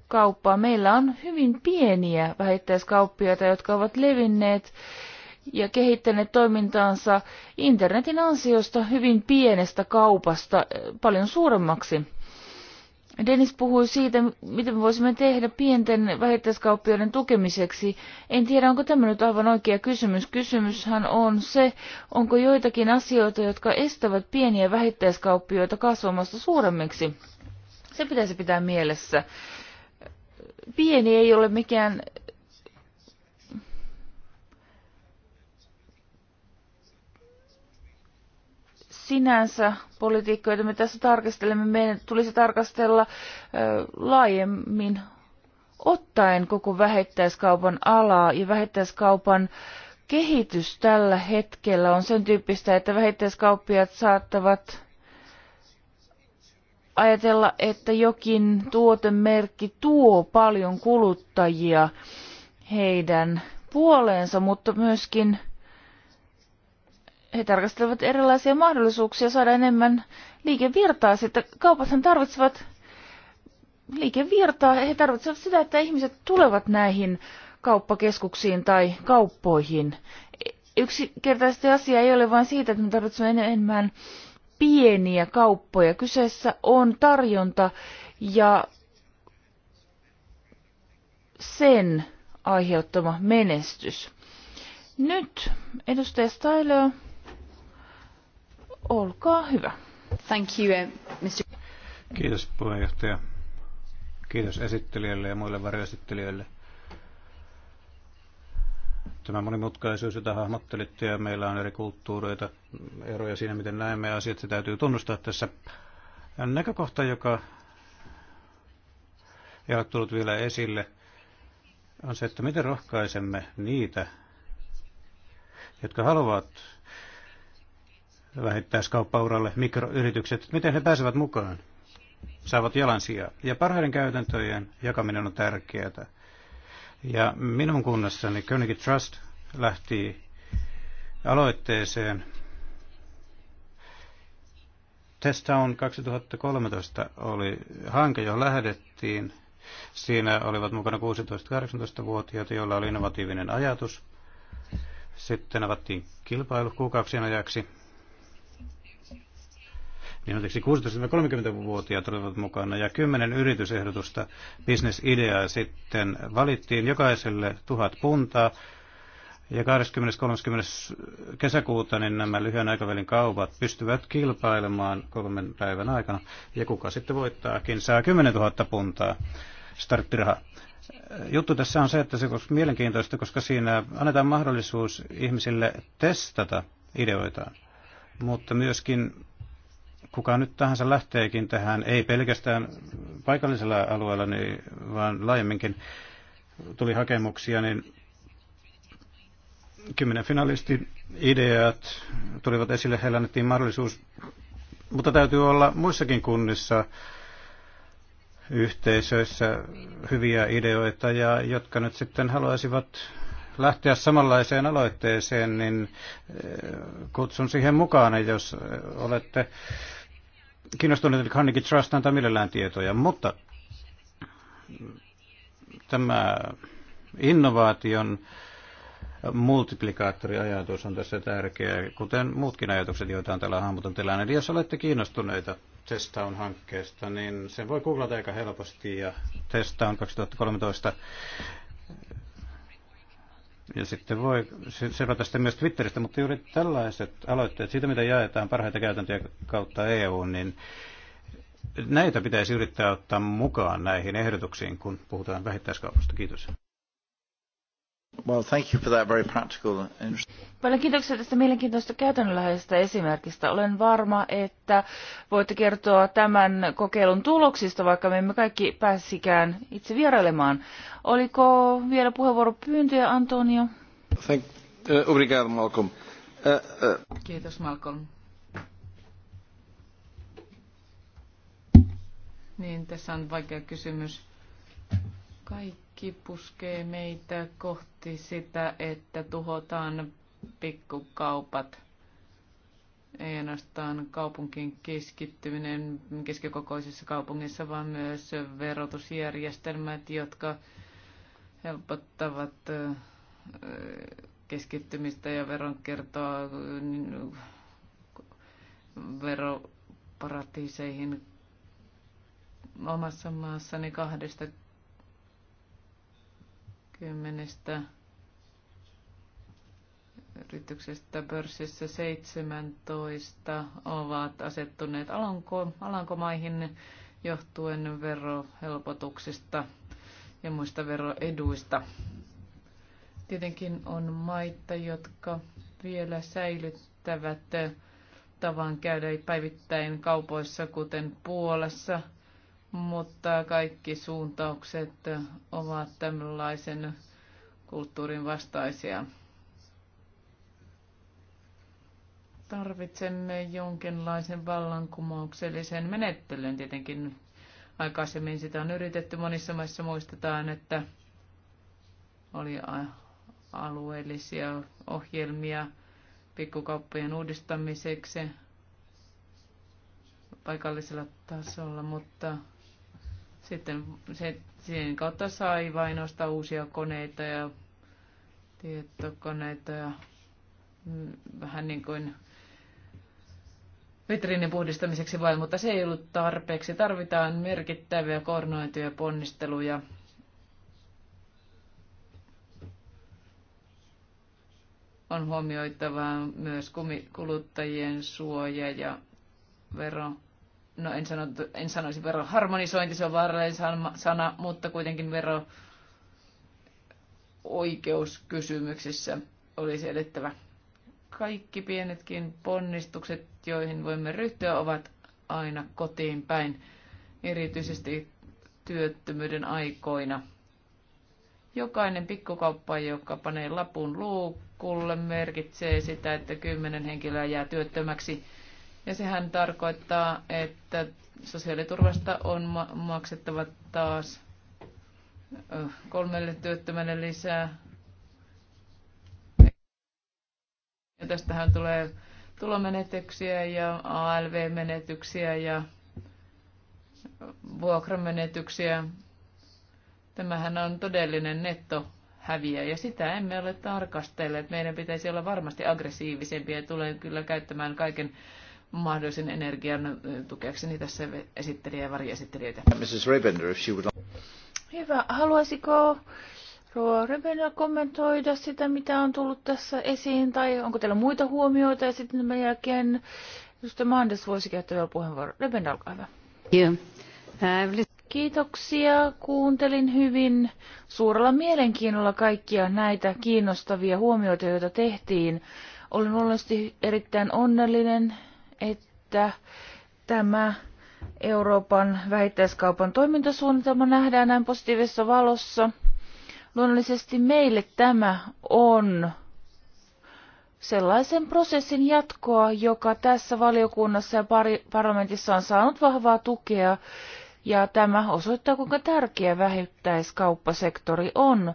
kauppaan. Meillä on hyvin pieniä vähittäiskauppiaita, jotka ovat levinneet ja kehittäneet toimintaansa internetin ansiosta hyvin pienestä kaupasta äh, paljon suuremmaksi Dennis puhui siitä, mitä me voisimme tehdä pienten vähittäiskauppioiden tukemiseksi. En tiedä, onko tämä nyt aivan oikea kysymys. Kysymyshän on se, onko joitakin asioita, jotka estävät pieniä vähittäiskauppioita kasvamasta suuremmiksi. Se pitäisi pitää mielessä. Pieni ei ole mikään sinänsä politiikkoja, joita me tässä tarkastelemme, meidän tulisi tarkastella laajemmin ottaen koko vähittäiskaupan alaa ja vähittäiskaupan kehitys tällä hetkellä on sen tyyppistä, että vähittäiskauppiat saattavat ajatella, että jokin tuotemerkki tuo paljon kuluttajia heidän puoleensa, mutta myöskin he tarkastelevat erilaisia mahdollisuuksia saada enemmän liikevirtaa. Sitten kaupathan tarvitsevat liikevirtaa. He tarvitsevat sitä, että ihmiset tulevat näihin kauppakeskuksiin tai kauppoihin. Yksinkertaisesti asia ei ole vain siitä, että me tarvitsemme enemmän pieniä kauppoja. Kyseessä on tarjonta ja sen aiheuttama menestys. Nyt edustaja Stylö Olkaa hyvä. Thank you, uh, Mr. Kiitos puheenjohtaja. Kiitos esittelijälle ja muille varjoesittelijöille. Tämä monimutkaisuus, jota hahmottelitte, ja meillä on eri kulttuureita, eroja siinä, miten näemme asiat, se täytyy tunnustaa tässä. Näkökohta, joka ei ole tullut vielä esille, on se, että miten rohkaisemme niitä, jotka haluavat vähittäiskauppauralle mikroyritykset, miten he pääsevät mukaan, saavat jalansia Ja parhaiden käytäntöjen jakaminen on tärkeää. Ja minun kunnassani Königin Trust lähti aloitteeseen Town 2013 oli hanke, johon lähdettiin. Siinä olivat mukana 16 18 vuotiaat joilla oli innovatiivinen ajatus. Sitten avattiin kilpailu kuukausien ajaksi niin anteeksi, 16-30-vuotiaat olivat mukana ja kymmenen yritysehdotusta bisnesideaa sitten valittiin jokaiselle tuhat puntaa. Ja 20.30. kesäkuuta niin nämä lyhyen aikavälin kaupat pystyvät kilpailemaan kolmen päivän aikana. Ja kuka sitten voittaakin, saa 10 000 puntaa starttiraha. Juttu tässä on se, että se on mielenkiintoista, koska siinä annetaan mahdollisuus ihmisille testata ideoitaan, mutta myöskin kuka nyt tahansa lähteekin tähän, ei pelkästään paikallisella alueella, niin, vaan laajemminkin tuli hakemuksia, niin kymmenen finalistin ideat tulivat esille, heillä annettiin mahdollisuus, mutta täytyy olla muissakin kunnissa yhteisöissä hyviä ideoita, ja jotka nyt sitten haluaisivat lähteä samanlaiseen aloitteeseen, niin eh, kutsun siihen mukaan, jos eh, olette että Carnegie Trust antaa mielellään tietoja, mutta tämä innovaation multiplikaattoriajatus on tässä tärkeä, kuten muutkin ajatukset, joita on täällä hahmoton tilanne. Eli jos olette kiinnostuneita testaun hankkeesta niin sen voi googlata aika helposti ja testaun 2013 ja sitten voi seurata sitä myös Twitteristä, mutta juuri tällaiset aloitteet siitä, mitä jaetaan parhaita käytäntöjä kautta EU, niin näitä pitäisi yrittää ottaa mukaan näihin ehdotuksiin, kun puhutaan vähittäiskaupasta. Kiitos. Paljon kiitoksia tästä mielenkiintoista käytännönläheisestä esimerkistä. Olen varma, että voitte kertoa tämän kokeilun tuloksista, vaikka me emme kaikki pääsikään itse vierailemaan. Oliko vielä puheenvuoropyyntöjä, Antonio? Thank, uh, obrigado, Malcolm. Uh, uh. Kiitos, Malcolm. Niin, tässä on vaikea kysymys. Kaikki kipuskee meitä kohti sitä, että tuhotaan pikkukaupat. Ei ainoastaan kaupunkin keskittyminen keskikokoisissa kaupungissa, vaan myös verotusjärjestelmät, jotka helpottavat keskittymistä ja veronkertoa mm, veroparatiiseihin omassa maassani kahdesta kymmenestä yrityksestä pörssissä 17 ovat asettuneet Alanko, Alankomaihin johtuen verohelpotuksista ja muista veroeduista. Tietenkin on maita, jotka vielä säilyttävät tavan käydä päivittäin kaupoissa, kuten Puolassa – mutta kaikki suuntaukset ovat tämänlaisen kulttuurin vastaisia. Tarvitsemme jonkinlaisen vallankumouksellisen menettelyn tietenkin. Aikaisemmin sitä on yritetty monissa maissa muistetaan, että oli alueellisia ohjelmia pikkukauppojen uudistamiseksi paikallisella tasolla, mutta sitten se, sen kautta sai vain ostaa uusia koneita ja tietokoneita ja mm, vähän niin kuin vitriinin puhdistamiseksi vain, mutta se ei ollut tarpeeksi. Tarvitaan merkittäviä koordinoituja ponnisteluja. On huomioitava myös kuluttajien suoja ja vero no en, sano, en sanoisi veroharmonisointi, se on vaarallinen sana, mutta kuitenkin vero oikeuskysymyksissä olisi edettävä. Kaikki pienetkin ponnistukset, joihin voimme ryhtyä, ovat aina kotiin päin, erityisesti työttömyyden aikoina. Jokainen pikkukauppa, joka panee lapun luukulle, merkitsee sitä, että kymmenen henkilöä jää työttömäksi – ja sehän tarkoittaa, että sosiaaliturvasta on ma- maksettava taas kolmelle työttömälle lisää. Ja tästähän tulee tulomenetyksiä ja ALV-menetyksiä ja vuokramenetyksiä. Tämähän on todellinen netto häviä ja sitä emme ole tarkastelleet. Meidän pitäisi olla varmasti aggressiivisempia ja tulee kyllä käyttämään kaiken mahdollisen energian tukeakseni niin tässä esittelijä ja variesittelijöitä. Mrs. Rebender, if she would Hyvä. Haluaisiko Rova Rebender kommentoida sitä, mitä on tullut tässä esiin, tai onko teillä muita huomioita, ja sitten tämän jälkeen Edustaja Mandes voisi käyttää vielä puheenvuoron. Rebenda, olkaa hyvä. Uh, Kiitoksia. Kuuntelin hyvin suurella mielenkiinnolla kaikkia näitä kiinnostavia huomioita, joita tehtiin. Olen luonnollisesti erittäin onnellinen että tämä Euroopan vähittäiskaupan toimintasuunnitelma nähdään näin positiivisessa valossa. Luonnollisesti meille tämä on sellaisen prosessin jatkoa, joka tässä valiokunnassa ja parlamentissa on saanut vahvaa tukea, ja tämä osoittaa, kuinka tärkeä vähittäiskauppasektori on.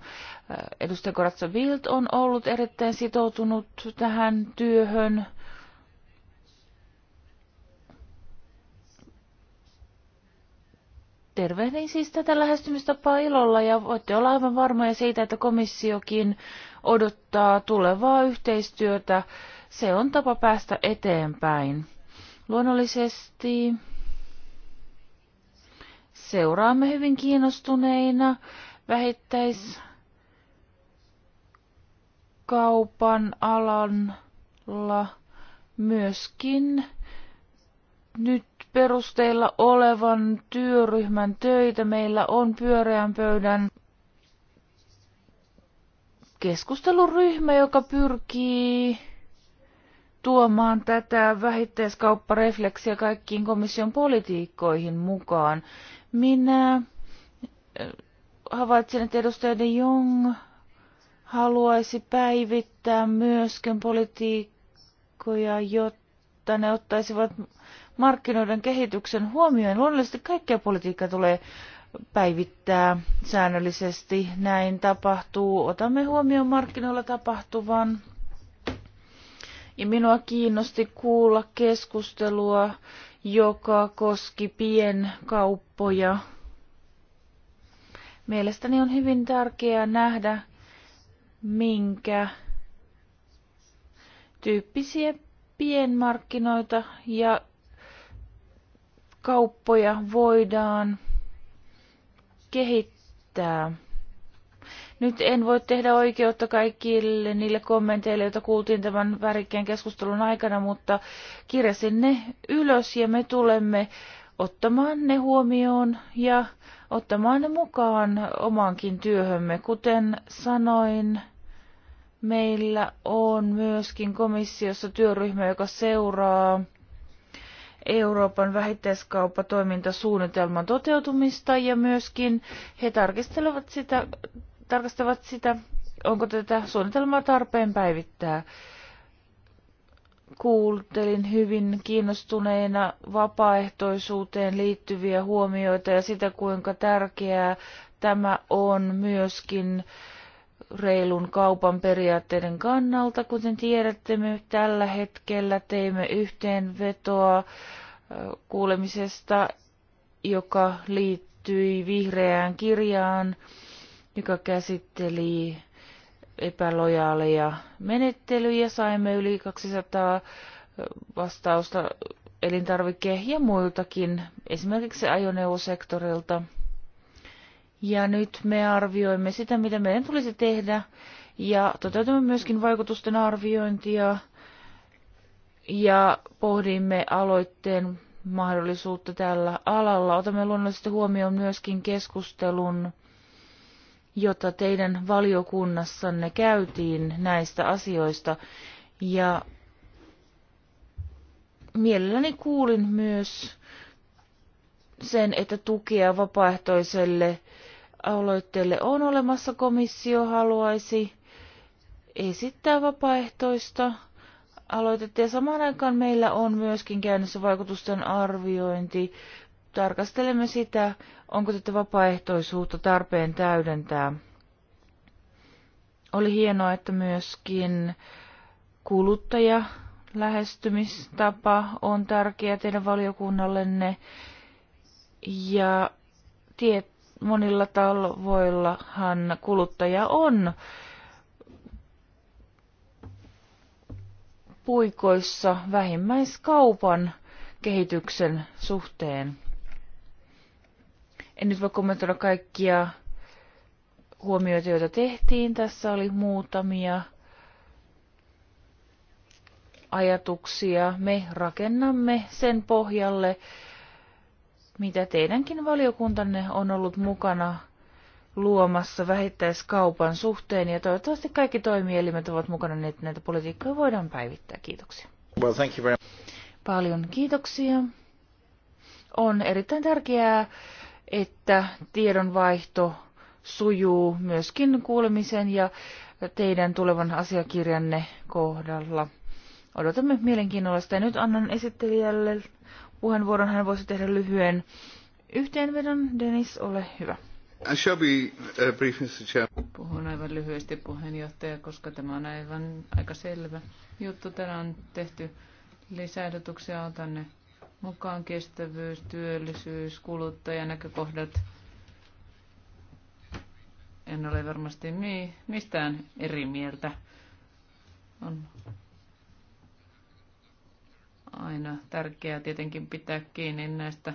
Edustaja Koratsa Wild on ollut erittäin sitoutunut tähän työhön tervehdin siis tätä lähestymistapaa ilolla ja voitte olla aivan varmoja siitä, että komissiokin odottaa tulevaa yhteistyötä. Se on tapa päästä eteenpäin. Luonnollisesti seuraamme hyvin kiinnostuneina vähittäiskaupan alalla myöskin nyt perusteilla olevan työryhmän töitä. Meillä on pyöreän pöydän keskusteluryhmä, joka pyrkii tuomaan tätä vähittäiskaupparefleksiä kaikkiin komission politiikkoihin mukaan. Minä eh, havaitsin, että edustaja de Jong haluaisi päivittää myöskin politiikkoja, jotta ne ottaisivat markkinoiden kehityksen huomioon. Luonnollisesti kaikkea politiikkaa tulee päivittää säännöllisesti. Näin tapahtuu. Otamme huomioon markkinoilla tapahtuvan. Ja minua kiinnosti kuulla keskustelua, joka koski pienkauppoja. Mielestäni on hyvin tärkeää nähdä, minkä tyyppisiä pienmarkkinoita ja kauppoja voidaan kehittää. Nyt en voi tehdä oikeutta kaikille niille kommenteille, joita kuultiin tämän värikkeen keskustelun aikana, mutta kirjasin ne ylös ja me tulemme ottamaan ne huomioon ja ottamaan ne mukaan omaankin työhömme. Kuten sanoin, meillä on myöskin komissiossa työryhmä, joka seuraa Euroopan vähittäiskauppatoimintasuunnitelman toteutumista ja myöskin he tarkistelevat sitä, tarkastavat sitä, onko tätä suunnitelmaa tarpeen päivittää. Kuultelin hyvin kiinnostuneena vapaaehtoisuuteen liittyviä huomioita ja sitä, kuinka tärkeää tämä on myöskin äh, reilun kaupan periaatteiden kannalta. Kuten tiedätte, me tällä hetkellä teimme yhteenvetoa kuulemisesta, joka liittyi vihreään kirjaan, joka käsitteli epälojaaleja menettelyjä. Saimme yli 200 vastausta elintarvike- ja muiltakin, esimerkiksi ajoneuvosektorilta. Ja nyt me arvioimme sitä, mitä meidän tulisi tehdä. Ja toteutamme myöskin vaikutusten arviointia ja pohdimme aloitteen mahdollisuutta tällä alalla. Otamme luonnollisesti huomioon myöskin keskustelun, jota teidän valiokunnassanne käytiin näistä asioista. Ja mielelläni kuulin myös sen, että tukea vapaaehtoiselle aloitteelle on olemassa. Komissio haluaisi esittää vapaaehtoista aloitetta ja samaan aikaan meillä on myöskin käynnissä vaikutusten arviointi. Tarkastelemme sitä, onko tätä vapaaehtoisuutta tarpeen täydentää. Oli hienoa, että myöskin kuluttaja lähestymistapa on tärkeä teidän valiokunnallenne ja tiet monilla tavoillahan kuluttaja on puikoissa vähimmäiskaupan kehityksen suhteen. En nyt voi kommentoida kaikkia huomioita, joita tehtiin. Tässä oli muutamia ajatuksia. Me rakennamme sen pohjalle mitä teidänkin valiokuntanne on ollut mukana luomassa vähittäiskaupan suhteen ja toivottavasti kaikki toimielimet ovat mukana niin, että näitä politiikkoja voidaan päivittää. Kiitoksia. Well, thank you very much. Paljon kiitoksia. On erittäin tärkeää, että tiedonvaihto sujuu myöskin kuulemisen ja teidän tulevan asiakirjanne kohdalla. Odotamme mielenkiinnolla sitä. Nyt annan esittelijälle puheenvuoron. Hän voisi tehdä lyhyen yhteenvedon. Dennis, ole hyvä. I shall be uh, brief, Mr. Chairman. Puhun aivan lyhyesti puheenjohtaja, koska tämä on aivan aika selvä juttu. Täällä on tehty lisäehdotuksia. tänne mukaan kestävyys, työllisyys, kuluttajanäkökohdat. En ole varmasti mi- mistään eri mieltä. On aina tärkeää tietenkin pitää kiinni näistä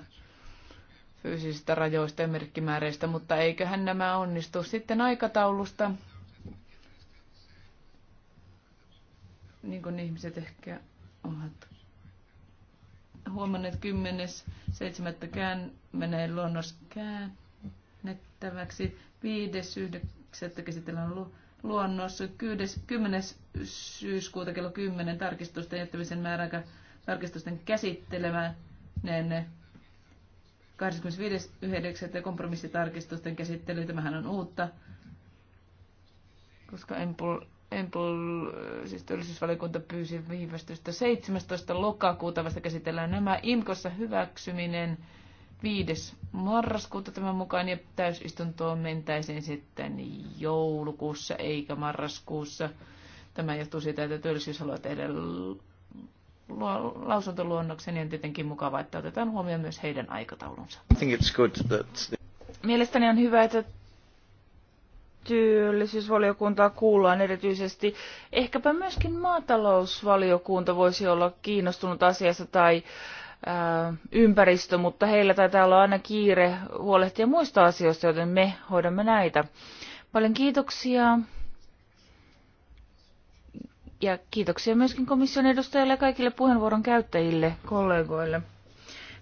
fyysisistä rajoista ja merkkimääreistä, mutta eiköhän nämä onnistu. Sitten aikataulusta, niin kuin ihmiset ehkä ovat huomanneet, 10.7. menee luonnos käännettäväksi, 5.9. käsitellään lu- luonnos, 10. syyskuuta kello 10 tarkistusten jättämisen määräaika tarkistusten käsitteleminen 25.9. kompromissitarkistusten käsittely. Tämähän on uutta, koska Empul, Empul siis työllisyysvaliokunta pyysi viivästystä 17. lokakuuta vasta käsitellään nämä IMKossa hyväksyminen 5. marraskuuta tämän mukaan ja täysistuntoon mentäisiin sitten joulukuussa eikä marraskuussa. Tämä johtuu siitä, että työllisyys haluaa tehdä lausuntoluonnoksen, niin on tietenkin mukavaa, että otetaan huomioon myös heidän aikataulunsa. Mielestäni on hyvä, että työllisyysvaliokuntaa kuullaan erityisesti. Ehkäpä myöskin maatalousvaliokunta voisi olla kiinnostunut asiassa tai ää, äh, ympäristö, mutta heillä taitaa olla aina kiire huolehtia muista asioista, joten me hoidamme näitä. Paljon kiitoksia. Ja kiitoksia myöskin komission edustajille ja kaikille puheenvuoron käyttäjille, kollegoille.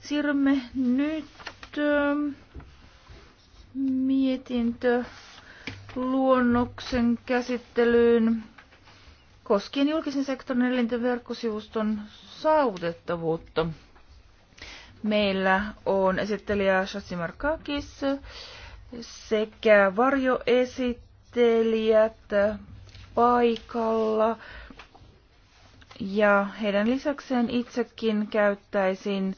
Siirrymme nyt ähm, mietintö luonnoksen käsittelyyn koskien julkisen sektorin elinten verkkosivuston saavutettavuutta. Meillä on esittelijä Shasi Markakis sekä varjoesittelijät paikalla. Ja heidän lisäkseen itsekin käyttäisin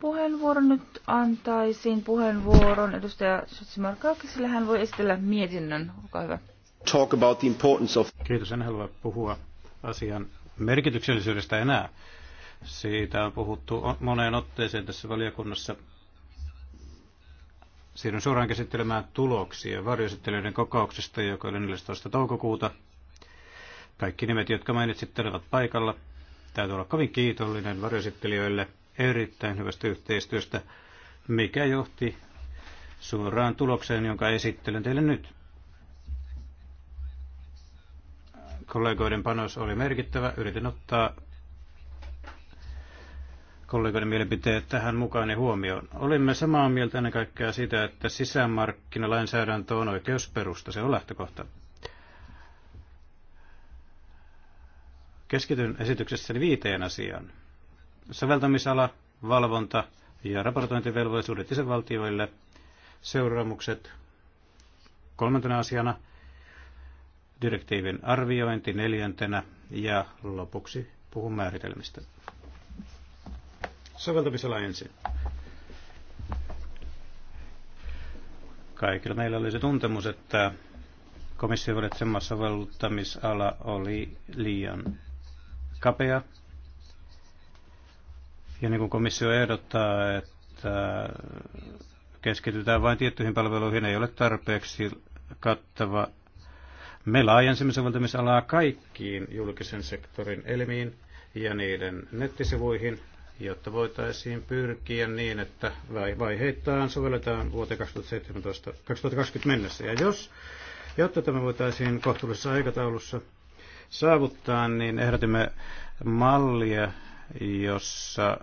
puheenvuoron. Nyt antaisin puheenvuoron edustaja Sotsimarkaakiselle. Hän voi esitellä mietinnön. Olkaa hyvä. Talk about the importance of... Kiitos. En halua puhua asian merkityksellisyydestä enää. Siitä on puhuttu moneen otteeseen tässä valiokunnassa. Siirryn suoraan käsittelemään tuloksia varjoesittelijöiden kokouksesta, joka oli 14. toukokuuta kaikki nimet, jotka mainitsitte, olivat paikalla. Täytyy olla kovin kiitollinen varjosittelijoille erittäin hyvästä yhteistyöstä, mikä johti suoraan tulokseen, jonka esittelen teille nyt. Kollegoiden panos oli merkittävä. Yritin ottaa kollegoiden mielipiteet tähän mukaan ja huomioon. Olimme samaa mieltä ennen kaikkea sitä, että sisämarkkinalainsäädäntö on oikeusperusta, se on lähtökohta. Keskityn esityksessäni viiteen asiaan. Soveltamisala, valvonta ja raportointivelvollisuudet isävaltioille, seuraamukset kolmantena asiana, direktiivin arviointi neljäntenä ja lopuksi puhun määritelmistä. Soveltamisala ensin. Kaikilla meillä oli se tuntemus, että komissio valitsema soveltamisala oli liian kapea. Ja niin kuin komissio ehdottaa, että keskitytään vain tiettyihin palveluihin, ei ole tarpeeksi kattava. Me laajensimme soveltamisalaa kaikkiin julkisen sektorin elimiin ja niiden nettisivuihin, jotta voitaisiin pyrkiä niin, että vaiheittain sovelletaan vuoteen 2017, 2020 mennessä. Ja jos, jotta tämä voitaisiin kohtuullisessa aikataulussa saavuttaa, niin ehdotimme mallia, jossa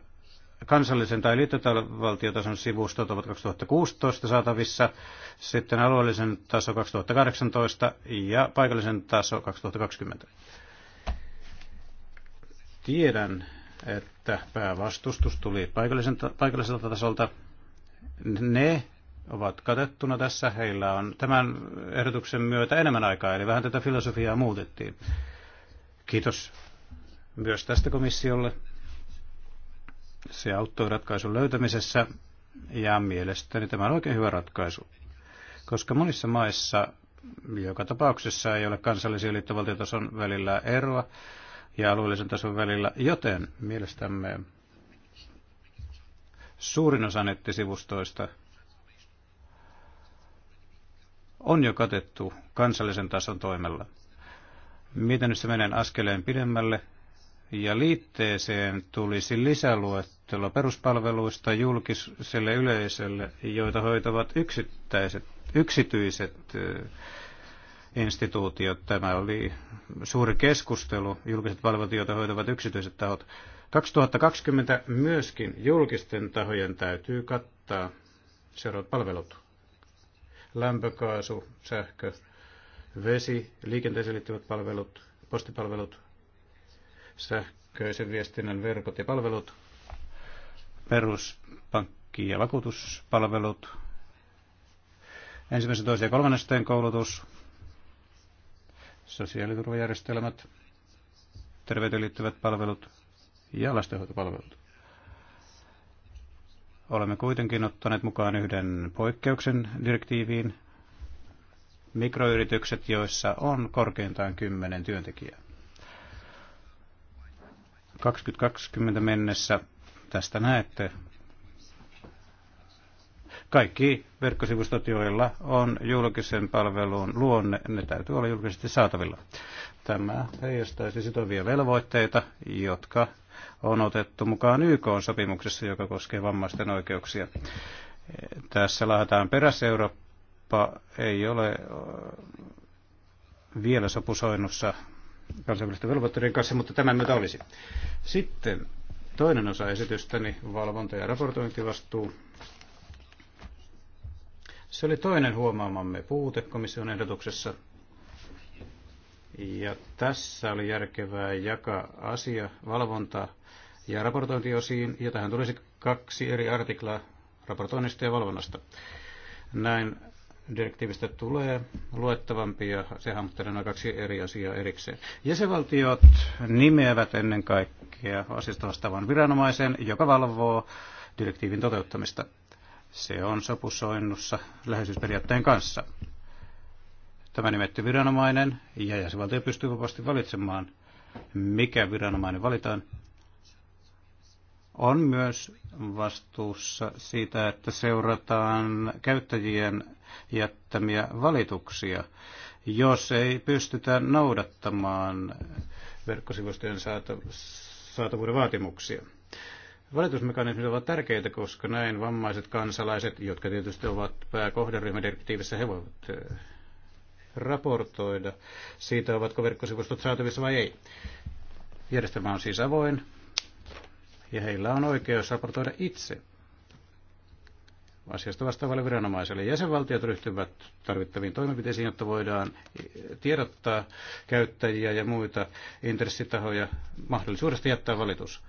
kansallisen tai liittovaltiotason sivustot ovat 2016 saatavissa, sitten alueellisen taso 2018 ja paikallisen taso 2020. Tiedän, että päävastustus tuli paikallisen, paikalliselta tasolta. Ne ovat katettuna tässä. Heillä on tämän ehdotuksen myötä enemmän aikaa, eli vähän tätä filosofiaa muutettiin. Kiitos myös tästä komissiolle. Se auttoi ratkaisun löytämisessä ja mielestäni tämä on oikein hyvä ratkaisu, koska monissa maissa joka tapauksessa ei ole kansallisen liittovaltiotason välillä eroa ja alueellisen tason välillä, joten mielestämme suurin osa nettisivustoista on jo katettu kansallisen tason toimella. Mietinnössä menen askeleen pidemmälle ja liitteeseen tulisi lisäluettelo peruspalveluista julkiselle yleisölle, joita hoitavat yksittäiset, yksityiset instituutiot. Tämä oli suuri keskustelu, julkiset palvelut, joita hoitavat yksityiset tahot. 2020 myöskin julkisten tahojen täytyy kattaa seuraavat palvelut. Lämpökaasu, sähkö, vesi, liikenteeseen liittyvät palvelut, postipalvelut, sähköisen viestinnän verkot ja palvelut, peruspankki- ja vakuutuspalvelut, ensimmäisen, toisen ja kolmannesteen koulutus, sosiaaliturvajärjestelmät, terveyteen liittyvät palvelut ja lastenhoitopalvelut. Olemme kuitenkin ottaneet mukaan yhden poikkeuksen direktiiviin, mikroyritykset, joissa on korkeintaan 10 työntekijää. 2020 mennessä tästä näette kaikki verkkosivustot, joilla on julkisen palvelun luonne, ne täytyy olla julkisesti saatavilla. Tämä heijastaisi sitovia velvoitteita, jotka on otettu mukaan YK-sopimuksessa, joka koskee vammaisten oikeuksia. Tässä lähdetään perässä Eurooppa ei ole vielä sopusoinnussa kansainvälisten velvoitteiden kanssa, mutta tämän myötä olisi. Sitten toinen osa esitystäni, valvonta- ja raportointivastuu. Se oli toinen huomaamamme puute komission ehdotuksessa. Ja tässä oli järkevää jakaa asia valvonta- ja raportointiosiin, ja tähän tulisi kaksi eri artiklaa raportoinnista ja valvonnasta. Näin direktiivistä tulee luettavampi ja sehän mutta nämä kaksi eri asiaa erikseen. Jäsenvaltiot nimeävät ennen kaikkea asiasta vastaavan viranomaisen, joka valvoo direktiivin toteuttamista. Se on sopusoinnussa läheisyysperiaatteen kanssa. Tämä nimetty viranomainen ja jäsenvaltio pystyy vapaasti valitsemaan, mikä viranomainen valitaan, on myös vastuussa siitä, että seurataan käyttäjien jättämiä valituksia, jos ei pystytä noudattamaan verkkosivustojen saatavuuden vaatimuksia. Valitusmekanismit ovat tärkeitä, koska näin vammaiset kansalaiset, jotka tietysti ovat pääkohderyhmädirektiivissä, he voivat eh, raportoida siitä, ovatko verkkosivustot saatavissa vai ei. Järjestelmä on siis avoin ja heillä on oikeus raportoida itse asiasta vastaavalle viranomaiselle. Jäsenvaltiot ryhtyvät tarvittaviin toimenpiteisiin, jotta voidaan tiedottaa käyttäjiä ja muita intressitahoja mahdollisuudesta jättää valitus.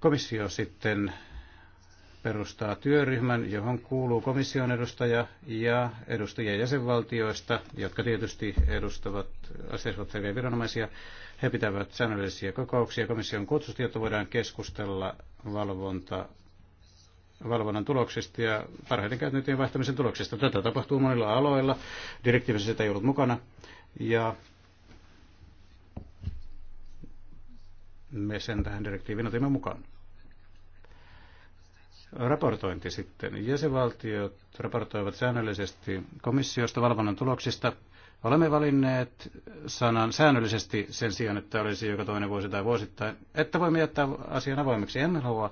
Komissio sitten perustaa työryhmän, johon kuuluu komission edustaja ja edustajia jäsenvaltioista, jotka tietysti edustavat asiasvaltavia viranomaisia. He pitävät säännöllisiä kokouksia komission kutsusta, jotta voidaan keskustella valvonta valvonnan tuloksista ja parhaiden käytäntöjen vaihtamisen tuloksista. Tätä tapahtuu monilla aloilla. Direktiivissä sitä siis ei ollut mukana. Ja me sen tähän direktiiviin otimme mukaan. Raportointi sitten. Jäsenvaltiot raportoivat säännöllisesti komissiosta valvonnan tuloksista. Olemme valinneet sanan säännöllisesti sen sijaan, että olisi joka toinen vuosi tai vuosittain, että voimme jättää asian avoimeksi. En halua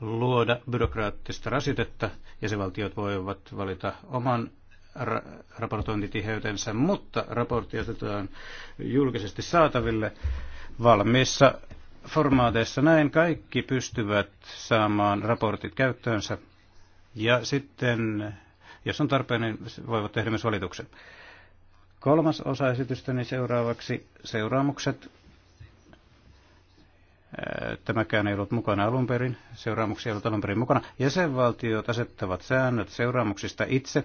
luoda byrokraattista rasitetta. Jäsenvaltiot voivat valita oman ra- raportointitiheytensä, mutta raportti otetaan julkisesti saataville valmiissa formaateissa. Näin kaikki pystyvät saamaan raportit käyttöönsä ja sitten, jos on tarpeen, niin voivat tehdä myös valituksen. Kolmas osa esitystäni niin seuraavaksi seuraamukset Tämäkään ei ollut mukana alun perin, seuraamuksia ei ollut alun perin mukana. Jäsenvaltiot asettavat säännöt seuraamuksista itse,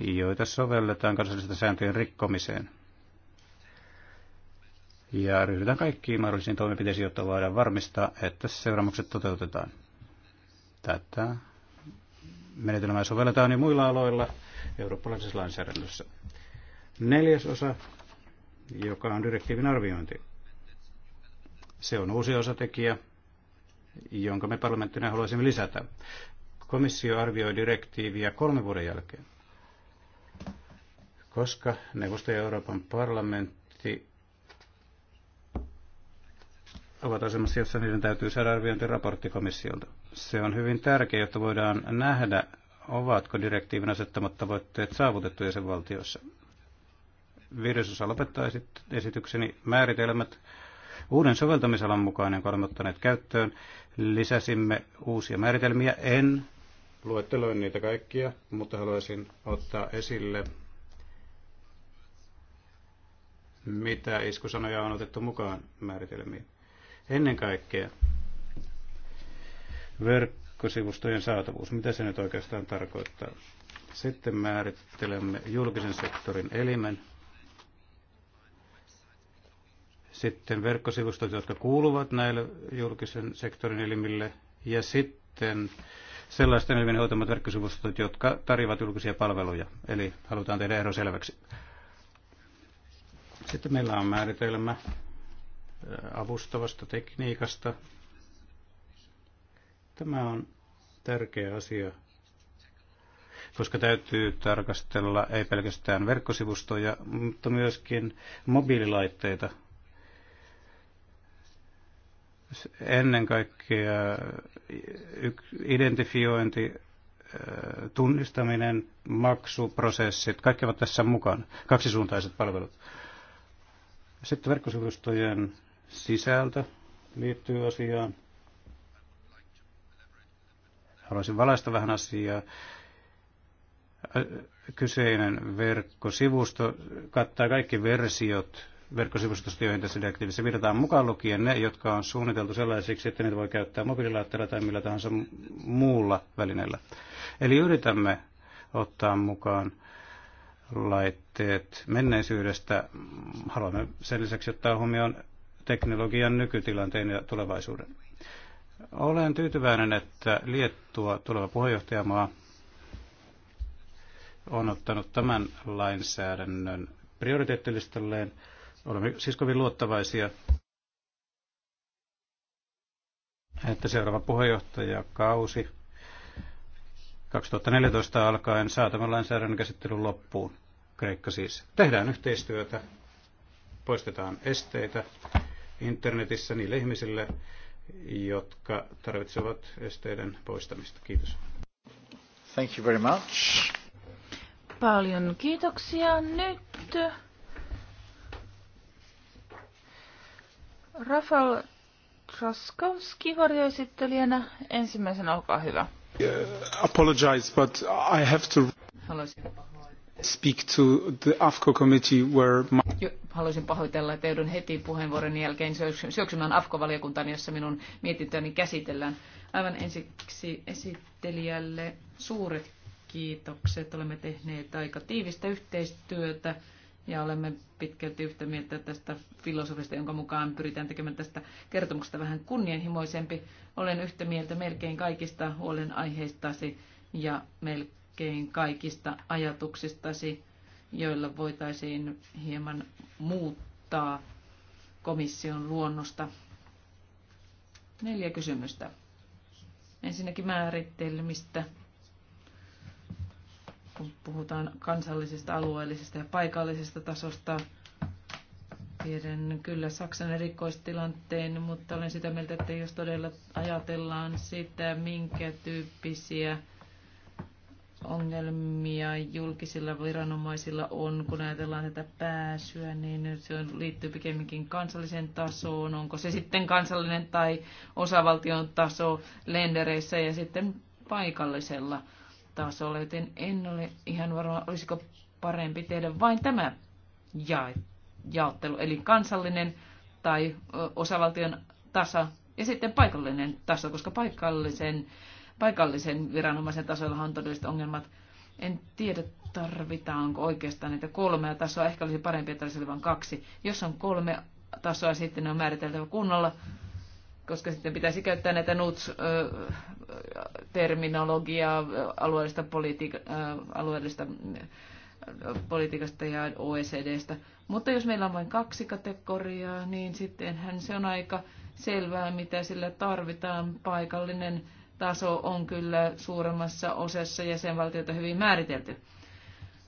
joita sovelletaan kansallisten sääntöjen rikkomiseen. Ja ryhdytään kaikkiin mahdollisiin toimenpiteisiin, jotta voidaan varmistaa, että seuraamukset toteutetaan. Tätä menetelmää sovelletaan jo muilla aloilla eurooppalaisessa lainsäädännössä. Neljäs osa, joka on direktiivin arviointi. Se on uusi osatekijä, jonka me parlamenttina haluaisimme lisätä. Komissio arvioi direktiiviä kolmen vuoden jälkeen, koska neuvosto ja Euroopan parlamentti ovat asemassa, jossa niiden täytyy saada arviointiraportti komissiolta. Se on hyvin tärkeää, jotta voidaan nähdä, ovatko direktiivin asettamat tavoitteet saavutettu jäsenvaltioissa. Viidesosa lopettaa esitykseni määritelmät Uuden soveltamisalan mukaan, jonka olemme ottaneet käyttöön, lisäsimme uusia määritelmiä. En luetteloin niitä kaikkia, mutta haluaisin ottaa esille, mitä iskusanoja on otettu mukaan määritelmiin. Ennen kaikkea verkkosivustojen saatavuus. Mitä se nyt oikeastaan tarkoittaa? Sitten määrittelemme julkisen sektorin elimen, sitten verkkosivustot, jotka kuuluvat näille julkisen sektorin elimille, ja sitten sellaisten elimien hoitamat verkkosivustot, jotka tarjoavat julkisia palveluja. Eli halutaan tehdä ero selväksi. Sitten meillä on määritelmä avustavasta tekniikasta. Tämä on tärkeä asia, koska täytyy tarkastella ei pelkästään verkkosivustoja, mutta myöskin mobiililaitteita, ennen kaikkea identifiointi, tunnistaminen, maksuprosessit, kaikki ovat tässä mukana, kaksisuuntaiset palvelut. Sitten verkkosivustojen sisältö liittyy asiaan. Haluaisin valaista vähän asiaa. Kyseinen verkkosivusto kattaa kaikki versiot verkkosivustosta, joihin tässä direktiivissä viitataan mukaan lukien ne, jotka on suunniteltu sellaisiksi, että niitä voi käyttää mobiililaitteella tai millä tahansa muulla välineellä. Eli yritämme ottaa mukaan laitteet menneisyydestä. Haluamme sen lisäksi ottaa huomioon teknologian nykytilanteen ja tulevaisuuden. Olen tyytyväinen, että Liettua tuleva puheenjohtajamaa on ottanut tämän lainsäädännön prioriteettilistalleen. Olemme siis kovin luottavaisia, että seuraava puheenjohtajakausi 2014 alkaen saatamme lainsäädännön käsittelyn loppuun. Kreikka siis. Tehdään yhteistyötä, poistetaan esteitä internetissä niille ihmisille, jotka tarvitsevat esteiden poistamista. Kiitos. Thank you very much. Paljon kiitoksia nyt. Rafal Traskowski varjoesittelijänä. Ensimmäisenä olkaa hyvä. Uh, apologize, but I have to Haluaisin speak to the AFCO committee where my... Haluaisin pahoitella, että joudun heti puheenvuoron jälkeen syöksymään AFCO-valiokuntaan, jossa minun mietintöni käsitellään. Aivan ensiksi esittelijälle suuret kiitokset. Olemme tehneet aika tiivistä yhteistyötä ja olemme pitkälti yhtä mieltä tästä filosofista, jonka mukaan pyritään tekemään tästä kertomuksesta vähän kunnianhimoisempi. Olen yhtä mieltä melkein kaikista huolenaiheistasi ja melkein kaikista ajatuksistasi, joilla voitaisiin hieman muuttaa komission luonnosta. Neljä kysymystä. Ensinnäkin määrittelmistä kun puhutaan kansallisesta, alueellisesta ja paikallisesta tasosta. Tiedän kyllä Saksan erikoistilanteen, mutta olen sitä mieltä, että jos todella ajatellaan sitä, minkä tyyppisiä ongelmia julkisilla viranomaisilla on, kun ajatellaan tätä pääsyä, niin se on, liittyy pikemminkin kansalliseen tasoon, onko se sitten kansallinen tai osavaltion taso lendereissä ja sitten paikallisella tasolla, joten en ole ihan varma, olisiko parempi tehdä vain tämä ja, jaottelu, eli kansallinen tai osavaltion tasa ja sitten paikallinen taso, koska paikallisen, paikallisen viranomaisen tasoilla on todelliset ongelmat. En tiedä, tarvitaanko oikeastaan näitä kolmea tasoa. Ehkä olisi parempi, että olisi vain kaksi. Jos on kolme tasoa, sitten ne on määriteltävä kunnolla koska sitten pitäisi käyttää näitä NUTS-terminologiaa äh, alueellista, politiik- äh, alueellista äh, politiikasta ja OECDstä. Mutta jos meillä on vain kaksi kategoriaa, niin sittenhän se on aika selvää, mitä sillä tarvitaan. Paikallinen taso on kyllä suuremmassa osassa jäsenvaltioita hyvin määritelty.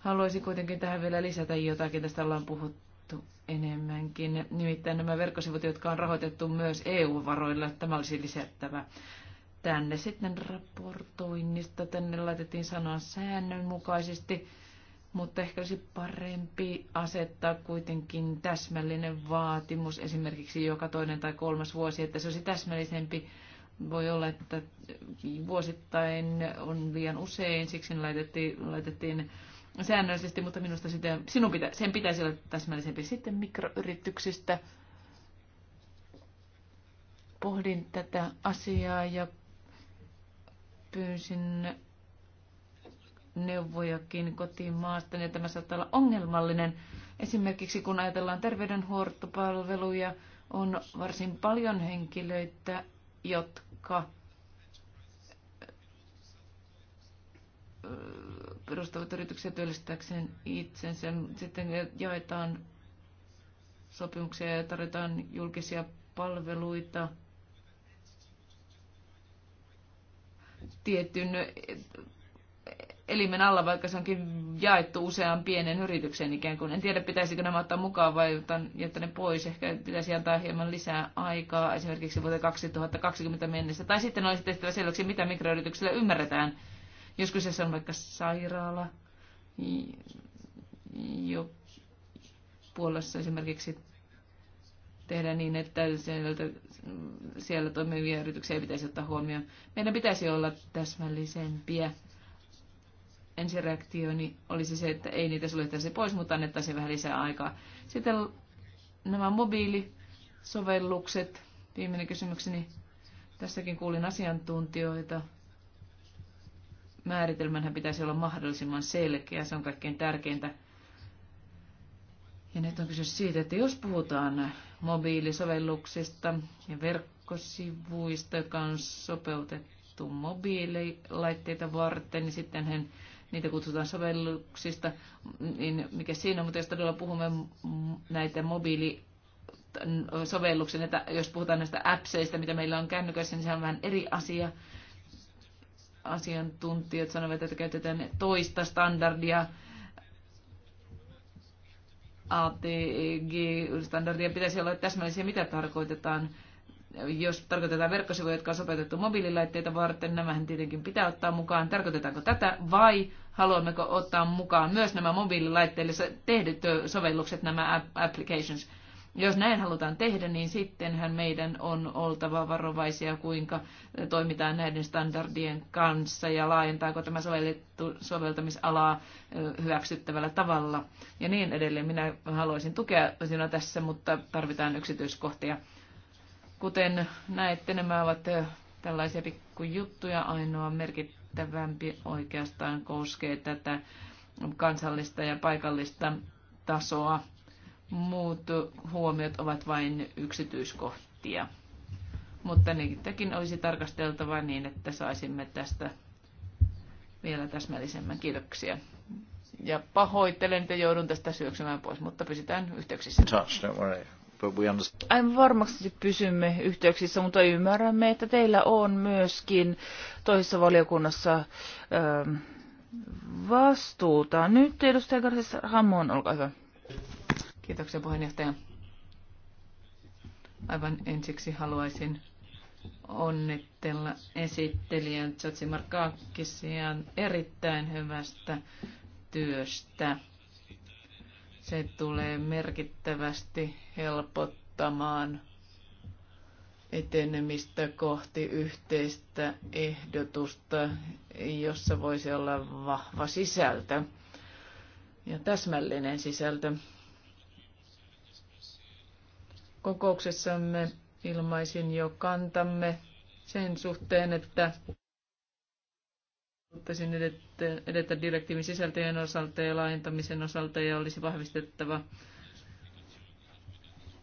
Haluaisin kuitenkin tähän vielä lisätä jotakin. Tästä ollaan puhuttu rahoitettu enemmänkin. Nimittäin nämä verkkosivut, jotka on rahoitettu myös EU-varoilla, tämä olisi lisättävä tänne. Sitten raportoinnista tänne laitettiin sanaa säännönmukaisesti, mutta ehkä olisi parempi asettaa kuitenkin täsmällinen vaatimus, esimerkiksi joka toinen tai kolmas vuosi, että se olisi täsmällisempi. Voi olla, että vuosittain on liian usein, siksi laitettiin, laitettiin säännöllisesti, mutta minusta sitä, sinun pitä, sen pitäisi olla täsmällisempi. Sitten mikroyrityksistä pohdin tätä asiaa ja pyysin neuvojakin kotiin maasta, ja tämä saattaa olla ongelmallinen. Esimerkiksi kun ajatellaan terveydenhuoltopalveluja, on varsin paljon henkilöitä, jotka perustavat yrityksiä työllistääkseen itsensä. Sitten jaetaan sopimuksia ja tarjotaan julkisia palveluita tietyn elimen alla, vaikka se onkin jaettu useaan pienen yritykseen ikään kuin. En tiedä, pitäisikö nämä ottaa mukaan vai jättää ne pois. Ehkä pitäisi antaa hieman lisää aikaa esimerkiksi vuoteen 2020 mennessä. Tai sitten olisi tehtävä selväksi, mitä mikroyrityksillä ymmärretään jos kyseessä on vaikka sairaala, jo puolessa esimerkiksi tehdä niin, että sieltä, siellä toimivia yrityksiä ei pitäisi ottaa huomioon. Meidän pitäisi olla täsmällisempiä. Ensireaktioni olisi se, että ei niitä suljettaisi pois, mutta annettaisiin vähän lisää aikaa. Sitten nämä mobiilisovellukset. Viimeinen kysymykseni. Tässäkin kuulin asiantuntijoita määritelmänhän pitäisi olla mahdollisimman selkeä, se on kaikkein tärkeintä. Ja nyt on kyse siitä, että jos puhutaan mobiilisovelluksista ja verkkosivuista, joka on sopeutettu mobiililaitteita varten, niin sitten hän, niitä kutsutaan sovelluksista, niin mikä siinä on, mutta jos todella puhumme näitä mobiili sovelluksen, että jos puhutaan näistä appseista, mitä meillä on kännykässä, niin se on vähän eri asia asiantuntijat sanovat, että käytetään toista standardia. ATG-standardia pitäisi olla täsmällisiä, mitä tarkoitetaan. Jos tarkoitetaan verkkosivuja, jotka on sopeutettu mobiililaitteita varten, nämähän tietenkin pitää ottaa mukaan. Tarkoitetaanko tätä vai haluammeko ottaa mukaan myös nämä mobiililaitteille tehdyt sovellukset, nämä applications? Jos näin halutaan tehdä, niin sittenhän meidän on oltava varovaisia, kuinka toimitaan näiden standardien kanssa ja laajentaako tämä sovellettu, soveltamisalaa hyväksyttävällä tavalla ja niin edelleen. Minä haluaisin tukea sinua tässä, mutta tarvitaan yksityiskohtia. Kuten näette, nämä ovat tällaisia pikkujuttuja. Ainoa merkittävämpi oikeastaan koskee tätä kansallista ja paikallista tasoa Muut huomiot ovat vain yksityiskohtia. Mutta niitäkin olisi tarkasteltava niin, että saisimme tästä vielä täsmällisemmän. Kiitoksia. Ja pahoittelen, että joudun tästä syöksymään pois, mutta pysytään yhteyksissä. Touch, don't worry. Aivan varmasti pysymme yhteyksissä, mutta ymmärrämme, että teillä on myöskin toisessa valiokunnassa ähm, vastuuta. Nyt edustaja Garces Hammon, olkaa hyvä. Kiitoksia puheenjohtaja. Aivan ensiksi haluaisin onnittella esittelijän Tsotsi Markaakkisia erittäin hyvästä työstä. Se tulee merkittävästi helpottamaan etenemistä kohti yhteistä ehdotusta, jossa voisi olla vahva sisältö ja täsmällinen sisältö kokouksessamme ilmaisin jo kantamme sen suhteen, että ottaisin edetä, edetä direktiivin sisältöjen osalta ja laajentamisen osalta ja olisi vahvistettava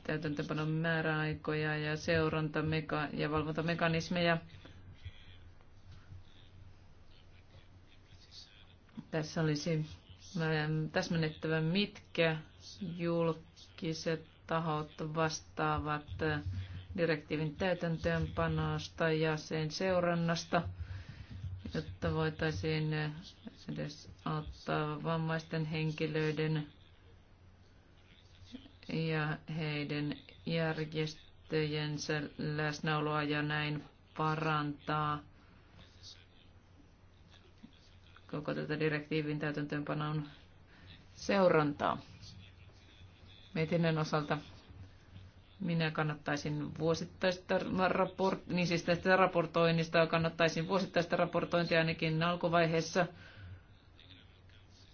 täytäntöpanon määräaikoja ja seuranta- ja valvontamekanismeja. Tässä olisi täsmennettävä, mitkä julkiset tahot vastaavat direktiivin täytäntöönpanosta ja sen seurannasta, jotta voitaisiin edes auttaa vammaisten henkilöiden ja heidän järjestöjensä läsnäoloa ja näin parantaa koko tätä direktiivin täytäntöönpanon seurantaa mietinnön osalta. Minä kannattaisin vuosittaista raportointia, niin siis tästä raportoinnista, kannattaisin vuosittaista raportointia ainakin alkuvaiheessa.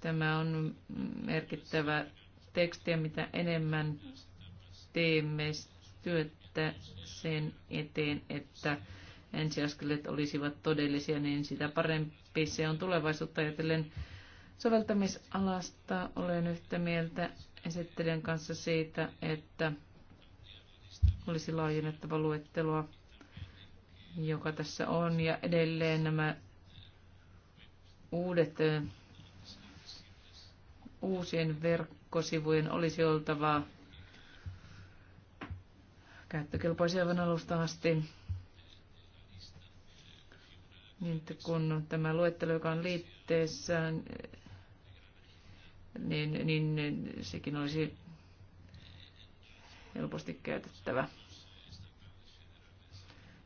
Tämä on merkittävä teksti ja mitä enemmän teemme työtä sen eteen, että ensiaskeleet olisivat todellisia, niin sitä parempi se on tulevaisuutta ajatellen. Soveltamisalasta olen yhtä mieltä esittelijän kanssa siitä, että olisi laajennettava luettelua, joka tässä on. Ja edelleen nämä uudet uusien verkkosivujen olisi oltava käyttökelpoisia aivan alusta asti. Niin, kun tämä luettelo, joka on liitteessä, niin, niin sekin olisi helposti käytettävä.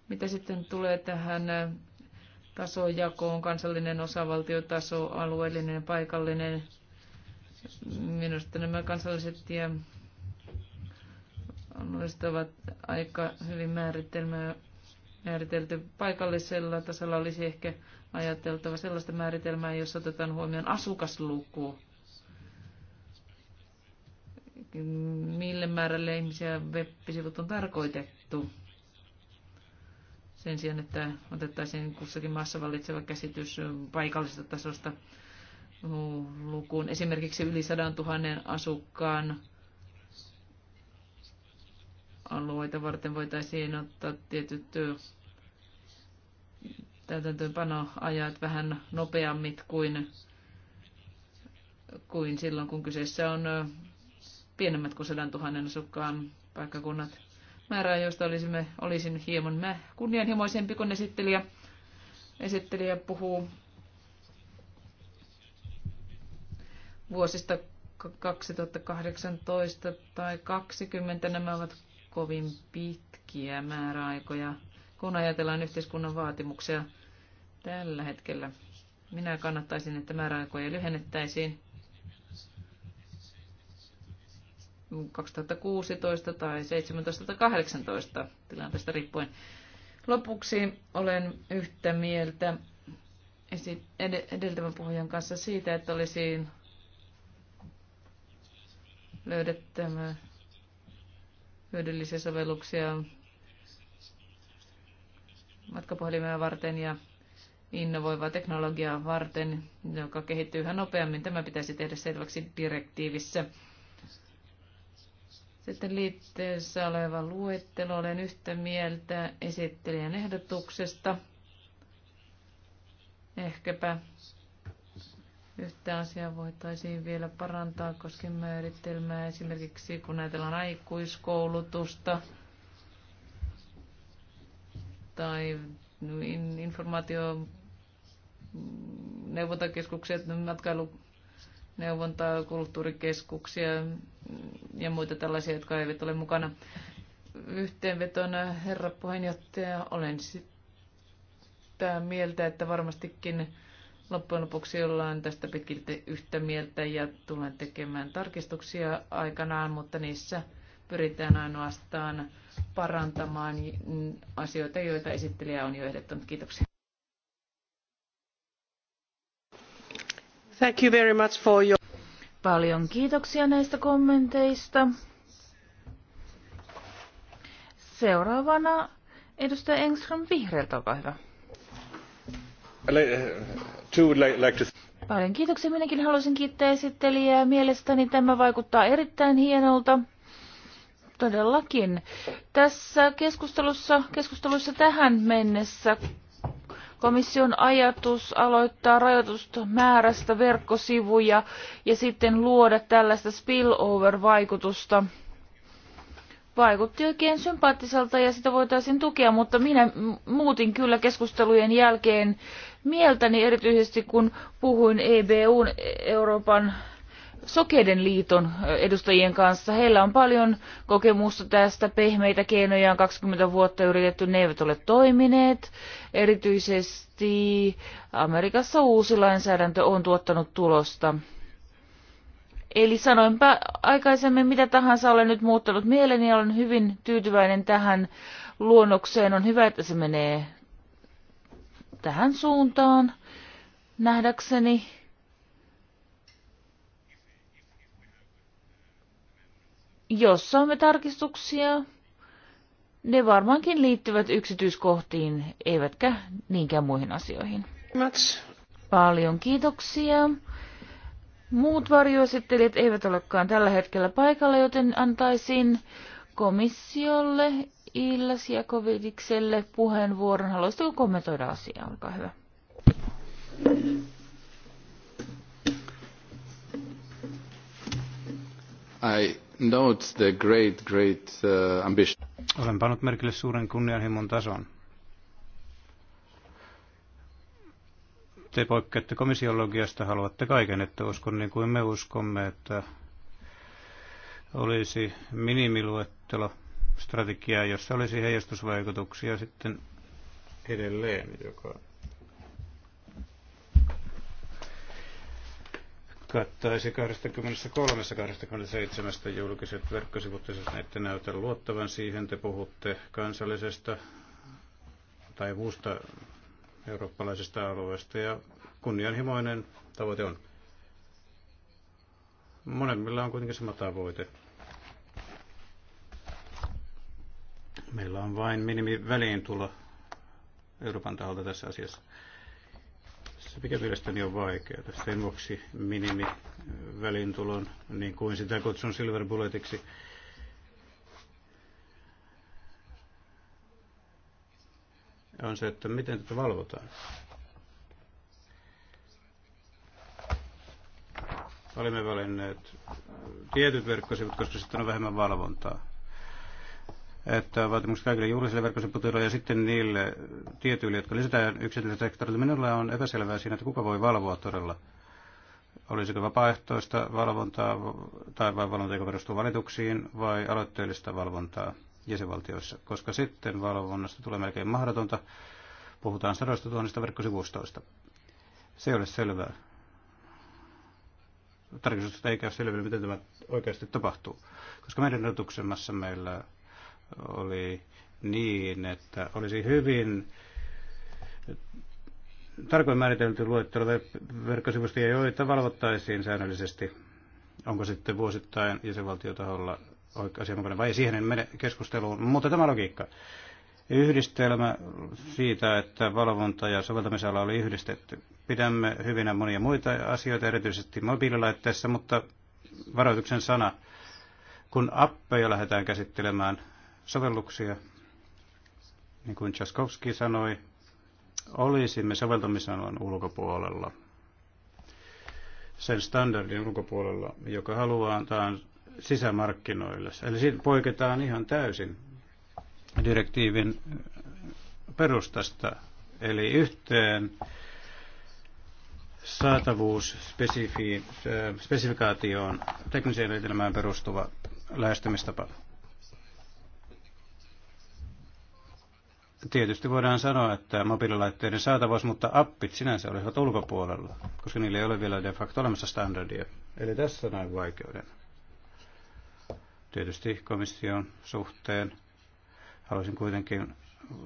Mitä sitten tulee tähän tasojakoon, kansallinen osavaltiotaso, alueellinen ja paikallinen, minusta nämä kansalliset ja alueelliset ovat aika hyvin määritelmää määritelty paikallisella tasolla olisi ehkä ajateltava sellaista määritelmää, jossa otetaan huomioon asukasluku mille määrälle ihmisiä web-sivut on tarkoitettu. Sen sijaan, että otettaisiin kussakin maassa vallitseva käsitys paikallisesta tasosta lukuun. Esimerkiksi yli 100 000 asukkaan alueita varten voitaisiin ottaa tietyt täytäntöönpanoajat vähän nopeammin kuin, kuin silloin, kun kyseessä on pienemmät kuin sadan tuhannen asukkaan paikkakunnat. Määrää, joista olisimme, olisin hieman mä kunnianhimoisempi, kun esittelijä, esittelijä puhuu vuosista 2018 tai 2020. Nämä ovat kovin pitkiä määräaikoja, kun ajatellaan yhteiskunnan vaatimuksia tällä hetkellä. Minä kannattaisin, että määräaikoja lyhennettäisiin 2016 tai 17 tai 18 tilanteesta riippuen. Lopuksi olen yhtä mieltä edeltävän puhujan kanssa siitä, että olisi löydettävä hyödyllisiä sovelluksia matkapuhelimia varten ja innovoivaa teknologiaa varten, joka kehittyy yhä nopeammin. Tämä pitäisi tehdä selväksi direktiivissä. Sitten liitteessä oleva luettelo. Olen yhtä mieltä esittelijän ehdotuksesta. Ehkäpä yhtä asiaa voitaisiin vielä parantaa koskien määritelmää. Esimerkiksi kun ajatellaan aikuiskoulutusta tai informaatio neuvontakeskukset, matkailu neuvontaa, kulttuurikeskuksia ja muita tällaisia, jotka eivät ole mukana. Yhteenvetona, herra puheenjohtaja, olen sitä mieltä, että varmastikin loppujen lopuksi ollaan tästä pitkälti yhtä mieltä ja tulen tekemään tarkistuksia aikanaan, mutta niissä pyritään ainoastaan parantamaan asioita, joita esittelijä on jo ehdottanut. Kiitoksia. Paljon kiitoksia näistä kommenteista. Seuraavana edustaja Engström Vihreältä, olkaa hyvä. Paljon kiitoksia. Minäkin haluaisin kiittää esittelijää. Mielestäni tämä vaikuttaa erittäin hienolta. Todellakin. Tässä keskustelussa, keskustelussa tähän mennessä komission ajatus aloittaa rajoitusta määrästä verkkosivuja ja sitten luoda tällaista spillover-vaikutusta vaikutti oikein sympaattiselta ja sitä voitaisiin tukea, mutta minä muutin kyllä keskustelujen jälkeen mieltäni erityisesti kun puhuin EBUn Euroopan Sokeiden liiton edustajien kanssa. Heillä on paljon kokemusta tästä. Pehmeitä keinoja on 20 vuotta yritetty, ne eivät ole toimineet. Erityisesti Amerikassa uusi lainsäädäntö on tuottanut tulosta. Eli sanoinpä aikaisemmin mitä tahansa, olen nyt muuttanut mieleni ja olen hyvin tyytyväinen tähän luonnokseen. On hyvä, että se menee tähän suuntaan nähdäkseni jos saamme tarkistuksia, ne varmaankin liittyvät yksityiskohtiin, eivätkä niinkään muihin asioihin. Mats. Paljon kiitoksia. Muut varjoesittelijät eivät olekaan tällä hetkellä paikalla, joten antaisin komissiolle Illas Jakovidikselle puheenvuoron. Haluaisitko kommentoida asiaa? Olkaa hyvä. I notes the great, great uh, ambition. Olen pannut merkille suuren kunnianhimon tason. Te poikkeatte komisiologiasta, haluatte kaiken, että uskon niin kuin me uskomme, että olisi minimiluettelo strategiaa, jossa olisi heijastusvaikutuksia sitten edelleen, joka kattaisi 23-27 julkiset verkkosivut, jos siis ette näytä luottavan siihen, te puhutte kansallisesta tai muusta eurooppalaisesta alueesta ja kunnianhimoinen tavoite on. Monemmilla on kuitenkin sama tavoite. Meillä on vain minimi väliintulo Euroopan taholta tässä asiassa se mikä mielestäni on vaikeaa. Sen vuoksi minimivälintulon, äh, niin kuin sitä kutsun silver bulletiksi, on se, että miten tätä valvotaan. Olimme valinneet äh, tietyt verkkosivut, koska sitten on vähemmän valvontaa että vaatimukset kaikille juurisille verkkosivuputilille ja sitten niille tietyille, jotka lisätään yksityisellä sektorilla. Minulla on epäselvää siinä, että kuka voi valvoa todella. Olisiko vapaaehtoista valvontaa tai vai valvonta, joka perustuu valituksiin vai aloitteellista valvontaa jäsenvaltioissa, koska sitten valvonnasta tulee melkein mahdotonta. Puhutaan sadoista tuhannista verkkosivustoista. Se ei ole selvää. Tarkistusta ei käy selville, miten tämä oikeasti tapahtuu. Koska meidän odotuksemmassa meillä oli niin, että olisi hyvin tarkoin määritelty luettelo verkkosivustoja, joita valvottaisiin säännöllisesti. Onko sitten vuosittain jäsenvaltiotaholla asianmukainen vai ei, siihen en mene keskusteluun. Mutta tämä logiikka. Yhdistelmä siitä, että valvonta ja soveltamisala oli yhdistetty. Pidämme hyvinä monia muita asioita, erityisesti mobiililaitteessa, mutta varoituksen sana, kun appeja lähdetään käsittelemään, sovelluksia. Niin kuin Tchaskovski sanoi, olisimme soveltamisalan ulkopuolella, sen standardin ulkopuolella, joka halutaan sisämarkkinoille. Eli siitä poiketaan ihan täysin direktiivin perustasta, eli yhteen saatavuus äh, spesifikaatioon, tekniseen etelmään perustuva lähestymistapa. Tietysti voidaan sanoa, että mobiililaitteiden saatavuus, mutta appit sinänsä olivat ulkopuolella, koska niillä ei ole vielä de facto olemassa standardia. Eli tässä näin vaikeuden. Tietysti komission suhteen haluaisin kuitenkin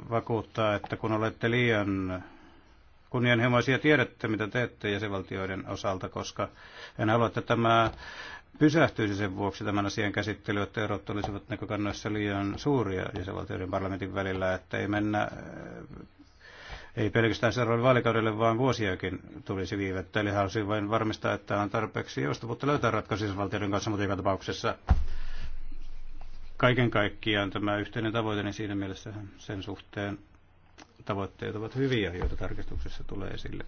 vakuuttaa, että kun olette liian kunnianhimoisia, tiedätte mitä teette jäsenvaltioiden osalta, koska en halua, että tämä pysähtyisi sen vuoksi tämän asian käsittely, että erot olisivat näkökannoissa liian suuria jäsenvaltioiden parlamentin välillä, että ei mennä eh, ei pelkästään seuraavalle vaalikaudelle, vaan vuosiakin tulisi viivettä. Eli halusin vain varmistaa, että on tarpeeksi joustavuutta löytää ratkaisuja jäsenvaltioiden kanssa, mutta joka tapauksessa kaiken kaikkiaan tämä yhteinen tavoite, niin siinä mielessä sen suhteen tavoitteet ovat hyviä, joita tarkistuksessa tulee esille.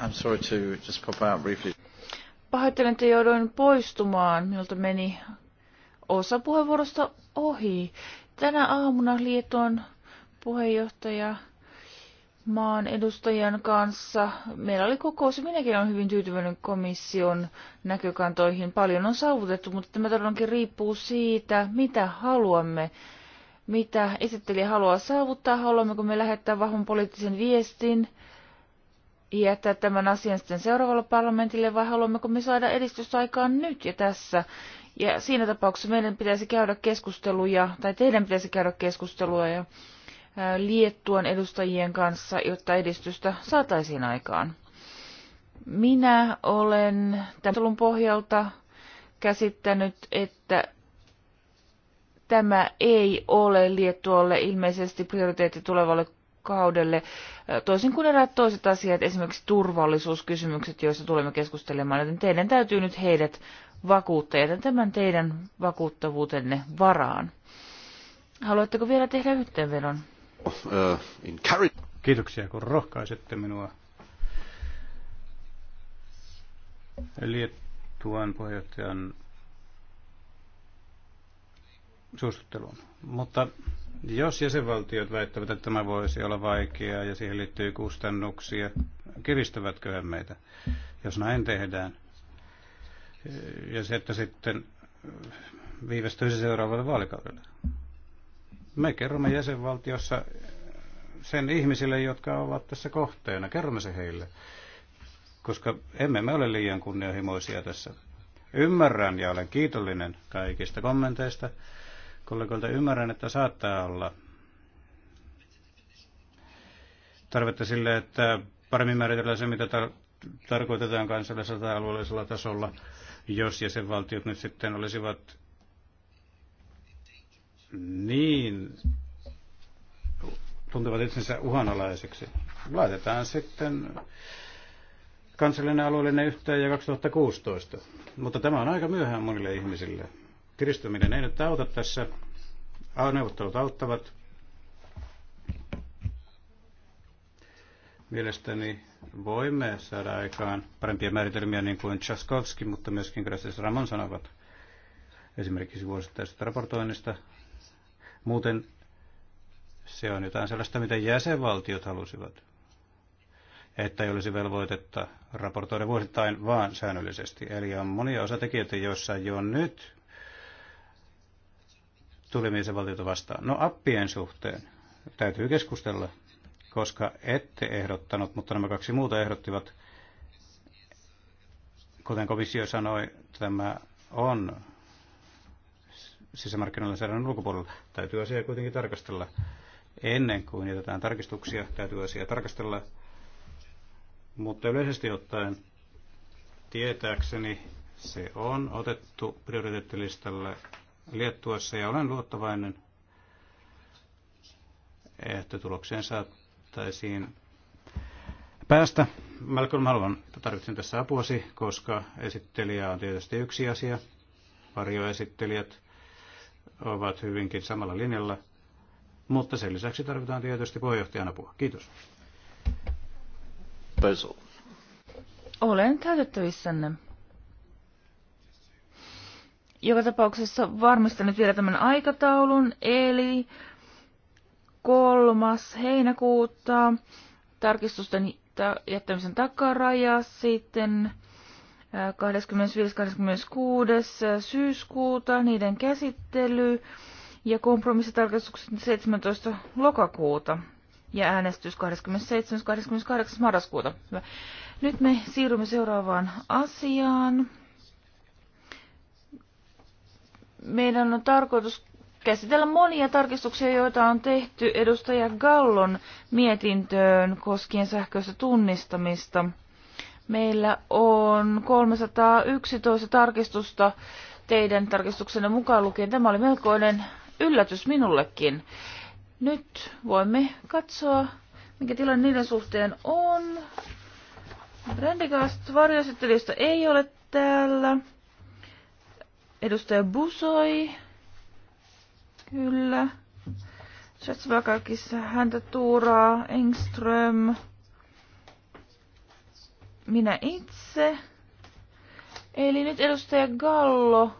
I'm sorry to just pop out briefly. Pahoittelen, että jouduin poistumaan. miltä meni osa puheenvuorosta ohi. Tänä aamuna Liettuan puheenjohtaja maan edustajan kanssa. Meillä oli kokous minäkin olen hyvin tyytyväinen komission näkökantoihin. Paljon on saavutettu, mutta tämä todellakin riippuu siitä, mitä haluamme. Mitä esittelijä haluaa saavuttaa, haluammeko me lähettää vahvan poliittisen viestin, jättää tämän asian sitten seuraavalle parlamentille vai haluammeko me saada edistystä aikaan nyt ja tässä? Ja siinä tapauksessa meidän pitäisi käydä keskusteluja, tai teidän pitäisi käydä keskustelua ja Liettuan edustajien kanssa, jotta edistystä saataisiin aikaan. Minä olen tämän pohjalta käsittänyt, että tämä ei ole Liettualle ilmeisesti prioriteetti tulevalle kaudelle. Toisin kuin eräät toiset asiat, esimerkiksi turvallisuuskysymykset, joista tulemme keskustelemaan, joten teidän täytyy nyt heidät vakuuttaa, ja tämän teidän vakuuttavuutenne varaan. Haluatteko vielä tehdä yhteenvedon? Kiitoksia, kun rohkaisette minua. Liettuan puheenjohtajan suositteluun. Mutta jos jäsenvaltiot väittävät, että tämä voisi olla vaikeaa ja siihen liittyy kustannuksia, kiristävätkö he meitä, jos näin tehdään? Ja se, että sitten viivästyisi seuraavalle vaalikaudelle. Me kerromme jäsenvaltiossa sen ihmisille, jotka ovat tässä kohteena. Kerromme se heille, koska emme me ole liian kunnianhimoisia tässä. Ymmärrän ja olen kiitollinen kaikista kommenteista kollegoilta. Ymmärrän, että saattaa olla tarvetta sille, että paremmin määritellään se, mitä tar- tarkoitetaan kansallisella tai alueellisella tasolla, jos jäsenvaltiot nyt sitten olisivat niin tuntevat itsensä uhanalaiseksi. Laitetaan sitten kansallinen alueellinen yhteen ja 2016. Mutta tämä on aika myöhään monille ihmisille kiristyminen ei nyt auta tässä. Neuvottelut auttavat. Mielestäni voimme saada aikaan parempia määritelmiä niin kuin Tchaskovski, mutta myöskin Gracias Ramon sanovat esimerkiksi vuosittaisesta raportoinnista. Muuten se on jotain sellaista, mitä jäsenvaltiot halusivat että ei olisi velvoitetta raportoida vuosittain, vaan säännöllisesti. Eli on monia osatekijöitä, joissa jo nyt Tulemisen valtiota vastaan. No appien suhteen täytyy keskustella, koska ette ehdottanut, mutta nämä kaksi muuta ehdottivat, kuten komissio sanoi, tämä on sisämarkkinalainsäädännön ulkopuolella. Täytyy asiaa kuitenkin tarkastella ennen kuin jätetään tarkistuksia. Täytyy asiaa tarkastella, mutta yleisesti ottaen tietääkseni se on otettu prioriteettilistalle Liettuassa ja olen luottavainen, että tulokseen saattaisiin päästä. Malcolm, haluan, tarvitsen tässä apuasi, koska esittelijä on tietysti yksi asia. Varjoesittelijät ovat hyvinkin samalla linjalla, mutta sen lisäksi tarvitaan tietysti puheenjohtajan apua. Kiitos. Puzzle. Olen käytettävissänne joka tapauksessa varmistan nyt vielä tämän aikataulun, eli kolmas heinäkuuta tarkistusten jättämisen takaraja, sitten 25-26. Äh, äh, syyskuuta niiden käsittely ja kompromissitarkistukset 17. lokakuuta ja äänestys 27. 28. marraskuuta. Hyvä. Nyt me siirrymme seuraavaan asiaan meidän on tarkoitus käsitellä monia tarkistuksia, joita on tehty edustaja Gallon mietintöön koskien sähköistä tunnistamista. Meillä on 311 tarkistusta teidän tarkistuksenne mukaan lukien. Tämä oli melkoinen yllätys minullekin. Nyt voimme katsoa, mikä tilanne niiden suhteen on. Brändikast varjoesittelystä ei ole täällä. Edustaja Busoi. Kyllä. Setsvakakissa häntä tuuraa Engström. Minä itse. Eli nyt edustaja Gallo.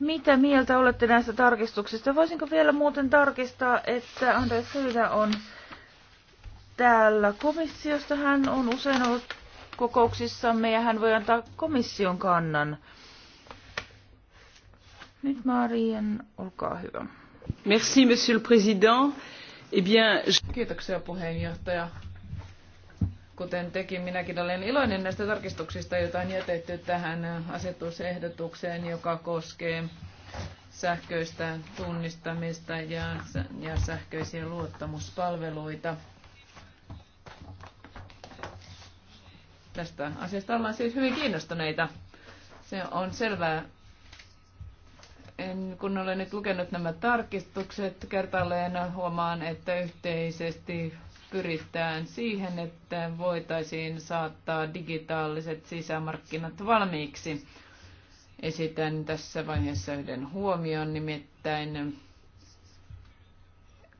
Mitä mieltä olette näistä tarkistuksista? Voisinko vielä muuten tarkistaa, että Andres Sylvä on täällä komissiosta. Hän on usein ollut kokouksissamme ja hän voi antaa komission kannan. Nyt olkaa hyvä. Merci, monsieur le président. Eh bien, Kiitoksia puheenjohtaja. Kuten tekin, minäkin olen iloinen näistä tarkistuksista, joita on jätetty tähän asetusehdotukseen, joka koskee sähköistä tunnistamista ja, ja sähköisiä luottamuspalveluita. Tästä asiasta ollaan siis hyvin kiinnostuneita. Se on selvää, en, kun olen nyt lukenut nämä tarkistukset kertalleen, huomaan, että yhteisesti pyritään siihen, että voitaisiin saattaa digitaaliset sisämarkkinat valmiiksi. Esitän tässä vaiheessa yhden huomion, nimittäin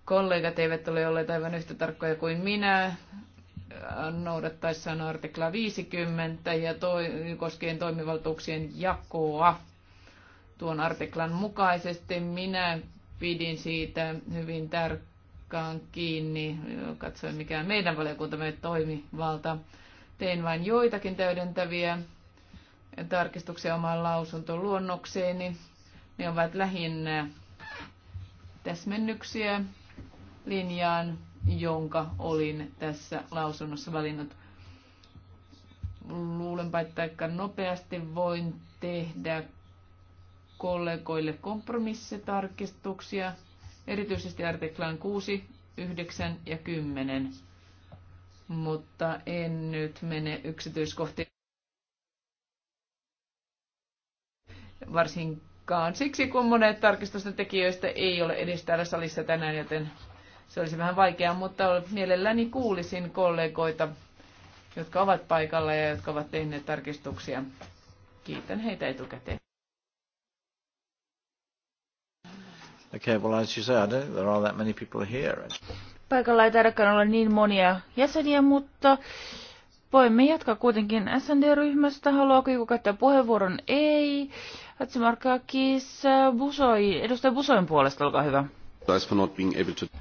kollegat eivät ole olleet aivan yhtä tarkkoja kuin minä äh, noudattaessaan artikla 50 ja toi, koskien toimivaltuuksien jakoa tuon artiklan mukaisesti. Minä pidin siitä hyvin tarkkaan kiinni, katsoin mikä meidän valiokuntamme toimivalta. Tein vain joitakin täydentäviä tarkistuksia omaan lausuntoluonnokseeni. Ne ovat lähinnä täsmennyksiä linjaan, jonka olin tässä lausunnossa valinnut. Luulenpa, että aika nopeasti voin tehdä kollegoille kompromissitarkistuksia, erityisesti artiklaan 6, 9 ja 10, mutta en nyt mene yksityiskohtiin. Varsinkaan siksi, kun monet tarkistusten tekijöistä ei ole edes täällä salissa tänään, joten se olisi vähän vaikeaa, mutta mielelläni kuulisin kollegoita, jotka ovat paikalla ja jotka ovat tehneet tarkistuksia. Kiitän heitä etukäteen. Okay, well, as you say, I don't think there are that many people here. Paikalla ei tarkkaan ole niin monia jäseniä, mutta voimme jatkaa kuitenkin SND-ryhmästä. Haluaako joku käyttää puheenvuoron? Ei. Hatsimarkakis eh, Busoi, edustaja Busoin puolesta, olkaa hyvä.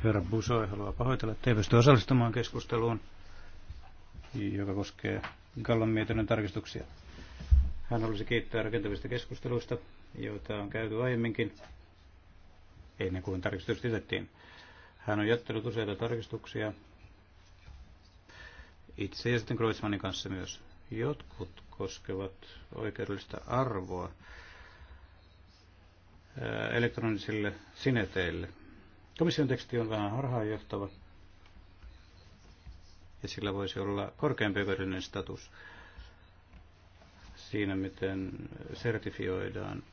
Herra Busoi haluaa pahoitella, että ei pysty osallistumaan keskusteluun, joka koskee Gallan mietinnön tarkistuksia. Hän halusi kiittää rakentavista keskusteluista, joita on käyty aiemminkin ennen kuin tarkistus esitettiin. Hän on jättänyt useita tarkistuksia itse ja sitten Kreutzmannin kanssa myös. Jotkut koskevat oikeudellista arvoa elektronisille sineteille. Komission teksti on vähän harhaanjohtava ja sillä voisi olla korkeampi oikeudellinen status siinä, miten sertifioidaan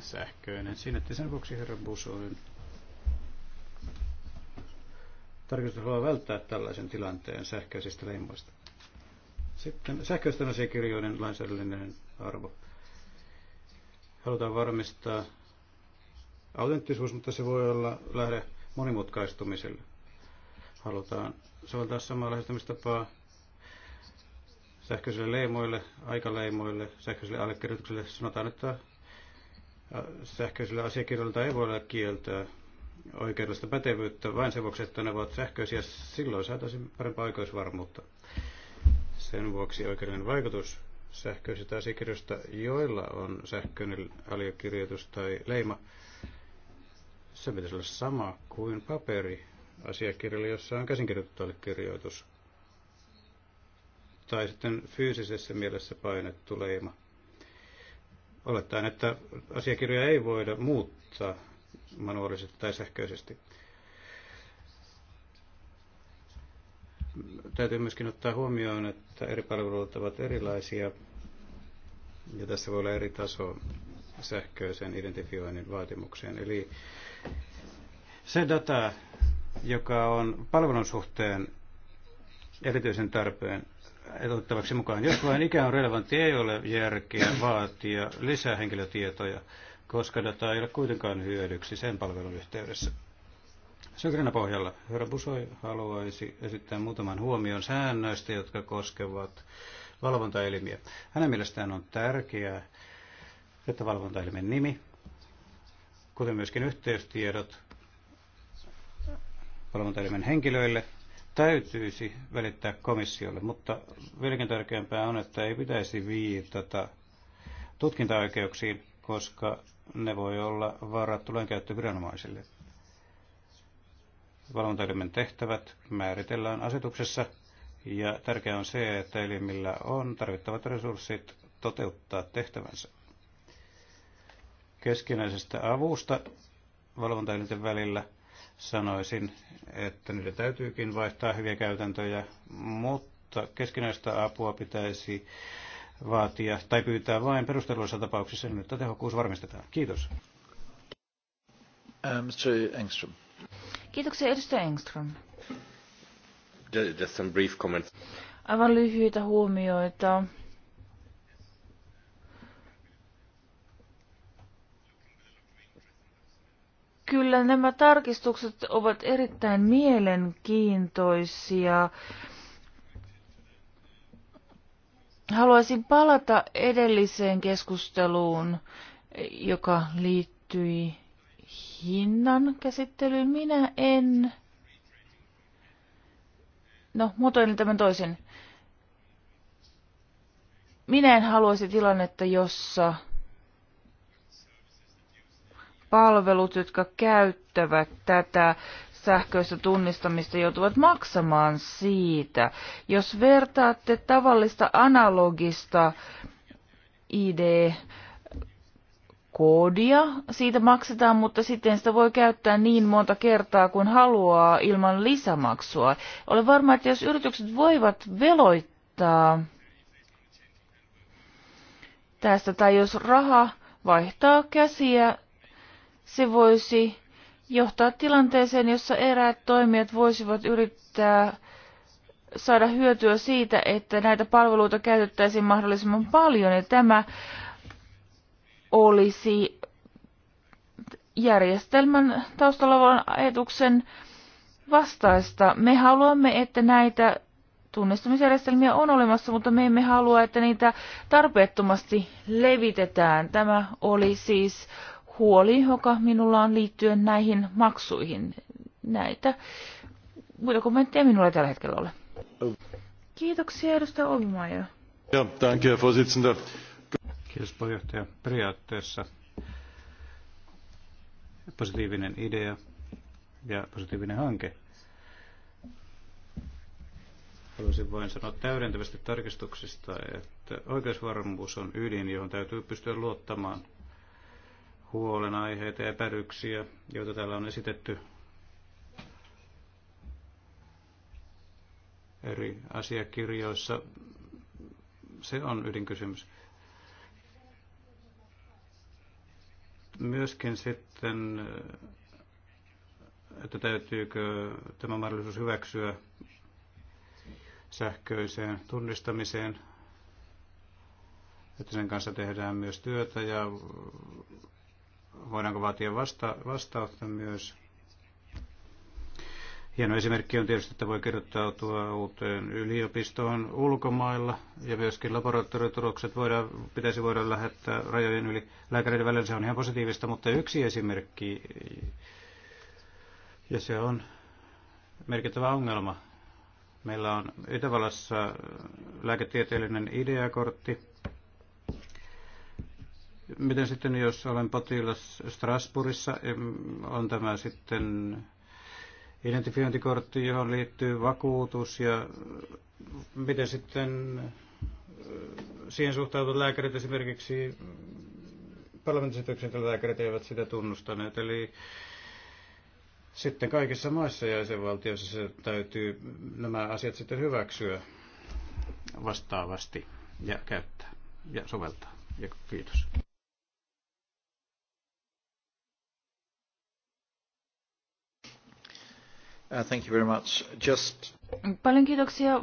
sähköinen. Sinne sen vuoksi herra Busoin tarkoitus haluaa välttää tällaisen tilanteen sähköisistä leimoista. Sitten sähköisten asiakirjoiden lainsäädännöllinen arvo. Halutaan varmistaa autenttisuus, mutta se voi olla lähde monimutkaistumiselle. Halutaan soveltaa samaa lähestymistapaa sähköisille leimoille, aikaleimoille, sähköisille allekirjoituksille. Sanotaan, että sähköisillä asiakirjoilla ei voi olla kieltää oikeudellista pätevyyttä vain sen vuoksi, että ne ovat sähköisiä. Silloin saataisiin parempaa oikeusvarmuutta. Sen vuoksi oikeudellinen vaikutus sähköisistä asiakirjoista, joilla on sähköinen aliokirjoitus tai leima, se pitäisi olla sama kuin paperi asiakirjalle, jossa on käsinkirjoitettu kirjoitus. Tai sitten fyysisessä mielessä painettu leima olettaen, että asiakirjoja ei voida muuttaa manuaalisesti tai sähköisesti. Täytyy myöskin ottaa huomioon, että eri palvelut ovat erilaisia ja tässä voi olla eri taso sähköisen identifioinnin vaatimukseen. Eli se data, joka on palvelun suhteen erityisen tarpeen otettavaksi mukaan. Jos vain ikä on relevantti, ei ole järkeä vaatia lisää henkilötietoja, koska data ei ole kuitenkaan hyödyksi sen palvelun yhteydessä. Sykränä pohjalla herra Busoi haluaisi esittää muutaman huomion säännöistä, jotka koskevat valvontaelimiä. Hänen mielestään on tärkeää, että valvontaelimen nimi, kuten myöskin yhteystiedot valvontaelimen henkilöille, täytyisi välittää komissiolle, mutta vieläkin tärkeämpää on, että ei pitäisi viitata tutkintaoikeuksiin, koska ne voi olla varattu viranomaisille. Valvontaelimen tehtävät määritellään asetuksessa ja tärkeää on se, että elimillä on tarvittavat resurssit toteuttaa tehtävänsä. Keskinäisestä avusta valvontaelinten välillä – Sanoisin, että niiden täytyykin vaihtaa hyviä käytäntöjä, mutta keskinäistä apua pitäisi vaatia tai pyytää vain perustelluissa tapauksissa, niin että tehokkuus varmistetaan. Kiitos. Uh, Mr. Engström. Kiitoksia, edustaja Engström. Just some brief comments. Aivan lyhyitä huomioita Kyllä nämä tarkistukset ovat erittäin mielenkiintoisia. Haluaisin palata edelliseen keskusteluun, joka liittyi hinnan käsittelyyn. Minä en... No, muotoilin tämän toisen. Minä en haluaisi tilannetta, jossa palvelut, jotka käyttävät tätä sähköistä tunnistamista, joutuvat maksamaan siitä. Jos vertaatte tavallista analogista ID koodia siitä maksetaan, mutta sitten sitä voi käyttää niin monta kertaa kuin haluaa ilman lisämaksua. Olen varma, että jos yritykset voivat veloittaa tästä tai jos raha vaihtaa käsiä se voisi johtaa tilanteeseen, jossa eräät toimijat voisivat yrittää saada hyötyä siitä, että näitä palveluita käytettäisiin mahdollisimman paljon. Ja tämä olisi järjestelmän taustalla olevan ajatuksen vastaista. Me haluamme, että näitä tunnistamisjärjestelmiä on olemassa, mutta me emme halua, että niitä tarpeettomasti levitetään. Tämä oli siis huoli, joka minulla on liittyen näihin maksuihin. Näitä muita kommentteja minulla ei tällä hetkellä ole. Kiitoksia, edustaja Ovimaja. Ja, danke, Herr Vorsitzender. Kiitos puheenjohtaja. Periaatteessa positiivinen idea ja positiivinen hanke. Haluaisin vain sanoa täydentävästi tarkistuksista, että oikeusvarmuus on ydin, johon täytyy pystyä luottamaan – huolenaiheita ja epäryksiä, joita täällä on esitetty eri asiakirjoissa. Se on ydinkysymys. Myöskin sitten, että täytyykö tämä mahdollisuus hyväksyä sähköiseen tunnistamiseen, että sen kanssa tehdään myös työtä ja voidaanko vaatia vasta, vastausta myös. Hieno esimerkki on tietysti, että voi kirjoittautua uuteen yliopistoon ulkomailla ja myöskin laboratoriotulokset voidaan, pitäisi voida lähettää rajojen yli lääkäreiden välillä. Se on ihan positiivista, mutta yksi esimerkki, ja se on merkittävä ongelma. Meillä on Itävallassa lääketieteellinen ideakortti, Miten sitten, jos olen potilas Strasbourgissa, on tämä sitten identifiointikortti, johon liittyy vakuutus ja miten sitten siihen suhtautuvat lääkärit esimerkiksi parlamentin lääkärit eivät sitä tunnustaneet. Eli sitten kaikissa maissa ja jäsenvaltioissa se täytyy nämä asiat sitten hyväksyä vastaavasti ja käyttää ja soveltaa. Ja kiitos. Uh, thank you very much. Just... Paljon kiitoksia.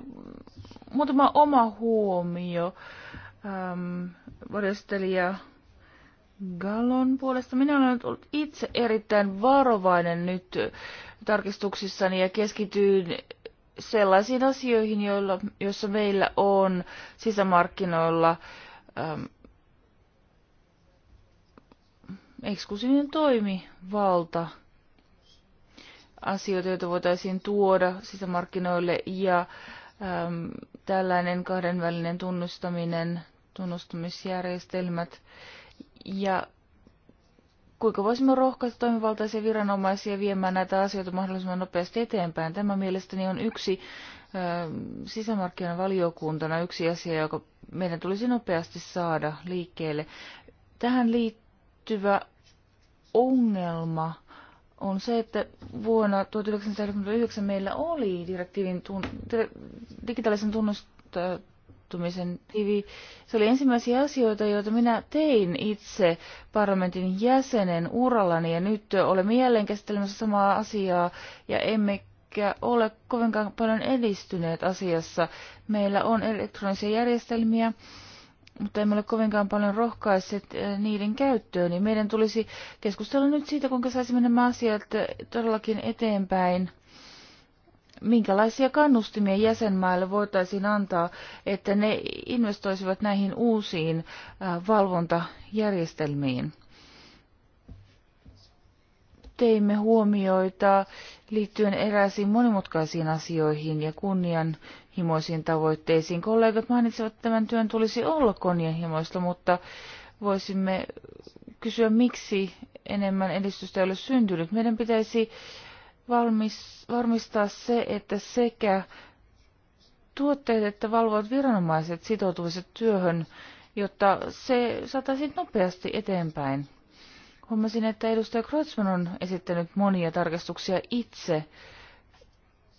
Muutama oma huomio. Ähm, varjostelija Gallon puolesta. Minä olen ollut itse erittäin varovainen nyt tarkistuksissani ja keskityin sellaisiin asioihin, joilla, joissa meillä on sisämarkkinoilla ähm, eksklusiivinen toimivalta. valta asioita, joita voitaisiin tuoda sisämarkkinoille ja äm, tällainen kahdenvälinen tunnustaminen, tunnustamisjärjestelmät ja kuinka voisimme rohkaista toimivaltaisia viranomaisia viemään näitä asioita mahdollisimman nopeasti eteenpäin. Tämä mielestäni on yksi ähm, sisämarkkinan valiokuntana yksi asia, joka meidän tulisi nopeasti saada liikkeelle. Tähän liittyvä ongelma on se, että vuonna 1949 meillä oli direktiivin tun, digitaalisen tunnustamisen tivi. Se oli ensimmäisiä asioita, joita minä tein itse parlamentin jäsenen urallani ja nyt olemme jälleen käsittelemässä samaa asiaa ja emme ole kovinkaan paljon edistyneet asiassa. Meillä on elektronisia järjestelmiä, mutta emme ole kovinkaan paljon rohkaiset eh, niiden käyttöön, niin meidän tulisi keskustella nyt siitä, kuinka saisimme nämä asiat eh, todellakin eteenpäin. Minkälaisia kannustimia jäsenmaille voitaisiin antaa, että ne investoisivat näihin uusiin eh, valvontajärjestelmiin? Teimme huomioita liittyen eräisiin monimutkaisiin asioihin ja kunnian kunnianhimoisiin tavoitteisiin. Kollegat mainitsivat, että tämän työn tulisi olla kunnianhimoista, mutta voisimme kysyä, miksi enemmän edistystä ei ole syntynyt. Meidän pitäisi valmis, varmistaa se, että sekä tuotteet että valvovat viranomaiset sitoutuisivat työhön, jotta se saataisiin nopeasti eteenpäin. Huomasin, että edustaja Kreutzmann on esittänyt monia tarkastuksia itse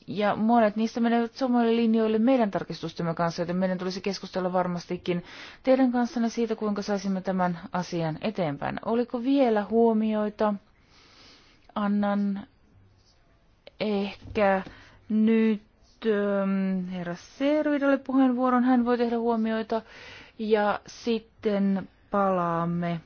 ja monet niistä menevät samoille linjoille meidän tarkistustemme kanssa, joten meidän tulisi keskustella varmastikin teidän kanssanne siitä, kuinka saisimme tämän asian eteenpäin. Oliko vielä huomioita? Annan ehkä nyt ähm, herra Seeruidalle puheenvuoron. Hän voi tehdä huomioita ja sitten palaamme.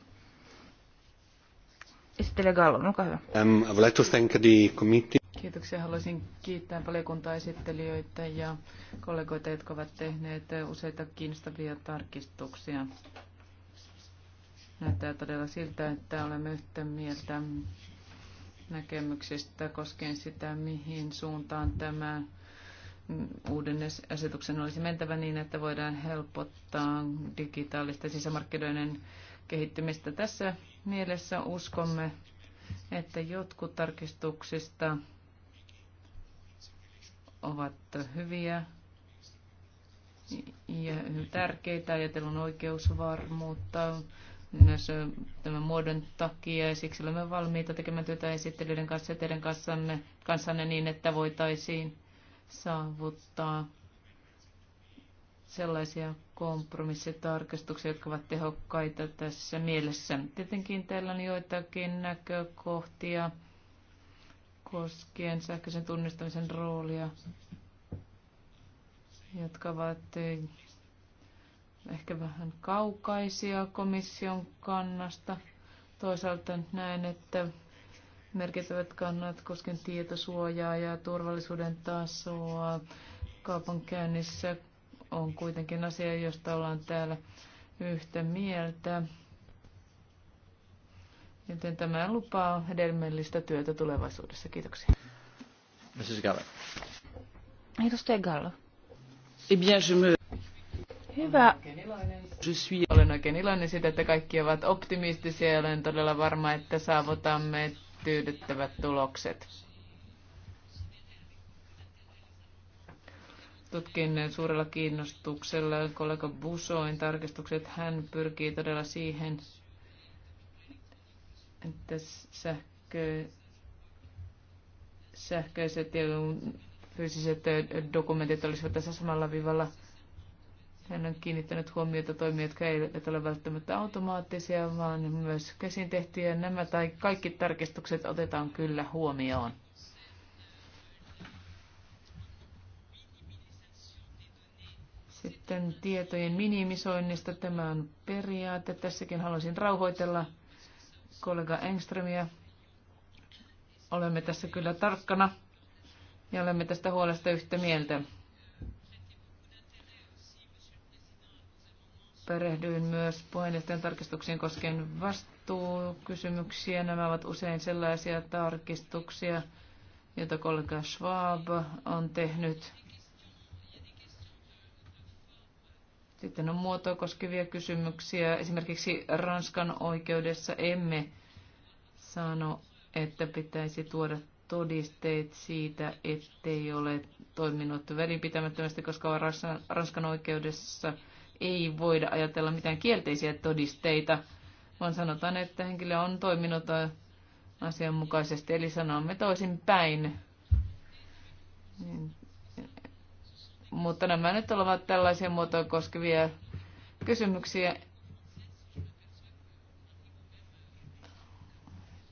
Esittelee Gallon, olkaa hyvä. Um, I would like to thank the committee. Kiitoksia. Haluaisin kiittää valiokuntaesittelijöitä ja kollegoita, jotka ovat tehneet useita kiinnostavia tarkistuksia. Näyttää todella siltä, että olemme yhtä mieltä näkemyksistä koskien sitä, mihin suuntaan tämä uuden asetuksen olisi mentävä niin, että voidaan helpottaa digitaalista sisämarkkinoiden kehittymistä. Tässä mielessä uskomme, että jotkut tarkistuksista ovat hyviä ja tärkeitä. Ajatellaan oikeusvarmuutta myös tämän muodon takia ja siksi olemme valmiita tekemään työtä esittelyiden kanssa ja teidän kanssanne, kanssanne niin, että voitaisiin saavuttaa sellaisia kompromissitarkastuksia, jotka ovat tehokkaita tässä mielessä. Tietenkin teillä on joitakin näkökohtia, koskien sähköisen tunnistamisen roolia, jotka ovat eh, ehkä vähän kaukaisia komission kannasta. Toisaalta näen, että merkittävät kannat koskien tietosuojaa ja turvallisuuden tasoa kaupankäynnissä on kuitenkin asia, josta ollaan täällä yhtä mieltä. Joten tämä lupaa hedelmällistä työtä tulevaisuudessa. Kiitoksia. Mrs. Gallo. Edustaja Gallo. Eh bien, je me... Hyvä. Olen oikein iloinen siitä, että kaikki ovat optimistisia ja olen todella varma, että saavutamme tyydyttävät tulokset. Tutkin suurella kiinnostuksella kollega Busoin tarkistukset. Hän pyrkii todella siihen, että sähkö, sähköiset ja fyysiset dokumentit olisivat tässä samalla viivalla. Hän on kiinnittänyt huomiota toimia, jotka eivät ole välttämättä automaattisia, vaan myös käsin tehtyjä. Nämä tai kaikki tarkistukset otetaan kyllä huomioon. Sitten tietojen minimisoinnista. Tämä on periaate. Tässäkin haluaisin rauhoitella kollega Engströmiä. Olemme tässä kyllä tarkkana ja olemme tästä huolesta yhtä mieltä. Perehdyin myös puheenjohtajan tarkistuksiin koskien vastuukysymyksiä. Nämä ovat usein sellaisia tarkistuksia, joita kollega Schwab on tehnyt Sitten on muotoa koskevia kysymyksiä. Esimerkiksi Ranskan oikeudessa emme sano, että pitäisi tuoda todisteet siitä, ettei ole toiminut välinpitämättömästi, koska Ranskan oikeudessa ei voida ajatella mitään kielteisiä todisteita, vaan sanotaan, että henkilö on toiminut asianmukaisesti, eli sanomme toisin päin. Niin mutta nämä nyt ovat tällaisia muotoja koskevia kysymyksiä.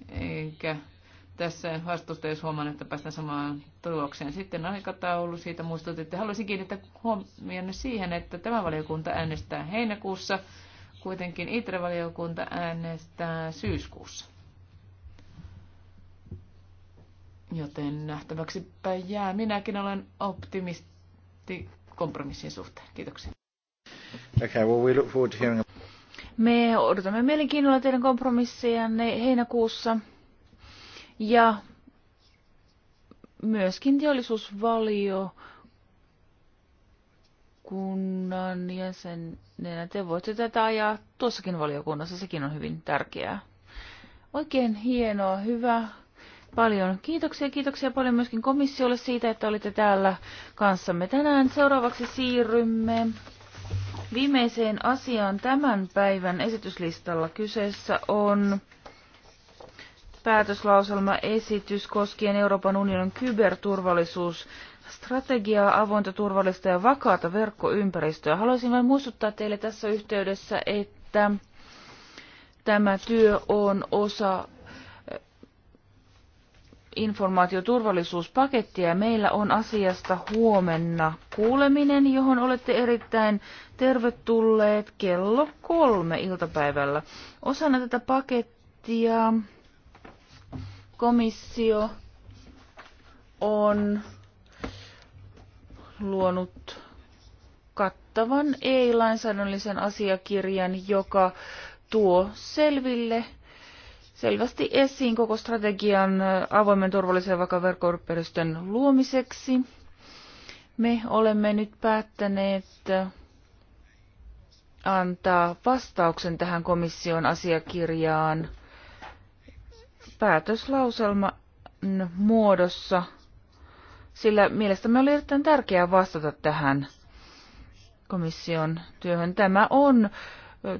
Eikä tässä vastusta, jos huomaan, että päästään samaan tulokseen. Sitten aikataulu, siitä muistutitte. Haluaisin kiinnittää huomioon siihen, että tämä valiokunta äänestää heinäkuussa, kuitenkin ITRE-valiokunta äänestää syyskuussa. Joten nähtäväksipä jää. Minäkin olen optimisti kompromissien suhteen. Kiitoksia. Okay, well, we look forward to hearing... Me odotamme mielenkiinnolla teidän kompromissianne heinäkuussa. Ja myöskin teollisuusvalio kunnan jäsenenä te voitte tätä ajaa tuossakin valiokunnassa, sekin on hyvin tärkeää. Oikein hienoa, hyvä paljon. Kiitoksia, kiitoksia paljon myöskin komissiolle siitä, että olitte täällä kanssamme tänään. Seuraavaksi siirrymme viimeiseen asiaan tämän päivän esityslistalla. Kyseessä on päätöslauselma esitys koskien Euroopan unionin kyberturvallisuus strategiaa, avointa, turvallista ja vakaata verkkoympäristöä. Haluaisin vain muistuttaa teille tässä yhteydessä, että tämä työ on osa informaatioturvallisuuspakettia. Meillä on asiasta huomenna kuuleminen, johon olette erittäin tervetulleet kello kolme iltapäivällä. Osana tätä pakettia komissio on luonut kattavan ei-lainsäädännöllisen asiakirjan, joka tuo selville – selvästi esiin koko strategian avoimen turvallisen vakaverkkoympäristön luomiseksi. Me olemme nyt päättäneet antaa vastauksen tähän komission asiakirjaan päätöslauselman muodossa, sillä mielestämme oli erittäin tärkeää vastata tähän komission työhön. Tämä on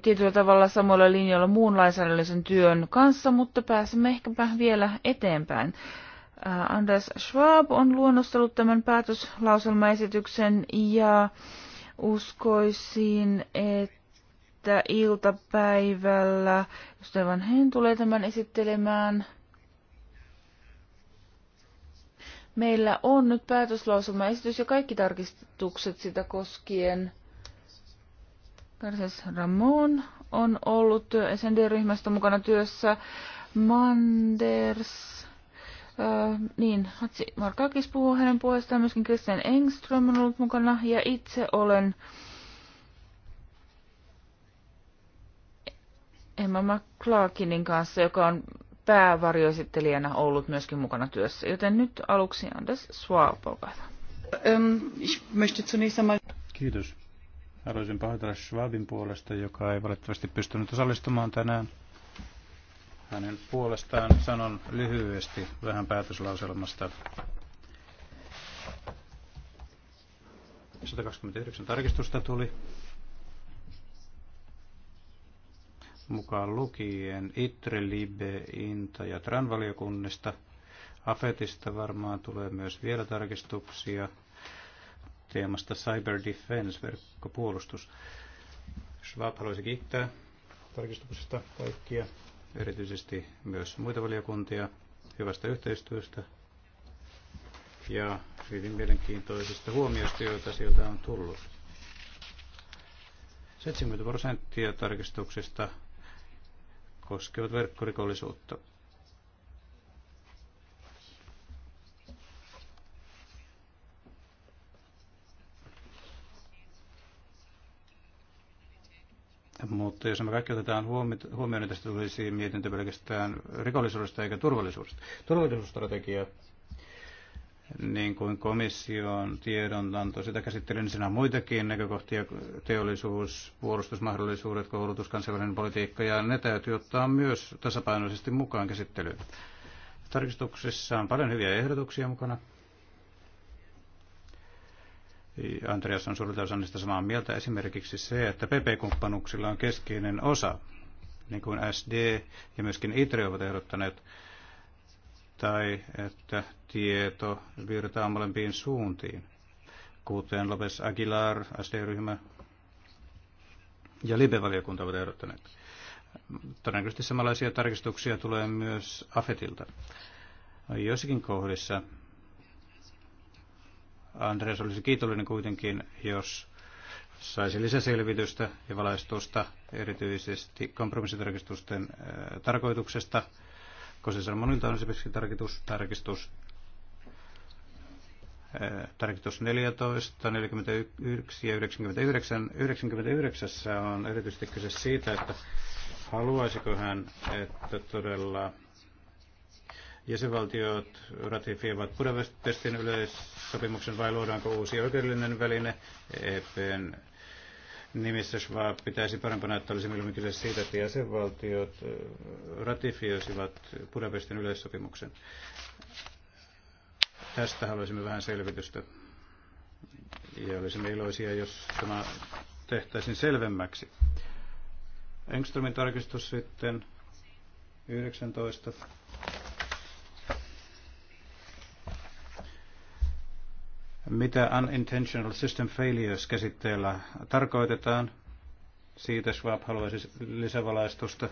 tietyllä tavalla samoilla linjoilla muun lainsäädännöllisen työn kanssa, mutta pääsemme ehkäpä vielä eteenpäin. Äh, Anders Schwab on luonnostellut tämän päätöslauselmaesityksen ja uskoisin, että iltapäivällä Stefan Hen tulee tämän esittelemään. Meillä on nyt päätöslauselmaesitys ja kaikki tarkistukset sitä koskien – Garces Ramon on ollut SND-ryhmästä mukana työssä. Manders, äh, niin, Hatsi Markakis puhuu hänen puolestaan, myöskin Christian Engström on ollut mukana, ja itse olen Emma McClarkinin kanssa, joka on päävarjoesittelijänä ollut myöskin mukana työssä. Joten nyt aluksi Anders Schwab, ähm, Kiitos. Haluaisin pahoitella Schwabin puolesta, joka ei valitettavasti pystynyt osallistumaan tänään. Hänen puolestaan sanon lyhyesti vähän päätöslauselmasta. 129 tarkistusta tuli. mukaan lukien Itre, Libe, Inta ja Tran valiokunnista. Afetista varmaan tulee myös vielä tarkistuksia teemasta Cyber Defense, verkkopuolustus. Schwab haluaisi kiittää tarkistuksesta kaikkia, erityisesti myös muita valiokuntia, hyvästä yhteistyöstä ja hyvin mielenkiintoisista huomioista, joita sieltä on tullut. 70 prosenttia tarkistuksista koskevat verkkorikollisuutta. Mutta jos me kaikki otetaan huomioon, niin tästä tulisi mietintö pelkästään rikollisuudesta eikä turvallisuudesta. Turvallisuusstrategia, niin kuin komission tiedonanto, sitä käsittelen, niin siinä on muitakin näkökohtia, teollisuus, puolustusmahdollisuudet, koulutus, kansainvälinen politiikka, ja ne täytyy ottaa myös tasapainoisesti mukaan käsittelyyn. Tarkistuksessa on paljon hyviä ehdotuksia mukana. Andreas on suurelta osan niistä samaa mieltä. Esimerkiksi se, että PP-kumppanuksilla on keskeinen osa, niin kuin SD ja myöskin ITRE ovat ehdottaneet, tai että tieto virtaa molempiin suuntiin, kuten Lopes Aguilar, SD-ryhmä ja Libe-valiokunta ovat ehdottaneet. Todennäköisesti samanlaisia tarkistuksia tulee myös AFETilta. Joissakin kohdissa Andreas olisi kiitollinen kuitenkin, jos saisi lisäselvitystä ja valaistusta erityisesti kompromissitarkistusten äh, tarkoituksesta, koska se on monilta on esimerkiksi tarkistus, tarkistus, äh, tarkistus 14, 41 ja 99. 99 on erityisesti kyse siitä, että haluaisiko hän, että todella jäsenvaltiot ratifioivat Budapestin yleissopimuksen vai luodaanko uusi oikeudellinen väline? EPn nimissä Schwab pitäisi parempana, että olisi milloin kyse siitä, että jäsenvaltiot ratifioisivat Budapestin yleissopimuksen. Tästä haluaisimme vähän selvitystä ja olisimme iloisia, jos tämä tehtäisiin selvemmäksi. Engströmin tarkistus sitten 19. Mitä unintentional system failures käsitteellä tarkoitetaan? Siitä Schwab haluaisi lisävalaistusta.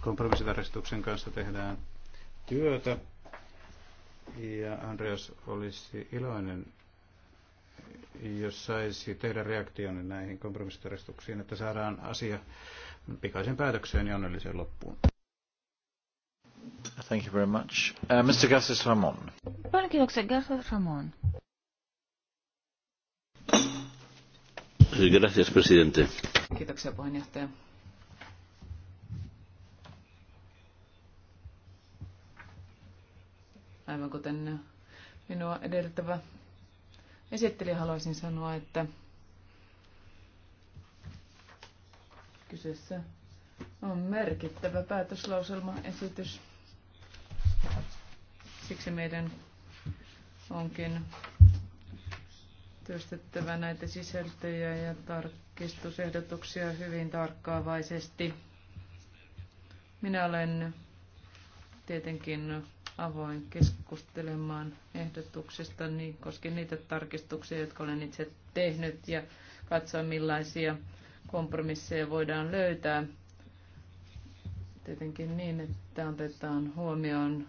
Kompromissitarkistuksen kanssa tehdään työtä. Ja Andreas olisi iloinen, jos saisi tehdä reaktion näihin kompromissitarkistuksiin, että saadaan asia pikaisen päätökseen ja onnelliseen loppuun. Thank you very much. Uh, Mr. Ramon. Ramon. Gracias, presidente. Kiitoksia, puheenjohtaja. Aivan kuten minua edeltävä esittelijä haluaisin sanoa, että kyseessä on merkittävä päätöslauselmaesitys. esitys Siksi meidän onkin työstettävä näitä sisältöjä ja tarkistusehdotuksia hyvin tarkkaavaisesti. Minä olen tietenkin avoin keskustelemaan ehdotuksista niin koskien niitä tarkistuksia, jotka olen itse tehnyt ja katsoa millaisia kompromisseja voidaan löytää tietenkin niin, että otetaan huomioon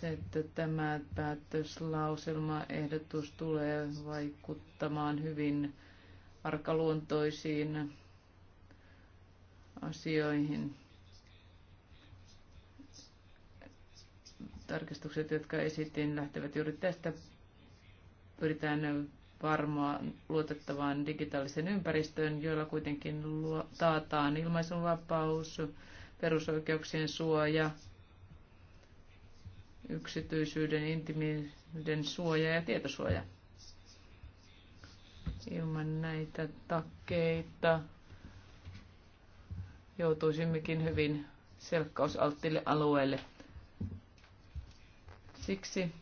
se, että tämä päätöslauselma ehdotus tulee vaikuttamaan hyvin arkaluontoisiin asioihin. Tarkistukset, jotka esitin, lähtevät juuri tästä. Pyritään varmaa luotettavaan digitaaliseen ympäristöön, joilla kuitenkin taataan ilmaisunvapaus, perusoikeuksien suoja, yksityisyyden, intimiyden suoja ja tietosuoja. Ilman näitä takkeita joutuisimmekin hyvin selkkausalttille alueelle. Siksi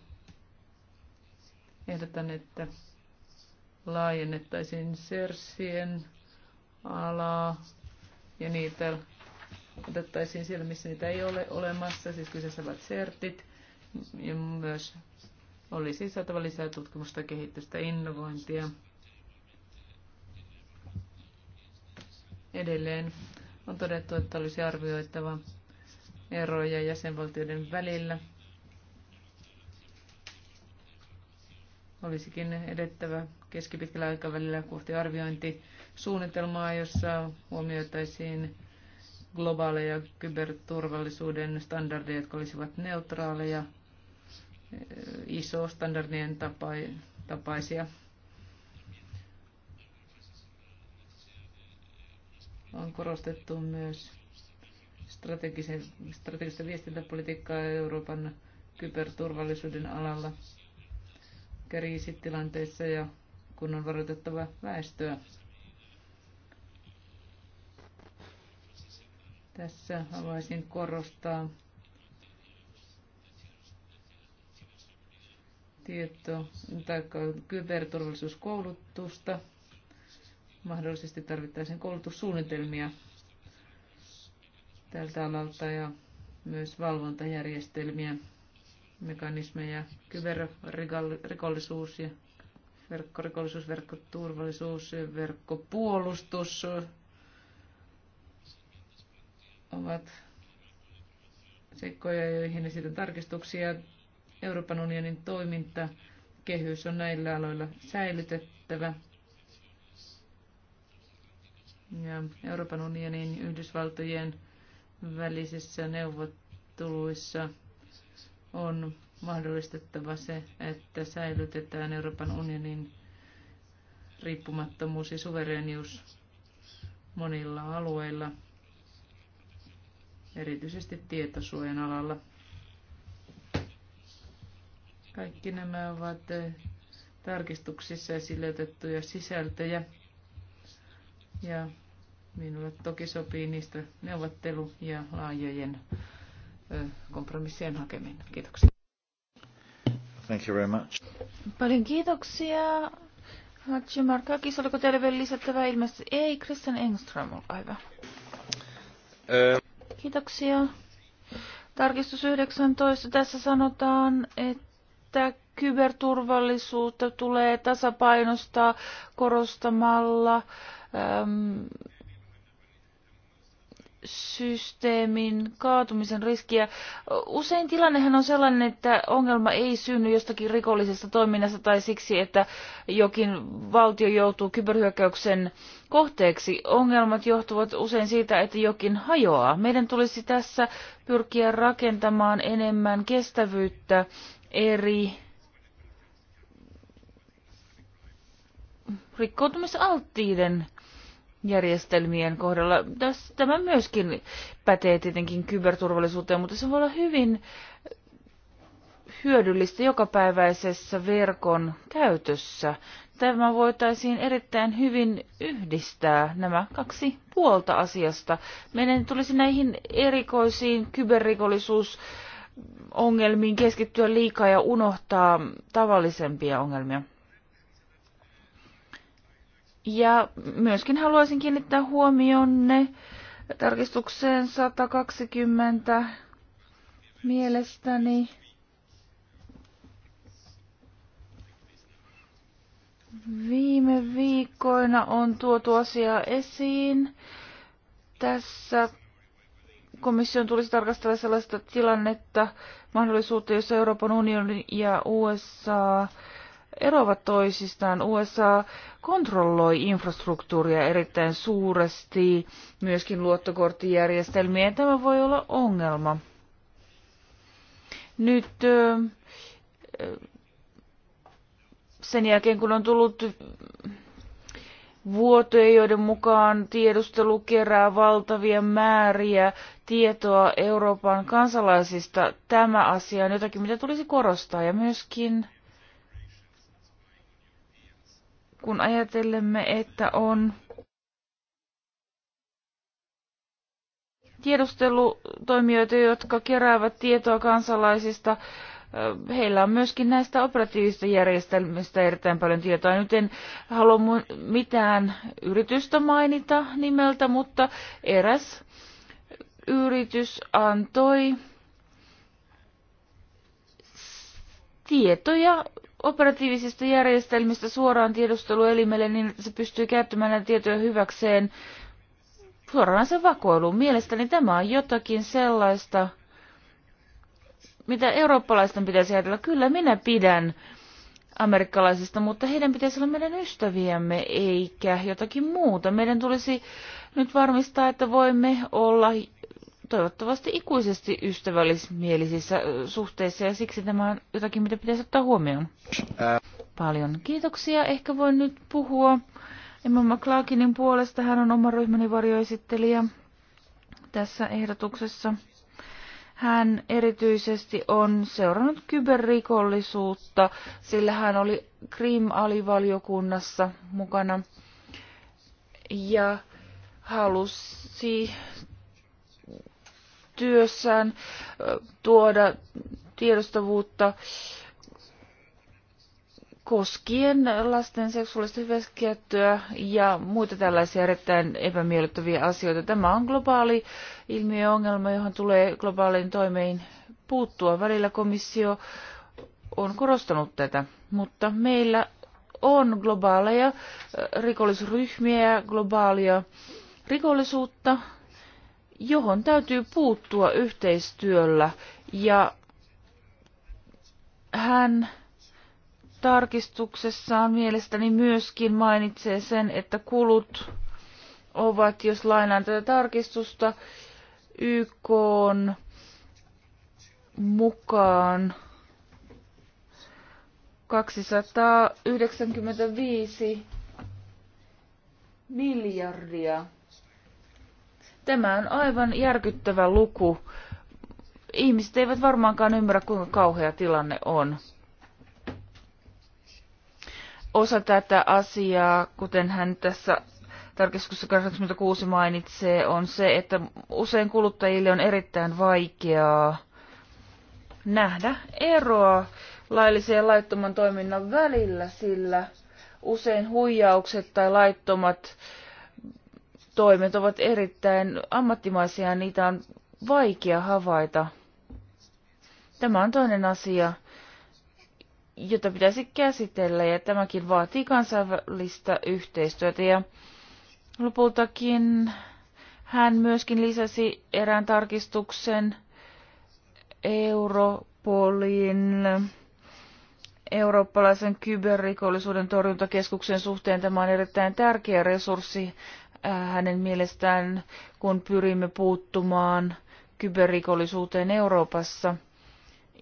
ehdotan, että laajennettaisiin sersien alaa ja niitä otettaisiin siellä, missä niitä ei ole olemassa, siis kyseessä ovat sertit ja myös olisi saatava lisää tutkimusta, kehitystä, innovointia. Edelleen on todettu, että olisi arvioitava eroja jäsenvaltioiden välillä. Olisikin edettävä keskipitkällä aikavälillä kohti arviointisuunnitelmaa, jossa huomioitaisiin globaaleja kyberturvallisuuden standardeja, jotka olisivat neutraaleja, ISO-standardien tapaisia. On korostettu myös strategista viestintäpolitiikkaa Euroopan kyberturvallisuuden alalla kriisitilanteissa ja kun on varoitettava väestöä. Tässä haluaisin korostaa tieto- tai kyberturvallisuuskoulutusta. Mahdollisesti tarvittaisiin koulutussuunnitelmia tältä alalta ja myös valvontajärjestelmiä, mekanismeja, kyberrikollisuus ja verkkorikollisuus, verkkoturvallisuus, verkkopuolustus ovat seikkoja, joihin esitän tarkistuksia. Euroopan unionin toiminta kehys on näillä aloilla säilytettävä. Ja Euroopan unionin Yhdysvaltojen välisissä neuvotteluissa on mahdollistettava se, että säilytetään Euroopan unionin riippumattomuus ja suverenius monilla alueilla, erityisesti tietosuojan alalla. Kaikki nämä ovat eh, tarkistuksissa esille otettuja sisältöjä. Ja minulle toki sopii niistä neuvottelu ja laajojen eh, kompromissien hakeminen. Kiitoksia. Thank you very much. Paljon kiitoksia. Hatsi Markakis, oliko teille vielä lisättävää? Ilmeisesti ei. Christian Engström, olkaa hyvä. Ö... Kiitoksia. Tarkistus 19. Tässä sanotaan, että kyberturvallisuutta tulee tasapainostaa korostamalla systeemin kaatumisen riskiä. Usein tilannehan on sellainen, että ongelma ei synny jostakin rikollisesta toiminnasta tai siksi, että jokin valtio joutuu kyberhyökkäyksen kohteeksi. Ongelmat johtuvat usein siitä, että jokin hajoaa. Meidän tulisi tässä pyrkiä rakentamaan enemmän kestävyyttä eri rikkoutumisalttiiden järjestelmien kohdalla. Tämä myöskin pätee tietenkin kyberturvallisuuteen, mutta se voi olla hyvin hyödyllistä jokapäiväisessä verkon käytössä. Tämä voitaisiin erittäin hyvin yhdistää nämä kaksi puolta asiasta. Meidän tulisi näihin erikoisiin kyberrikollisuus ongelmiin keskittyä liikaa ja unohtaa tavallisempia ongelmia. Ja myöskin haluaisin kiinnittää huomionne tarkistukseen 120 mielestäni. Viime viikkoina on tuotu asia esiin. Tässä komission tulisi tarkastella sellaista tilannetta, mahdollisuutta, jossa Euroopan unioni ja USA eroavat toisistaan. USA kontrolloi infrastruktuuria erittäin suuresti, myöskin luottokorttijärjestelmiä, ja tämä voi olla ongelma. Nyt sen jälkeen, kun on tullut vuotoja, joiden mukaan tiedustelu kerää valtavia määriä tietoa Euroopan kansalaisista. Tämä asia on jotakin, mitä tulisi korostaa ja myöskin kun ajatellemme, että on tiedustelutoimijoita, jotka keräävät tietoa kansalaisista, heillä on myöskin näistä operatiivisista järjestelmistä erittäin paljon tietoa. Nyt en halua mitään yritystä mainita nimeltä, mutta eräs yritys antoi tietoja operatiivisista järjestelmistä suoraan tiedusteluelimelle niin, että se pystyy käyttämään näitä tietoja hyväkseen suoraan sen vakoiluun. Mielestäni tämä on jotakin sellaista, mitä eurooppalaisten pitäisi ajatella. Kyllä minä pidän amerikkalaisista, mutta heidän pitäisi olla meidän ystäviämme eikä jotakin muuta. Meidän tulisi nyt varmistaa, että voimme olla toivottavasti ikuisesti ystävällismielisissä suhteissa ja siksi tämä on jotakin, mitä pitäisi ottaa huomioon. Ää. Paljon kiitoksia. Ehkä voin nyt puhua Emma McClarkinin puolesta. Hän on oma ryhmäni varjoesittelijä tässä ehdotuksessa. Hän erityisesti on seurannut kyberrikollisuutta, sillä hän oli Krim-alivaliokunnassa mukana ja halusi työssään tuoda tiedostavuutta koskien lasten seksuaalista hyväksikäyttöä ja muita tällaisia erittäin epämiellyttäviä asioita. Tämä on globaali ilmiö ongelma, johon tulee globaaliin toimeen puuttua. Välillä komissio on korostanut tätä, mutta meillä on globaaleja rikollisryhmiä ja globaalia rikollisuutta, johon täytyy puuttua yhteistyöllä ja hän tarkistuksessaan mielestäni myöskin mainitsee sen, että kulut ovat, jos lainaan tätä tarkistusta, YK on mukaan 295 miljardia Tämä on aivan järkyttävä luku. Ihmiset eivät varmaankaan ymmärrä, kuinka kauhea tilanne on. Osa tätä asiaa, kuten hän tässä tarkistuksessa 86 mainitsee, on se, että usein kuluttajille on erittäin vaikeaa nähdä eroa laillisen ja laittoman toiminnan välillä, sillä usein huijaukset tai laittomat äh, toimet ovat erittäin ammattimaisia, niitä on vaikea havaita. Tämä on toinen asia, jota pitäisi käsitellä ja tämäkin vaatii kansainvälistä yhteistyötä. Ja lopultakin hän myöskin lisäsi erään tarkistuksen Europolin eurooppalaisen kyberrikollisuuden torjuntakeskuksen suhteen. Tämä on erittäin tärkeä resurssi Äh, hänen mielestään, kun pyrimme puuttumaan kyberrikollisuuteen Euroopassa.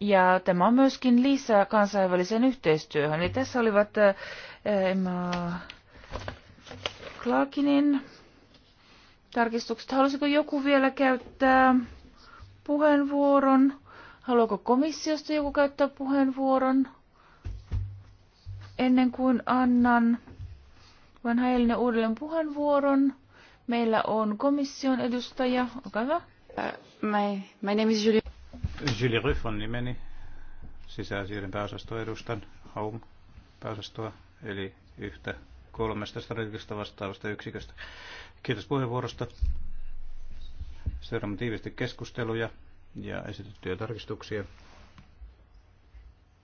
Ja tämä on myöskin lisää kansainväliseen yhteistyöhön. Eli tässä olivat äh, Emma Klaakinin tarkistukset. Haluaisiko joku vielä käyttää puheenvuoron? Haluaako komissiosta joku käyttää puheenvuoron? Ennen kuin annan Vanha Elina uudelleen puheenvuoron. Meillä on komission edustaja. Olkaa hyvä. Uh, my, my name is Julie. Julie Ruff on nimeni. Sisäasioiden pääosastoa edustan. Home pääosastoa, eli yhtä kolmesta strategista vastaavasta yksiköstä. Kiitos puheenvuorosta. Seuraamme tiivisti keskusteluja ja esitettyjä tarkistuksia.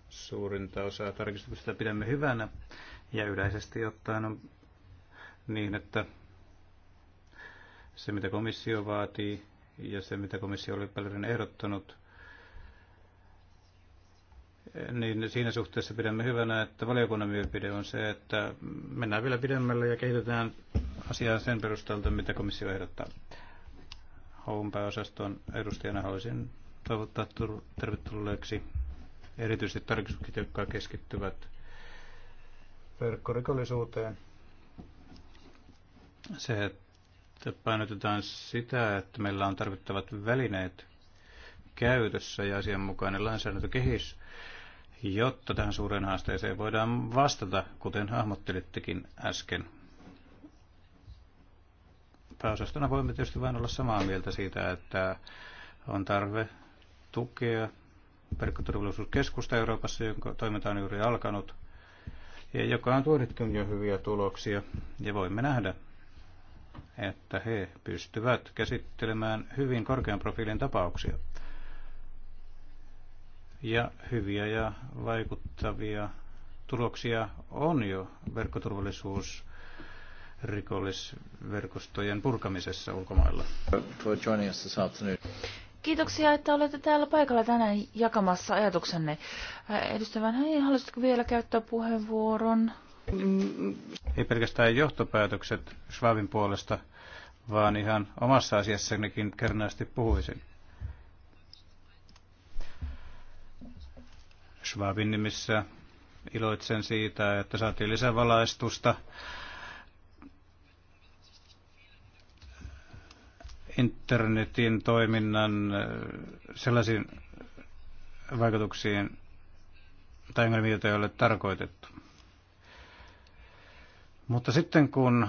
Suurinta osaa tarkistuksista pidämme hyvänä ja yleisesti ottaen on niin, että se mitä komissio vaatii ja se mitä komissio oli paljon ehdottanut, niin siinä suhteessa pidämme hyvänä, että valiokunnan mielipide on se, että mennään vielä pidemmälle ja kehitetään asiaa sen perusteelta, mitä komissio ehdottaa. Houn pääosaston edustajana haluaisin toivottaa tervetulleeksi erityisesti tarkistukset, jotka keskittyvät verkkorikollisuuteen se, että painotetaan sitä, että meillä on tarvittavat välineet käytössä ja asianmukainen lainsäädäntökehis, jotta tähän suureen haasteeseen voidaan vastata, kuten hahmottelittekin äsken. Pääosastona voimme tietysti vain olla samaa mieltä siitä, että on tarve tukea verkkoturvallisuuskeskusta Euroopassa, jonka toiminta on juuri alkanut, ja joka on tuonutkin jo hyviä tuloksia, ja voimme nähdä, että he pystyvät käsittelemään hyvin korkean profiilin tapauksia ja hyviä ja vaikuttavia tuloksia on jo verkkoturvallisuus rikollisverkostojen purkamisessa ulkomailla. Kiitoksia, että olette täällä paikalla tänään jakamassa ajatuksenne. Edustaja Vanhanen, haluaisitko vielä käyttää puheenvuoron? Ei pelkästään johtopäätökset Schwabin puolesta, vaan ihan omassa asiassanikin kernaasti puhuisin. Schwabin nimissä iloitsen siitä, että saatiin lisävalaistusta. internetin toiminnan äh, sellaisiin vaikutuksiin tai ongelmiin, joita ei ole tarkoitettu. Mutta sitten kun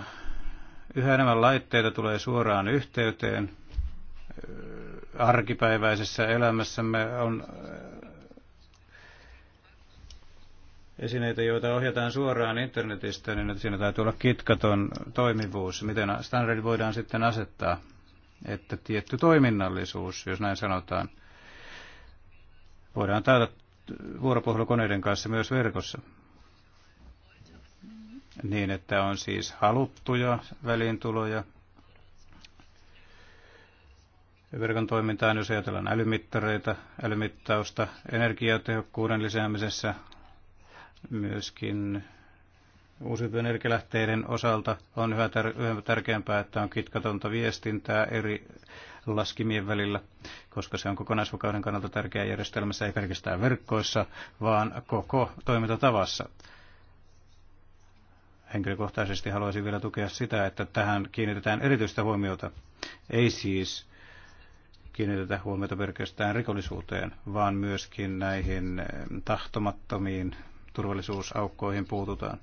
yhä enemmän laitteita tulee suoraan yhteyteen arkipäiväisessä elämässämme on esineitä, joita ohjataan suoraan internetistä, niin siinä täytyy olla kitkaton toimivuus. Miten standardit voidaan sitten asettaa, että tietty toiminnallisuus, jos näin sanotaan, voidaan täytä vuoropuhelukoneiden kanssa myös verkossa niin, että on siis haluttuja väliintuloja verkon toimintaan, jos ajatellaan älymittareita, älymittausta energiatehokkuuden lisäämisessä, myöskin uusiutuvien energialähteiden osalta on yhä, tär- yhä tärkeämpää, että on kitkatonta viestintää eri laskimien välillä, koska se on kokonaisvakauden kannalta tärkeä järjestelmässä, ei pelkästään verkkoissa, vaan koko toimintatavassa. Henkilökohtaisesti haluaisin vielä tukea sitä, että tähän kiinnitetään erityistä huomiota. Ei siis kiinnitetä huomiota pelkästään rikollisuuteen, vaan myöskin näihin eh, tahtomattomiin turvallisuusaukkoihin puututaan.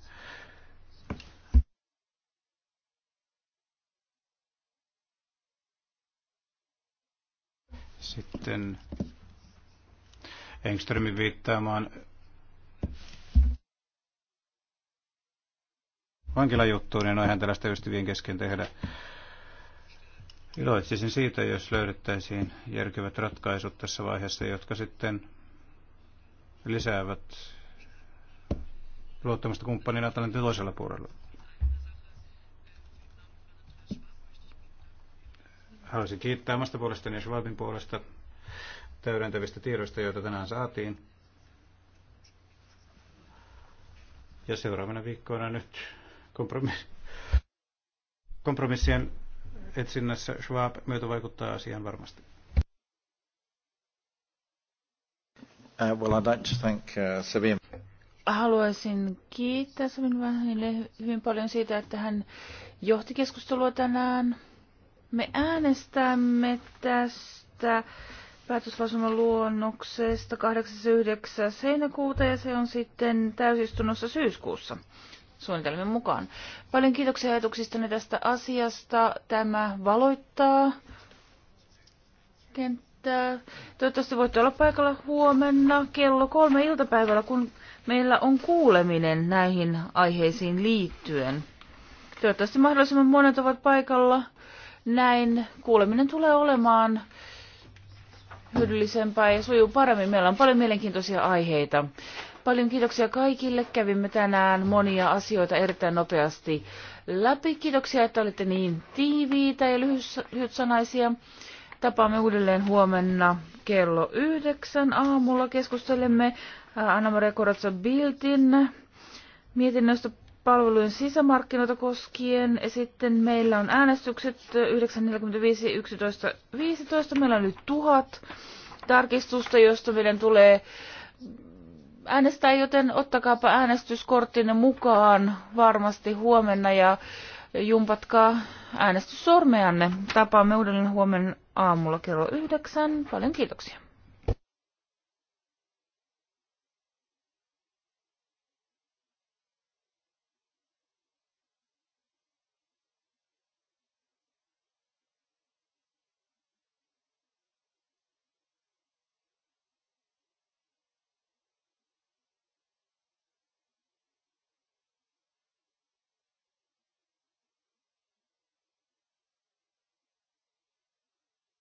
Sitten Engströmin viittaamaan vankilajuttuun, niin noihän tällaista ystävien kesken tehdä. Iloitsisin siitä, jos löydettäisiin järkevät ratkaisut tässä vaiheessa, jotka sitten lisäävät luottamusta kumppanina tällä toisella puolella. Haluaisin kiittää omasta puolestani ja Schwabin puolesta täydentävistä tiedoista, joita tänään saatiin. Ja seuraavana viikkoina nyt kompromissien etsinnässä Schwab myötä vaikuttaa asiaan varmasti. Uh, well, I'd like to thank, uh, Haluaisin kiittää Sabin Vähille hyvin paljon siitä, että hän johti keskustelua tänään. Me äänestämme tästä päätöslausuman luonnoksesta 8.9. heinäkuuta ja se on sitten täysistunnossa syyskuussa suunnitelmien mukaan. Paljon kiitoksia ajatuksistanne tästä asiasta. Tämä valoittaa kenttää. Toivottavasti voitte olla paikalla huomenna kello kolme iltapäivällä, kun meillä on kuuleminen näihin aiheisiin liittyen. Toivottavasti mahdollisimman monet ovat paikalla. Näin kuuleminen tulee olemaan hyödyllisempää ja sujuu paremmin. Meillä on paljon mielenkiintoisia aiheita. Paljon kiitoksia kaikille. Kävimme tänään monia asioita erittäin nopeasti läpi. Kiitoksia, että olitte niin tiiviitä ja lyhytsanaisia. Tapaamme uudelleen huomenna kello yhdeksän aamulla. Keskustelemme Anna-Maria Koratsa-Biltin mietinnöstä palvelujen sisämarkkinoita koskien. Ja sitten meillä on äänestykset 9.45.11.15. Meillä on nyt tuhat tarkistusta, josta meidän tulee äänestää, joten ottakaapa äänestyskorttinne mukaan varmasti huomenna ja jumpatkaa äänestyssormeanne. Tapaamme uudelleen huomenna aamulla kello yhdeksän. Paljon kiitoksia.